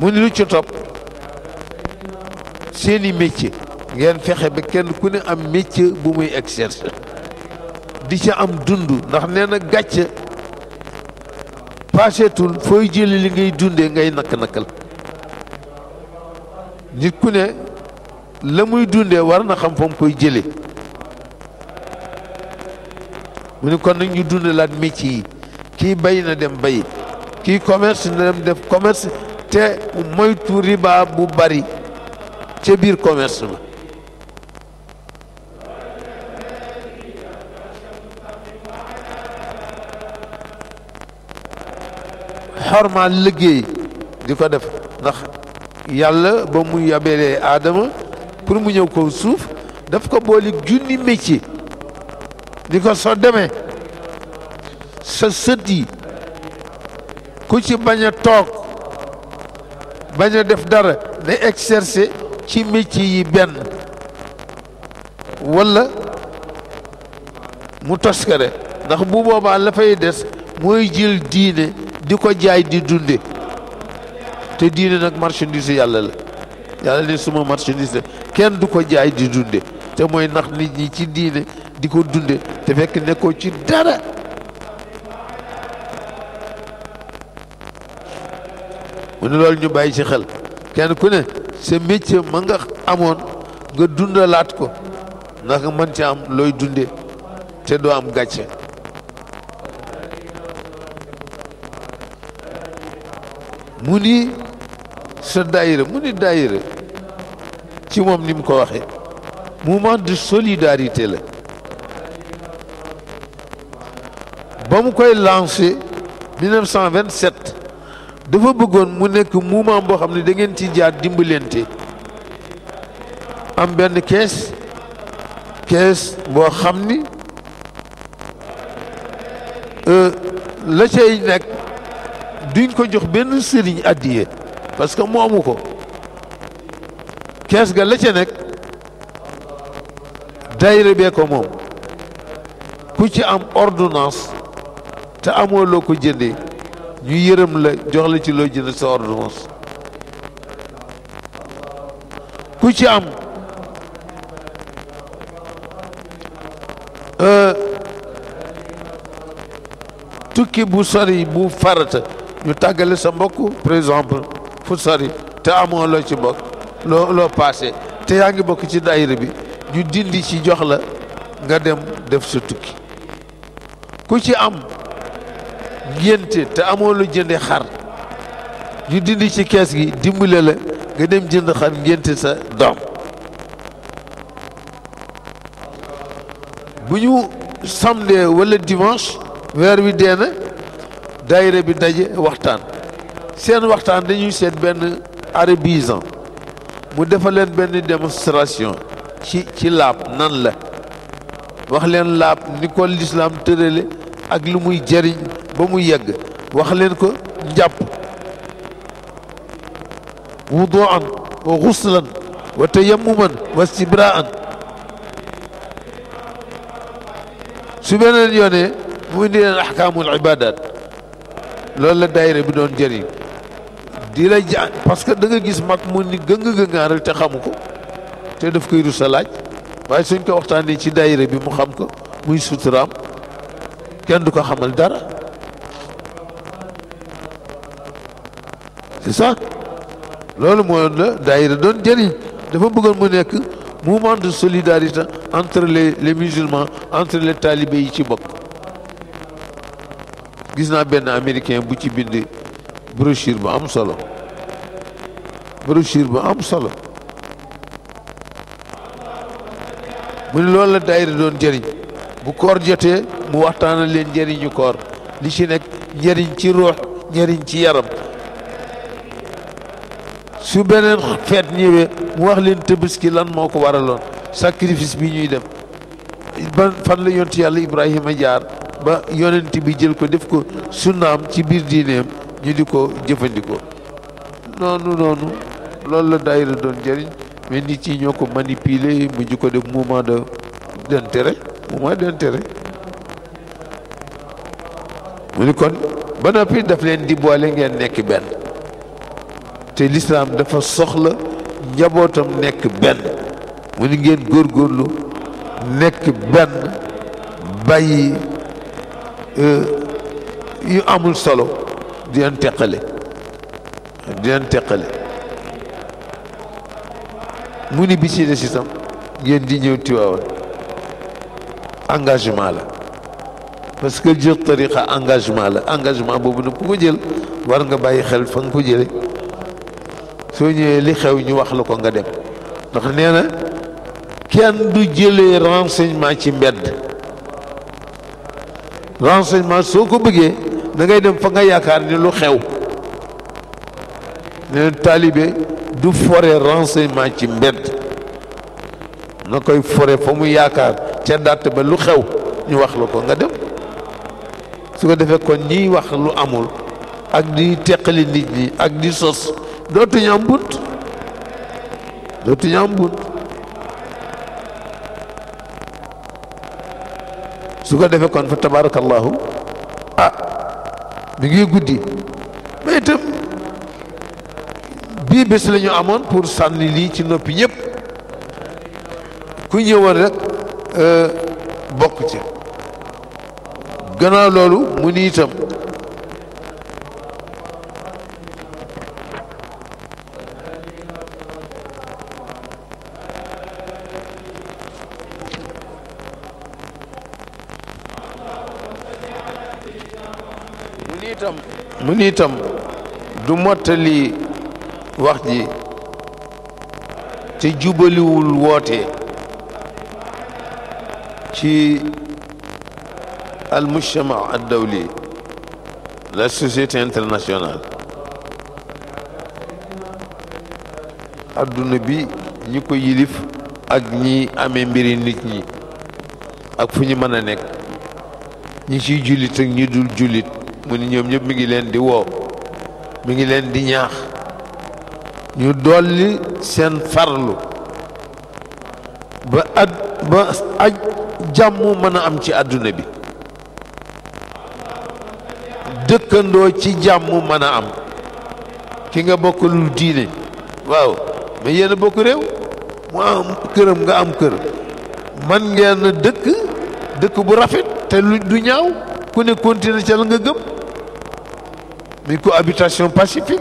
mu ni lu ci top seeni métier ngeen fexe ba kenn ku ne am métier bu muy exercer di ci am dund ndax nee na gàcce paaseetul fooy jëli li ngay dundee ngay nakk-nakkal nit ku ne la muy dundee war na xam fa mu koy jëlee mu ni kon nag ñu dundalaat métier yi bay na dem bay ki commerce na dem def commerce te moytu riba bu bari ca biir commerce ba xormaal liggéey di ko def ndax yàlla ba mu yabelee aadama pour mu ñëw ko suuf daf ko boole junni métier di ko soo demee sa sët yi ku ci bañ a toog bañ a def dara na exercer ci métier yi benn walla mu toskare ndax bu boobaa la fay des mooy jël diine di ko jaay di dunde te diine nag marchandise yàlla la yàlla ne suma marchandise kenn du ko jaay di dunde te mooy nax nit ñi ci diine di ko dunde te fekk nekkoo ci dara mu ne loolu ñu bàyyi ci xel kenn ku ne sa métier ma nga amoon nga dundalaat ko ndax man mën ci am looy dunde te doo am gàcce mu ni sa daayira mu ni daayira ci moom ni mu ko waxee mouvement de solidarité la ba mu koy lancé 1927 dafa bëggoon mu nekk mouvement boo xam ne da ngeen ci jaar dimbalante am benn kees kees boo xam ni euh, la cay nekk duñ ko jox benn sëriñ addiye parce que moomu ko kees ga la ca nekk daayira bee ko moom ku ci am ordonnance te amoo loo ko jëndee ñu yërëm la jox la ci loo jënd sa ordonnance ku ci am euh, tukki bu sori bu farata ñu tàggale sa mbokk par exemple fu sori te amoo loo ci bokk loo paase te yaa ngi bokk ci dayre bi ñu dindi ci jox la nga dem def sa tukki ku ci am ngénte te amoo lu jëndi xar ñu dindi ci kees gi dimbale la nga dem jënd xar ngénte sa doom bu ñu samedi wala dimanche weer wi dee na daayira bi daje waxtaan seen waxtaan dañuy seet ben arabisant mu defal leen benn démonstration ci ci laab nan la wax leen laab ni ko lislaam tërale ak lu muy jëriñ ba mu yegg wax leen ko njàpp wuduan wa xuslan wa tayammuman wa stibraan su beneen yoonee mu indi leen axkaamul ibadat loolu la daayira bi doon jëriñ di la jàng parce que da nga gis mag mu ni gëng-gëngaaral te xamu ko te daf koy rus laaj waaye suñ ko waxtaanee ci daayira bi mu xam ko muy suturaam kenn du ko xamal dara c'est ça loolu mooy la daayira doon jëriñ dafa bëggoon mu nekk mouvement de solidarité entre les les musulmans entre les talibés yi ci bokk gis naa benn américain bu ci bind brochure bu am solo brochure bu am solo mu ne loolu la daayira doon jëriñ bu koor jotee mu waxtaana leen njëriñu koor li ci nekk njëriñ ci ruux njëriñ ci yaram su beneen feet ñëwee mu wax leen tabaski lan moo ko waraloon sacrifice bi ñuy dem ban fan la yonent yàlla Ibrahima jaar ba yonent bi jël ko def ko sunnaam ci biir diineem ñu di ko jëfandikoo noonu noonu loolu la daayira doon jëriñ mais nit yi ñoo ko manipuler mujj ko def mouvement de d'intérêt mouvement mu ni kon ba noppi daf leen di ngeen nekk benn te lislaam dafa soxla njabootam nekk benn mu ni ngeen góorgóorlu nekk benn bàyyi euh, yu amul solo di leen teqale di leen teqale mu ni bi ci des itam ngeen di ñëw Tiwaawan engagement la parce que jël tariqa engagement la engagement boobu nag ku ko jël war nga bàyyi xel fa nga ko jële soo ñëwee li xew ñu wax la ko nga dem ndax nee na kenn du jëlee renseignement ci mbedd renseignement soo ko bëggee da ngay dem fa nga yaakaar ni lu xew nee na taalibe du fore renseignement ci mbedd na koy fore fa mu yaakaar ca dàtt ba lu xew ñu wax la ko nga dem su ko defee kon ñiy wax lu amul ak di teqali nit ñi ak di sos dootuñu am bunt dootuñu am bunt su ko defee kon fa tabarakallahu ah mi ngi guddi mais itam bii bés la amoon pour sànni lii ci noppi ñëpp ku ñëwoon rek euh, bokk ci gannaaw loolu mu ni itam mu ni du motali wax ji jubali wul wote ci almujtama dawli la societe internationale aduna bi ñi yilif ak ñi amé mbiri nit ñi ak fuñu mëna nek ñi ci julit ak ñi dul julit mu ni ñoom ñëpp mi ngi leen di woo mi ngi leen di ñaax ñu dolli seen farlu ba at ba aj jàmm mën a am ci àdduna bi dëkkandoo ci jàmm mën a am ki nga bokk bokkalul diine waaw mais yéen bokk réew mu am këram nga am kër man ngeen dëkk dëkk bu rafet te lu du ñaaw ku ne continuer ca la nga gëm muy cohabitation pacifique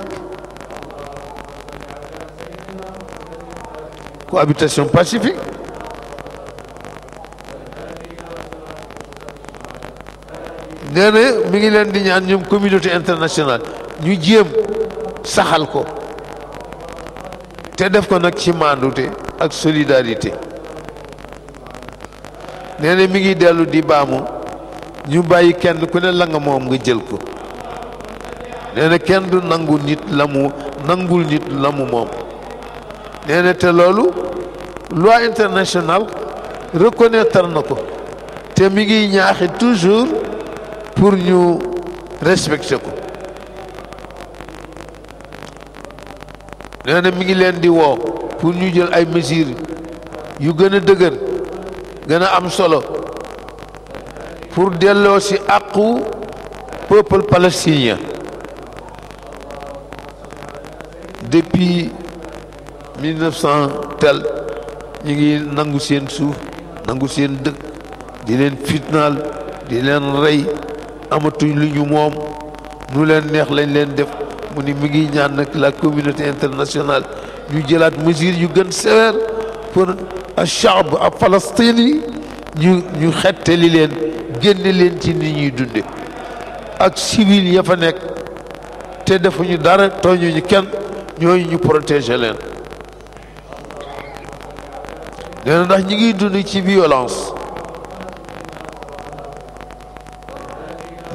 cohabitation pacifique nee na mi ngi leen di ñaan ñoom communauté internationale ñu jéem saxal ko te def ko nag ci maandute ak solidarité nee mi ngi dellu di baamu ñu bàyyi kenn ku ne la moom nga jël ko nee na kenn du nangu nit la mu nangul nit la mu moom nee te loolu loi internationale reconnaître na ko te mi ngi ñaaxi toujours pour ñu respecter ko nee na mi ngi leen di woo pour ñu jël ay mesures yu gën a dëgër gën a am solo pour delloo ci àqu peuple palestinien depuis mille neuf cent ngi nangu seen suuf nangu seen dëkk di leen fitnaal di leen rey amatuñ lu ñu moom nu leen neex lañ leen def mu ni mi ngi ñaan nag la communauté internationale ñu jëlaat mesure yu gën sévère pour a shaab a Palestine yi ñu ñu xettali leen génne leen ci ni ñuy dunde ak civil ya fa nekk te defuñu dara tooñuñu kenn ñooñu ñu protéger leen nee ndax ñi ngi dund ci violence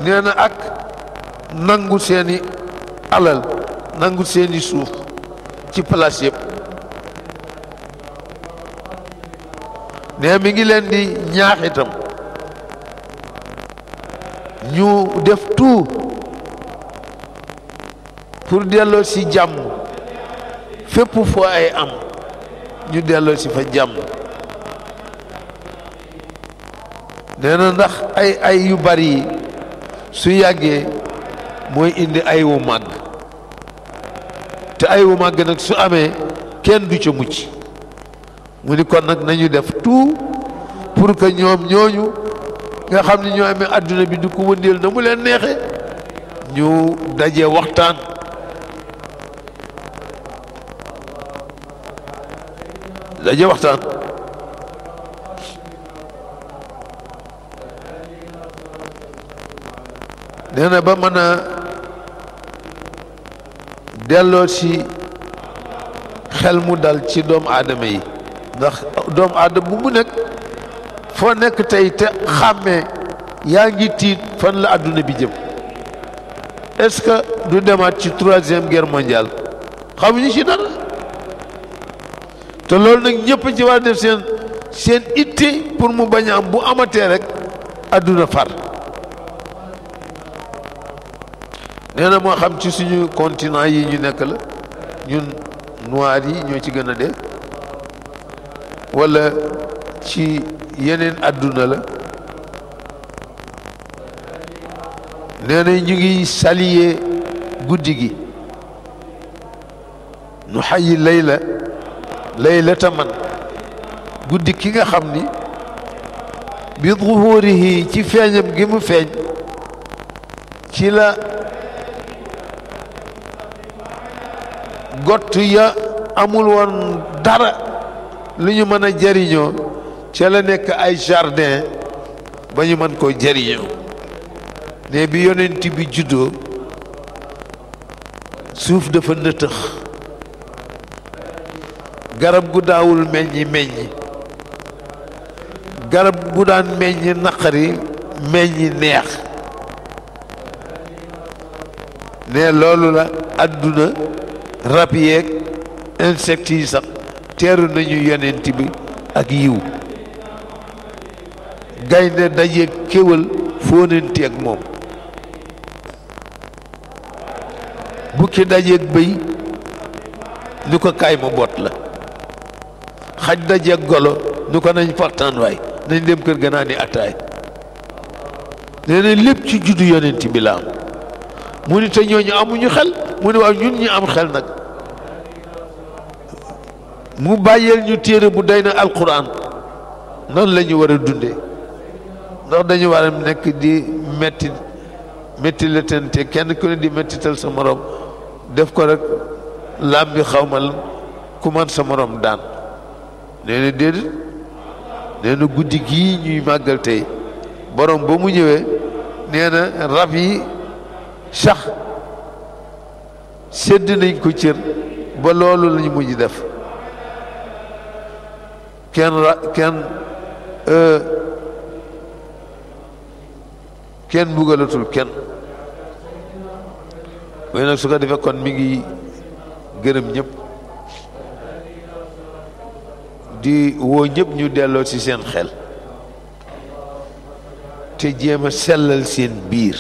nee ak nangu seeni alal nangu seeni suuf ci place yëpp nee mi ngi leen di ñaax itam ñu def tout pour delloo si jàmm fépp foo ay am ñu delloo ci fa jàmm nee na ndax ay ay yu bari yi su yàggee mooy indi ay wu màgg te ay wu màgg nag su amee kenn du ca mucc mu ni kon nag nañu def tout pour que ñoom ñooñu nga xam ne ñoo amee àdduna bi du ko wëndeel na mu leen neexe ñu daje waxtaan daje waxtaan nee ba mën a delloo ci xel mu dal ci doomu aadama yi ndax doomu aadama bu mu nekk foo nekk tey te xàmmee yaa ngi tiit fan la àdduna bi jëm est-ce que du demaat ci troisième guerre mondiale xamuñu ci dara te loolu nag ñëpp ci war def seen it itte pour mu bañ a am bu amatee rek àdduna far nee na moo xam ci suñu continent yi ñu nekk la ñun noir yi ñoo ci gën a dee walla ci yeneen adduna la nee na ñu ngi saliye guddi gi nu xayi layla laylata man guddi ki nga xam ni bi zuhurihi ci feeñam gi mu feeñ ci la gott ya amul woon dara lu ñu mën a jëriñoo ca la nekk ay jardin ba ñu mën koo jëriñoo ne bi yonent bi juddoo suuf dafa nëtëx garab gu daawul meññi meññi garab gu daan meññi naqari meññi neex ne loolu la àdduna rab yeeg insectes yi sax teeru nañu yonent bi ak yiw gaynde dajeeg kéwal fóonante ak moom bukki dajeeg bëy ni ko kaay ma boot la xaj dajeeg golo nu ko nañ partaan waay nañ dem kër ga naa ni attaay nee na lépp ci juddu yonent bi la am mu ni te ñooñu amuñu xel mu ni waaw ñun ñu am xel nag mu bàyyeel ñu téere bu day na alxuraan noonu la ñu war a dundee ndax dañu war nekk di metti metti la te kenn ku ne di mettital sa morom def ko rek lam bi xaw ma ku man sa morom daan nee na déedéet guddi gii ñuy màggal tey borom ba mu ñëwee nee rab yi sax sedd nañ ko cër ba loolu lañu mujj def kenn ra kenn euh, kenn bugalatul kenn mooy nag su ko defee kon mi ngi gërëm ñëpp di woo ñëpp ñu delloo ci seen xel te jéem a sellal seen biir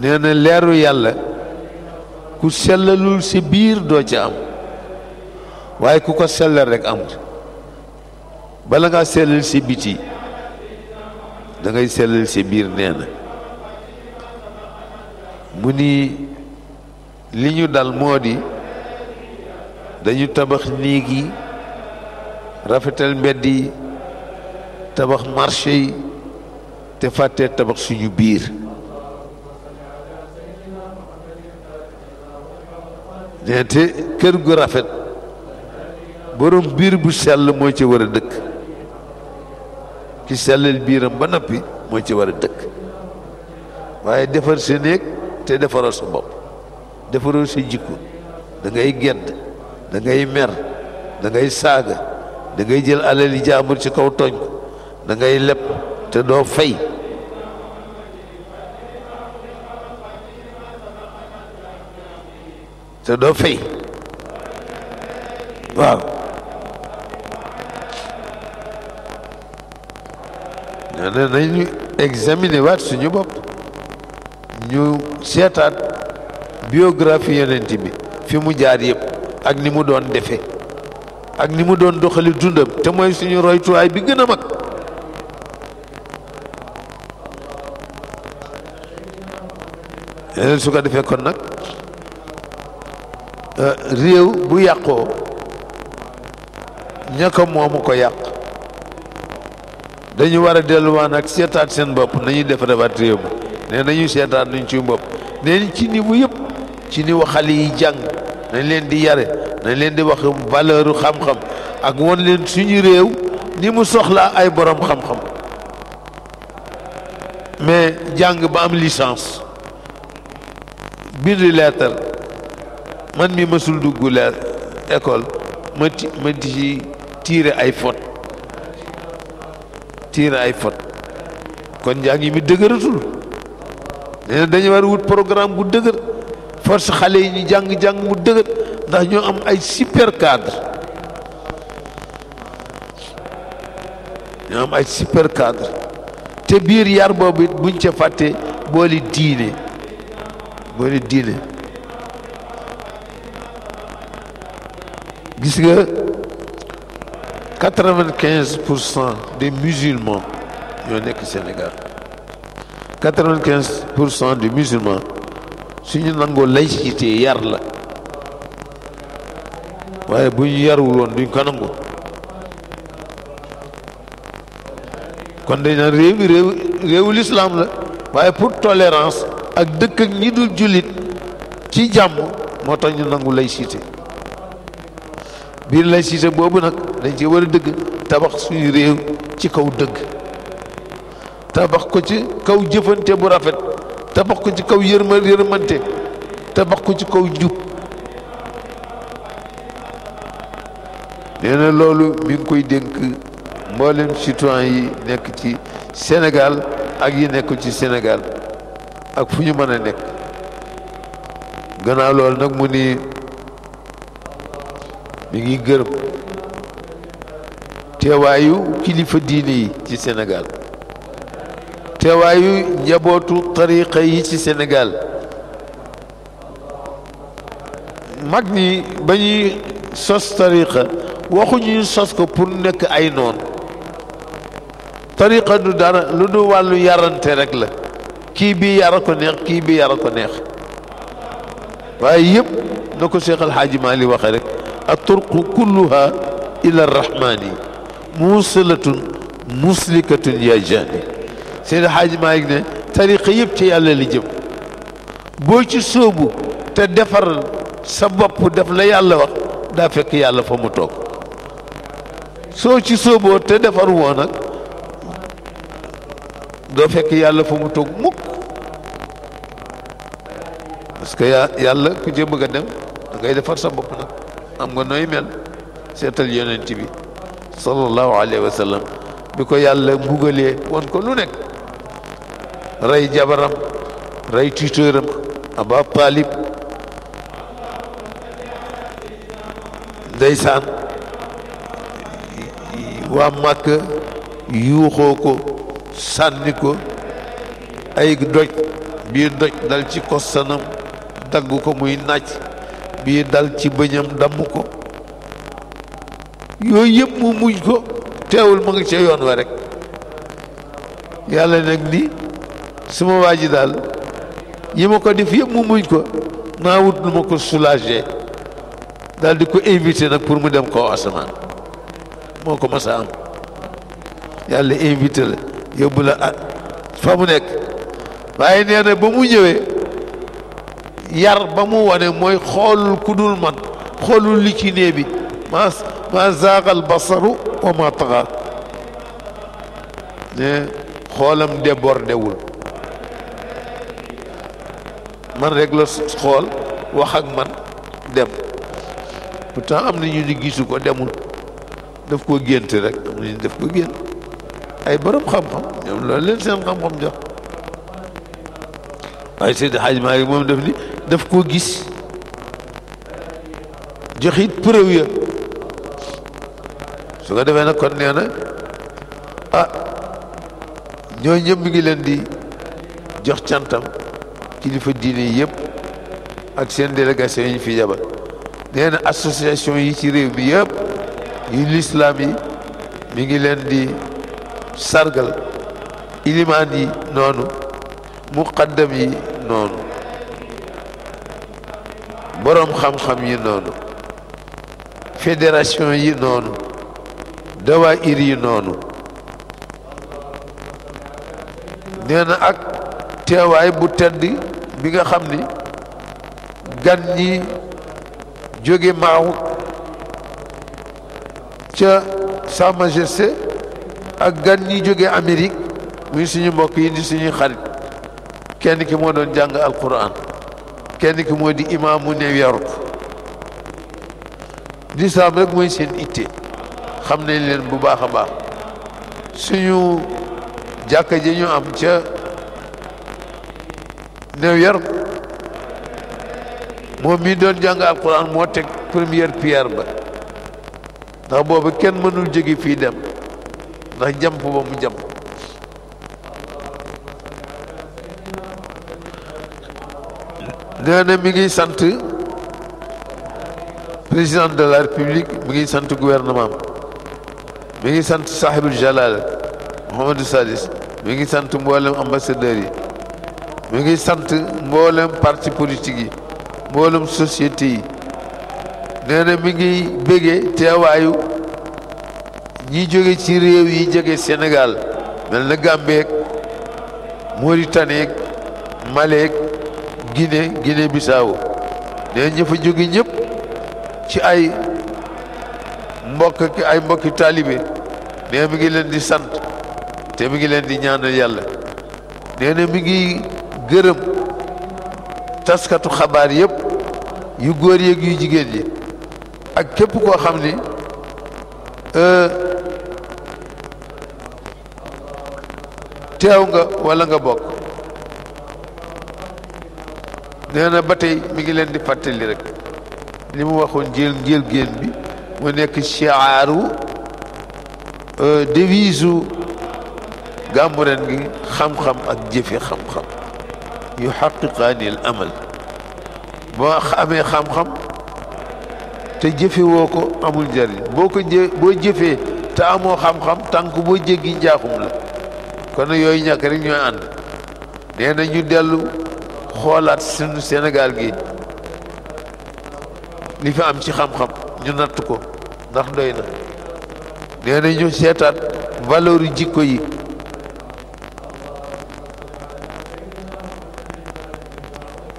nee na leeru yàlla ku sellalul si biir doo ca am waaye ku ko sellal rekk am bala ngaa sellal si biti da sellal si biir nee na mu ni li ñu dal moo di dañu tabax néeg rafetal mbedd yi tabax marché yi te fàttee tabax suñu biir neente kër gu rafet borom biir bu sell moo ci war a dëkk ki sellal biiram ba noppi moo ci war a dëkk waaye defar sa néeg te defaral sa bopp defaral sa jikko da gedd da mer dangay saaga dangay jël jël yi jaambur ci kaw tooñ dangay da leb te doo fay te doo fay waaw nee na nañu examiner waat suñu bopp ñu seetaat biographie yonent bi fi mu jaar yëpp ak ni mu doon defe ak ni mu doon doxali dundam te mooy suñu tuwaay bi gën a mag su ko defee kon nag euh, réew bu yàqoo ña ko moomu ko yàq dañu war a delluwaan ak seetaat seen bopp nañuy defaraat réew mi ne nañu seetaat nañ ci bopp nee ci niveau yëpp ci niveau xale yi jàng nañ leen di yare nañ leen di wax valeur xam-xam ak won leen suñu réew ni mu soxlaa ay borom xam-xam mais jàng ba am licence bind leetar man mi mësul dugg leer école ma ti ma tiire ay fot tiire ay fot kon njàng yi mi dëgëratul nee na dañu war wut programme bu dëgër force Khalil, yi ñu jang mu ndax super cadre ñoo am ay super cadre te biir yar bobu buñ gis des musulmans ñoo nekk Sénégal 95% des musulmans suñu nangoo laïcité yar la waaye bu ñu yarul woon duñ ko nangu kon dañ naan réew mi réew réewu lislaam la waaye pour tolérance ak dëkk ak ñi dul jullit ci jàmm moo tax ñu nangu laïcité biir laïcité boobu nag dañ ci war a dëgg tabax suñu réew ci kaw dëgg tabax ko ci kaw jëfante bu rafet tabax ko ci kaw yërma yërmante tabax ko ci kaw jub nee na loolu mi ngi koy dénk mboolem citoyen yi nekk ci Sénégal ak yi nekkul ci Sénégal ak fu ñu mën a nekk gannaaw loolu nag mu ni mi ngi gërëm teewaayu kilifa diine yi ci Sénégal توايو جابوتو طريقي في السنغال ماغني باني سوس طريقه واخو ني سوس كو بور نيك اي نون طريقه دو دار لودو والو يارانتي رك لا كي بي يارو نيخ كي بي يارو نيخ واي ييب نكو شيخ الحاج مالي واخ رك الطرق كلها الى الرحمن موصله مسلكه يا جاني Seydi Hadji Malick ne tariqa yëpp ci yàlla li jëm boo ci sóobu te defar sa bopp def la yàlla wax daa fekk yàlla fa mu toog soo ci sóoboo te defar woo nag doo fekk yàlla fa mu toog mukk parce yàlla ku jëm a dem da ngay defar sa bopp nag am nga nooy mel seetal yonent bi sallallahu alayhi wa sallam bi ko yàlla mbugalee woon ko lu nekk rey jabaram rey tuiteuram Aba Talib ndeysaan waa màkk yuuxoo ko sànni ko doj bii doj dal ci kostanam dagg ko muy naaj bii dal ci bëñam damm ko yooyu yëpp mu muñ ko teewul mu ngi suma waji dal daal ko def yeb mu muñ ko na wut lu ko soulager dal di ko inviter nak pour mu dem ko asman moko massa am yàlla inviter la yobula fa mu nek waye neena ba mu ñewé yar ba mu woné moy xol ku dul man xol li ci ne bi ma ma zaagal basaru wa ma tagha ne xolam debordewul man rek la xool wax ak man dem pourtant am na ñu ni gisu ko demul daf ko gént rek am na ñu daf ko gént ay borom xam-xam ñoom loolu leen seen xam-xam jox waaye Seydi Hadj Malick moom daf ni daf koo gis jox it preuve ya su ko defee na kon nee na ah ñoo ñëpp ngi leen di jox cantam kilifa diine yëpp ak seen délégation yi ñu fi yabal nee na association yi ci réew mi yëpp yu lislaam yi mi ngi leen di sargal ilimaan yi noonu muqaddam yi noonu boroom xam-xam yi noonu fédération yi noonu dawaayir yi noonu nee na ak teewaay bu tedd bi nga xam ni gan ñi jóge maaw ca Sa Majesté ak gan ñi jóge Amérique muy suñu mbokk yi di suñuy xarit kenn ki moo doon jàng alquran kenn ki moo di imaamu new york lislaam rek mooy seen itte xam nañ leen bu baax a baax suñu jàkka ji ñu am ca néew yar moom mii doon jàng alquran moo teg première pierre ba ndax boobu kenn mënul jóge fii dem ndax jàmp ba mu jàmp nee na mi ngi sant président de la république mi ngi sant gouvernement mu ngi sant sahibul jalal Mouhamadou Sadis mi ngi sant mboolem ambassadeurs yi mi ngi sant mboolem parti politique yi mboolem société yi nee mi ngi bége teewaayu ñi jóge ci réew yi jóge senegal mel na Gàmbeek Mauritanie Maleek Guinée Guinée Bissau nee ña fa jóge ñëpp ci ay mbokk ay mbokki taalibe nee mi ngi leen di sant te mi ngi leen di ñaanal yàlla nee mi ngi gërëm taskatu xabaar yëpp yu góor yeeg yu jigéen yi ak képp koo xam ni euh, teew nga walla nga bokk nee na ba tey mi ngi leen di fàttali rek li mu waxoon njël njël génn bi mu nekk chiaaru euh, devise u gàmmu ren gi xam-xam ak jëfe xam-xam yuxaqiqaani al amal boo amee xam-xam te jëfewoo ko amul njariñ boo ko jë boo jëfee te amoo xam-xam tànk boo jéggi njaaxum la kon yooyu ñàkk rek ñooy ànd nee na ñu dellu xoolaat suñu Sénégal gi li fi am ci xam-xam ñu natt ko ndax doy na nee na ñu seetaat valeur jikko yi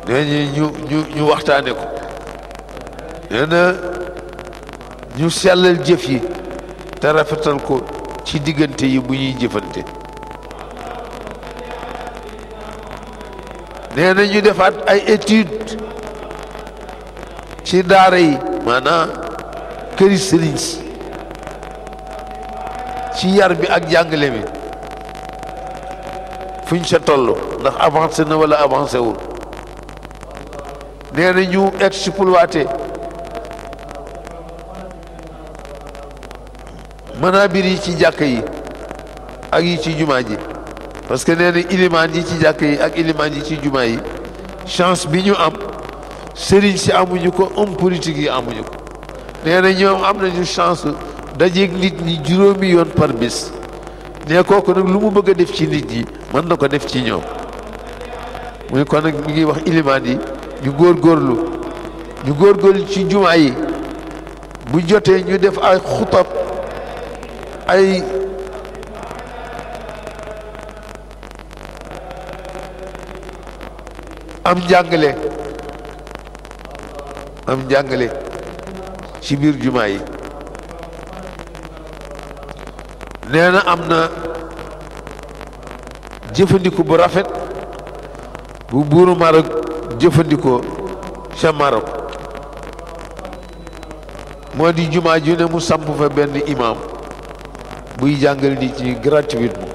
nee ñu ñu ñu waxtaane ko nee ñu sellal jëf yi te rafetal ko ci diggante yi bu ñuy jëfante nee ñu defaat ay étude ci daara yi maanaam këri sëriñ si ci yar bi ak jàngale bi fuñ sa toll ndax avancé na wala avancé wul nee na ñu exploité manaabir yi ci jàkk yi ak yi ci jumaa ji parce que nee na yi ci jàkk yi ak ilimaan yi ci jumaa yi chance bi ñu am sëriñ si amuñu ko homme politique yi amuñu ko nee na ñoom am nañu chance dajeeg nit ñi juróomi yoon par bis ne kooku nag lu mu bëgg a def ci nit ñi mën na ko def ci ñoom mu ne kon nag mi ngi wax ilimaan yi ñu góorgóorlu ñu góorgóorlu ci jumaa yi bu jotee ñu def ay xutab ay am njàngale am njàngale ci biir jumaa yi nee na am na jëfandiku bu rafet bu buuru Maroc jëfandikoo ca Maroc moo di jumaa ju ne mu samp fa benn imam buy jàngal nit ñi gratuitement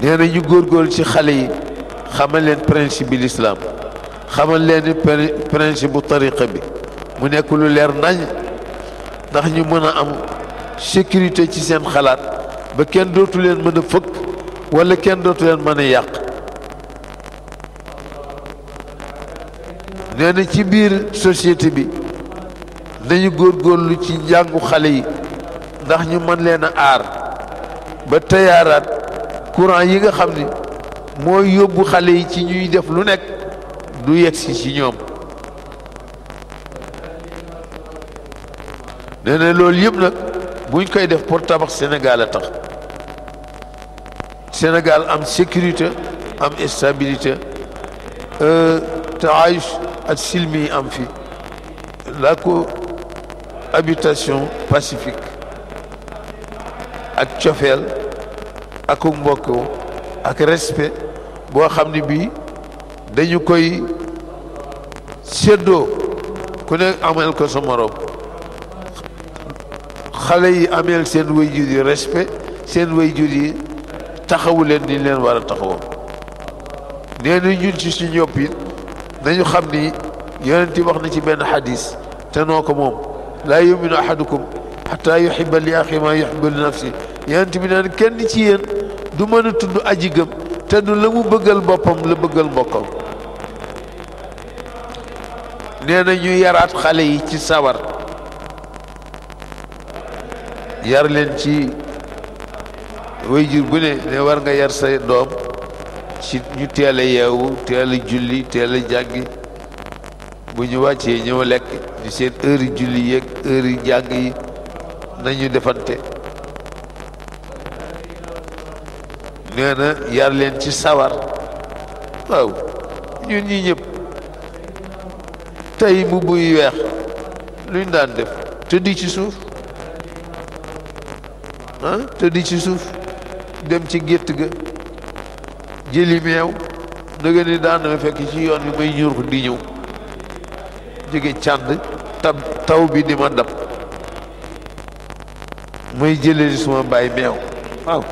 nee na góor góorgóorlu ci xale yi xamal leen principe bi l'islam xamal leen principe bu tariqa bi mu nekk lu leer nañ ndax ñu mën a am sécurité ci seen xalaat ba kenn dootu leen mën a fëkk wala kenn dootuleen mën a yàq nee na ci biir société bi nañu góorlu ci njàngu xale yi ndax ñu mën leen a aar ba tayaaraat courant yi nga xam ni mooy yóbbu xale yi ci ñuy def lu nekk du yegsi ci ñoom nee na loolu yëpp nag buñ koy def pour tabax Sénégal a tax Sénégal am sécurité am stabilité euh, taayus ak silmi am fi la cohabitation pacifique ak cofeel ak mbokkoo ak respe boo xam ni bii dañu koy séddoo ku nekk ameel ko sa morom xale yi ameel seen wayjur yi respect seen wayjur yi taxawu leen ni leen war a taxawoo nee na ñun ci suñu yopp it nañu xam ni yonent wax na ci benn xadis te noo ko moom laa yuminu ahadukum xata yuxiba li axi ma yuxiba li nafsi yonent bi naan kenn ci yéen du mën a aji gëm te du la mu bëggal la bëggal mbokkam nee ñu yaraat xale yi ci sawar yar leen ci wayjur bu ne ne war nga yar sa doom ci ñu teela a yeewu teel julli teel a jàngi bu ñu wàccee ñëw lekk ñu seen heure yi julli yeeg heure yi jàng yi nañu defante nee na yar leen ci sawar waaw ñun ñi ñëpp tey mu buy weex luñ daan def tëddi ci suuf ah, tëdd ci suuf dem ci gétt ga jëli meew nga ni daan na fekk ci yoon bi may ñuur ko di ñëw jóge cànd tab taw bi di ma dab may jëlee suma bàyyi meew waaw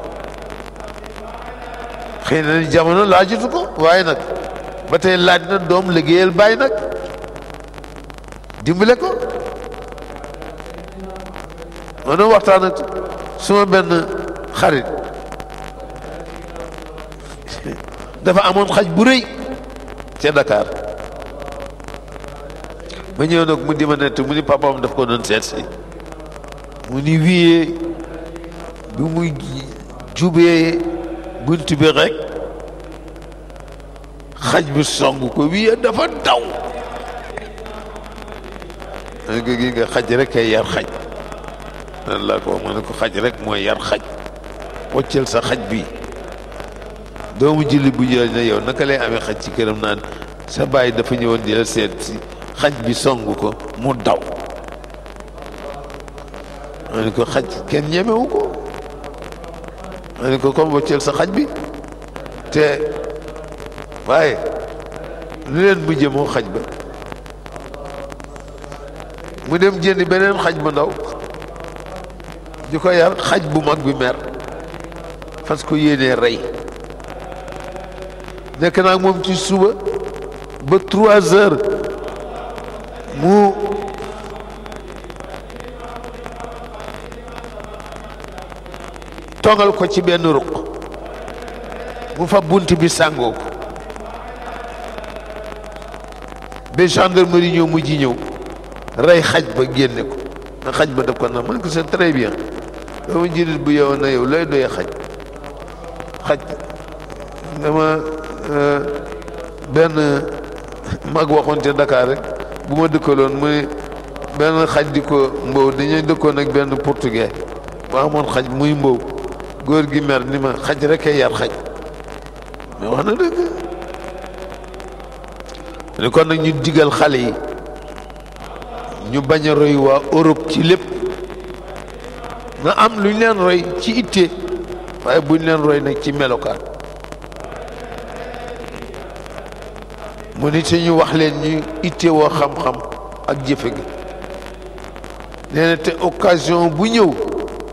xëy na ni jamono laajatu ko waaye nag ba tey laaj na doom liggéeyal bàyyi nag dimbale ko ma doon waxtaan ak suma benn xarit dafa amoon xaj bu rëy ca Dakar ma ñëw nag mu di ma nett mu ni papaam daf ko doon seet si mu ni wiyee bi muy jubee bunt bi rek xaj bi song ko wiyee dafa daw man ko gi nga xaj rek kay yar xaj nan laa ko ma ne ko xaj rek mooy yar xaj wàcceel sa xaj bi دوم جلي بجلي نيو نكالي أمي خدش كرم نان سباي دفني وندي لسيت خدش بسونغو كو مدعو أنا كو خدش كن يمي وكو أنا كو كم بتشيل سخدش بي ت باي لين بيجي مو خدش بي مدام جاني بنان خدش مدعو جوكا يا خدش بومك بمر فاسكو يدي ريه nekk naa moom ci suba ba trois heures mu tongal ko ci benn ruq mu fa bunt bi sàngoo ko ba gendarmerie ñëw mujj ñëw rey xaj ba génne ko na xaj ba def ko na man ko c'est très bien doomu njiit bu yow na yow looy doyee xaj xaj dama benn mag waxoon ca Dakar rek bu ma dëkkaloon muy benn xaj di ko mbow dañuy dëkkoon ak benn portugais bu amoon xaj muy mbow góor gi mer ni ma xaj rek yar xaj mais wax na dëgg ni kon nag ñu digal xale yi ñu bañ a roy waa Europe ci lépp na am luñ leen roy ci itte waaye buñ leen roy nag ci melokaan mu ni ñu wax leen ñu ittewoo xam-xam ak jëfe ga nee te occasion bu ñëw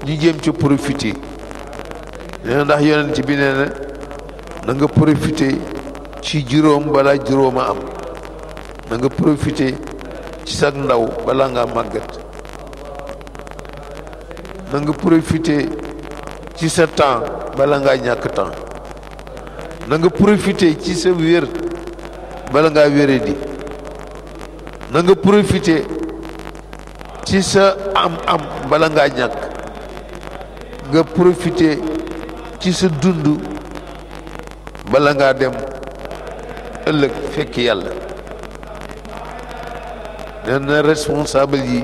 ñu jéem ci profité nee ndax yonent bi nee na na ci juróom balaa juróom a am na nga profité ci sag ndaw balaa ngaa màgget na nga profité ci sa temps bala ngaa ñàkk temps na nga profité ci sa wér bala ngaa wére di na nga profité ci sa am-am bala ngaa ñàkk nga profité ci sa dund bala ngaa dem ëllëg fekk yàlla nee na responsable yi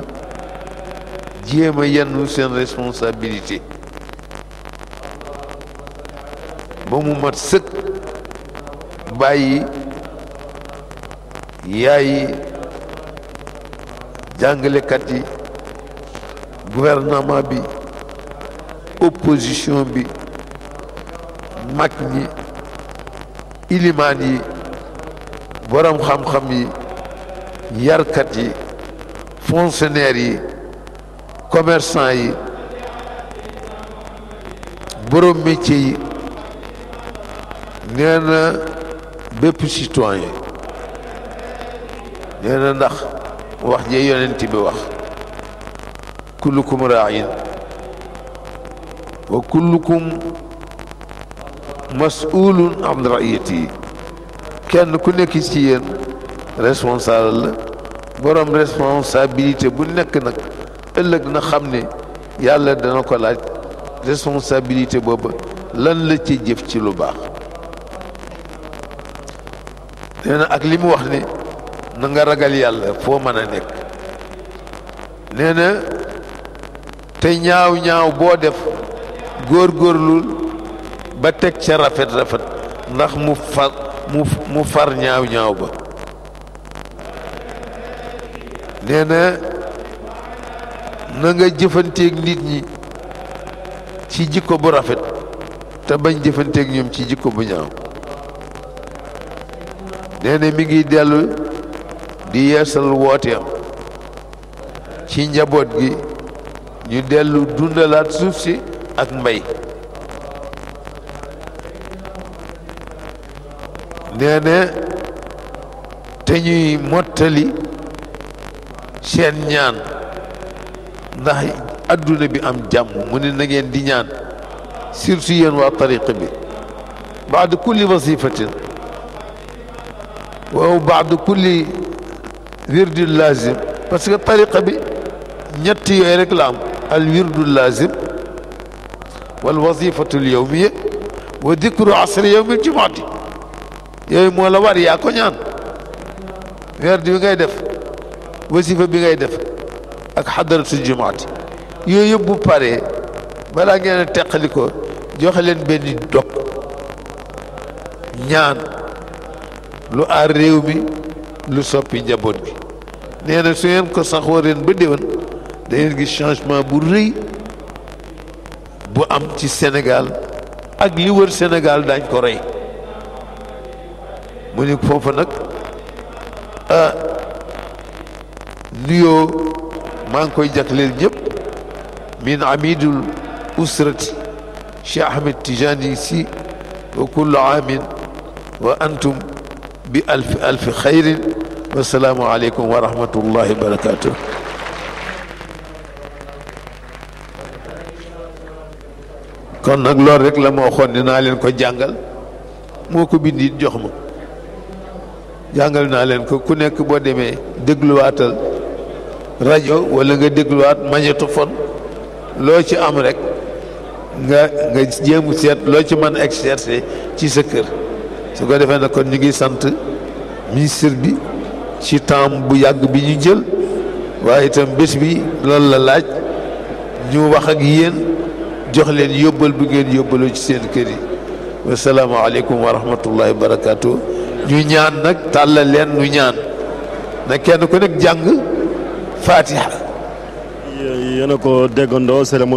jéem a yennu seen responsabilité ba mu mat sëkk bàyyi yaay yi jàngalekat yi gouvernement bi opposition bi mag ñi ilimaan yi borom xam-xam yi yarkat yi fonctionnaire yi commerçant yi borom métier yi nee na bépp citoyen دينا نخ واحد يا ننتي بوخ كلكم راعين وكلكم مسؤول عن رعيته كان كل كيسين ريسبونسابل بروم ريسبونسابيلتي بو نك نك الك نا خامني يالا دا نكو لاج ريسبونسابيلتي بوبا لان لا تي جيف تي لو باخ أنا اك ليمو واخني na nga ragal yàlla foo mën a nekk nee te ñaaw ñaaw boo def góor góorgóorlul ba teg ca rafet rafet ndax mu far mu far ñaaw ñaaw ba nee na nga jëfanteeg nit ñi ci jikko bu rafet te bañ jëfanteeg ñoom ci jikko bu ñaaw nee na mi dellu di yeesal wooteem ci njaboot gi ñu dellu dundalaat suuf si ak mbay nee na te ñuy mottali seen ñaan ndax adduna bi am jàmm mu ne na di ñaan surtout yéen waa tariqa bi baad kulli wasifatin waaw baad kulli الورد اللازم باسكو الطريقة بي نيت يوي رك لا الورد اللازم والوظيفة اليومية وذكر عصر يوم الجمعة يوي مولا وار ياكو نان ورد بي غاي ديف وظيفة بي غاي ديف اك حضرة الجمعة يوي يوبو باري بلا غين تقليكو جوخ لين بني دوك نان لو ار ريومي لصبي جابون بي نينا سيان كو سخورين بديون دين جي شانشمان بو ري بو ام تي سنغال اك لور سنغال دان كو ري موني كفوفنك ا نيو مان كو جاكلين جيب من عميد الأسرة شيخ أحمد تجاني سي وكل عام وأنتم bi alfi alfi xayrin wasalaamu aleykum wa rahmatullahi barakaatu kon nag loolu rek la ma waxoon ne naa leen ko jàngal moo ko bind it jox ma jàngal naa leen ko ku nekk boo demee dégluwaatal rajo walla nga dégluwaat magnétophone loo ci am rek nga nga jéem seet loo ci mën exercer ci sa kër su ko defee na kon ñu ngi sant ministre bi ci temps bu yàgg bi ñu jël waaye itam bés bi loolu la laaj ñu wax ak yéen jox leen yóbbal bu ngeen yóbbaloo ci seen kër yi wasalaamaaleykum wa rahmatullahi wa barakaatu ñu ñaan nag tàllal leen ñu ñaan na kenn ku nekk jàng fatiha yéen a ko déggandoo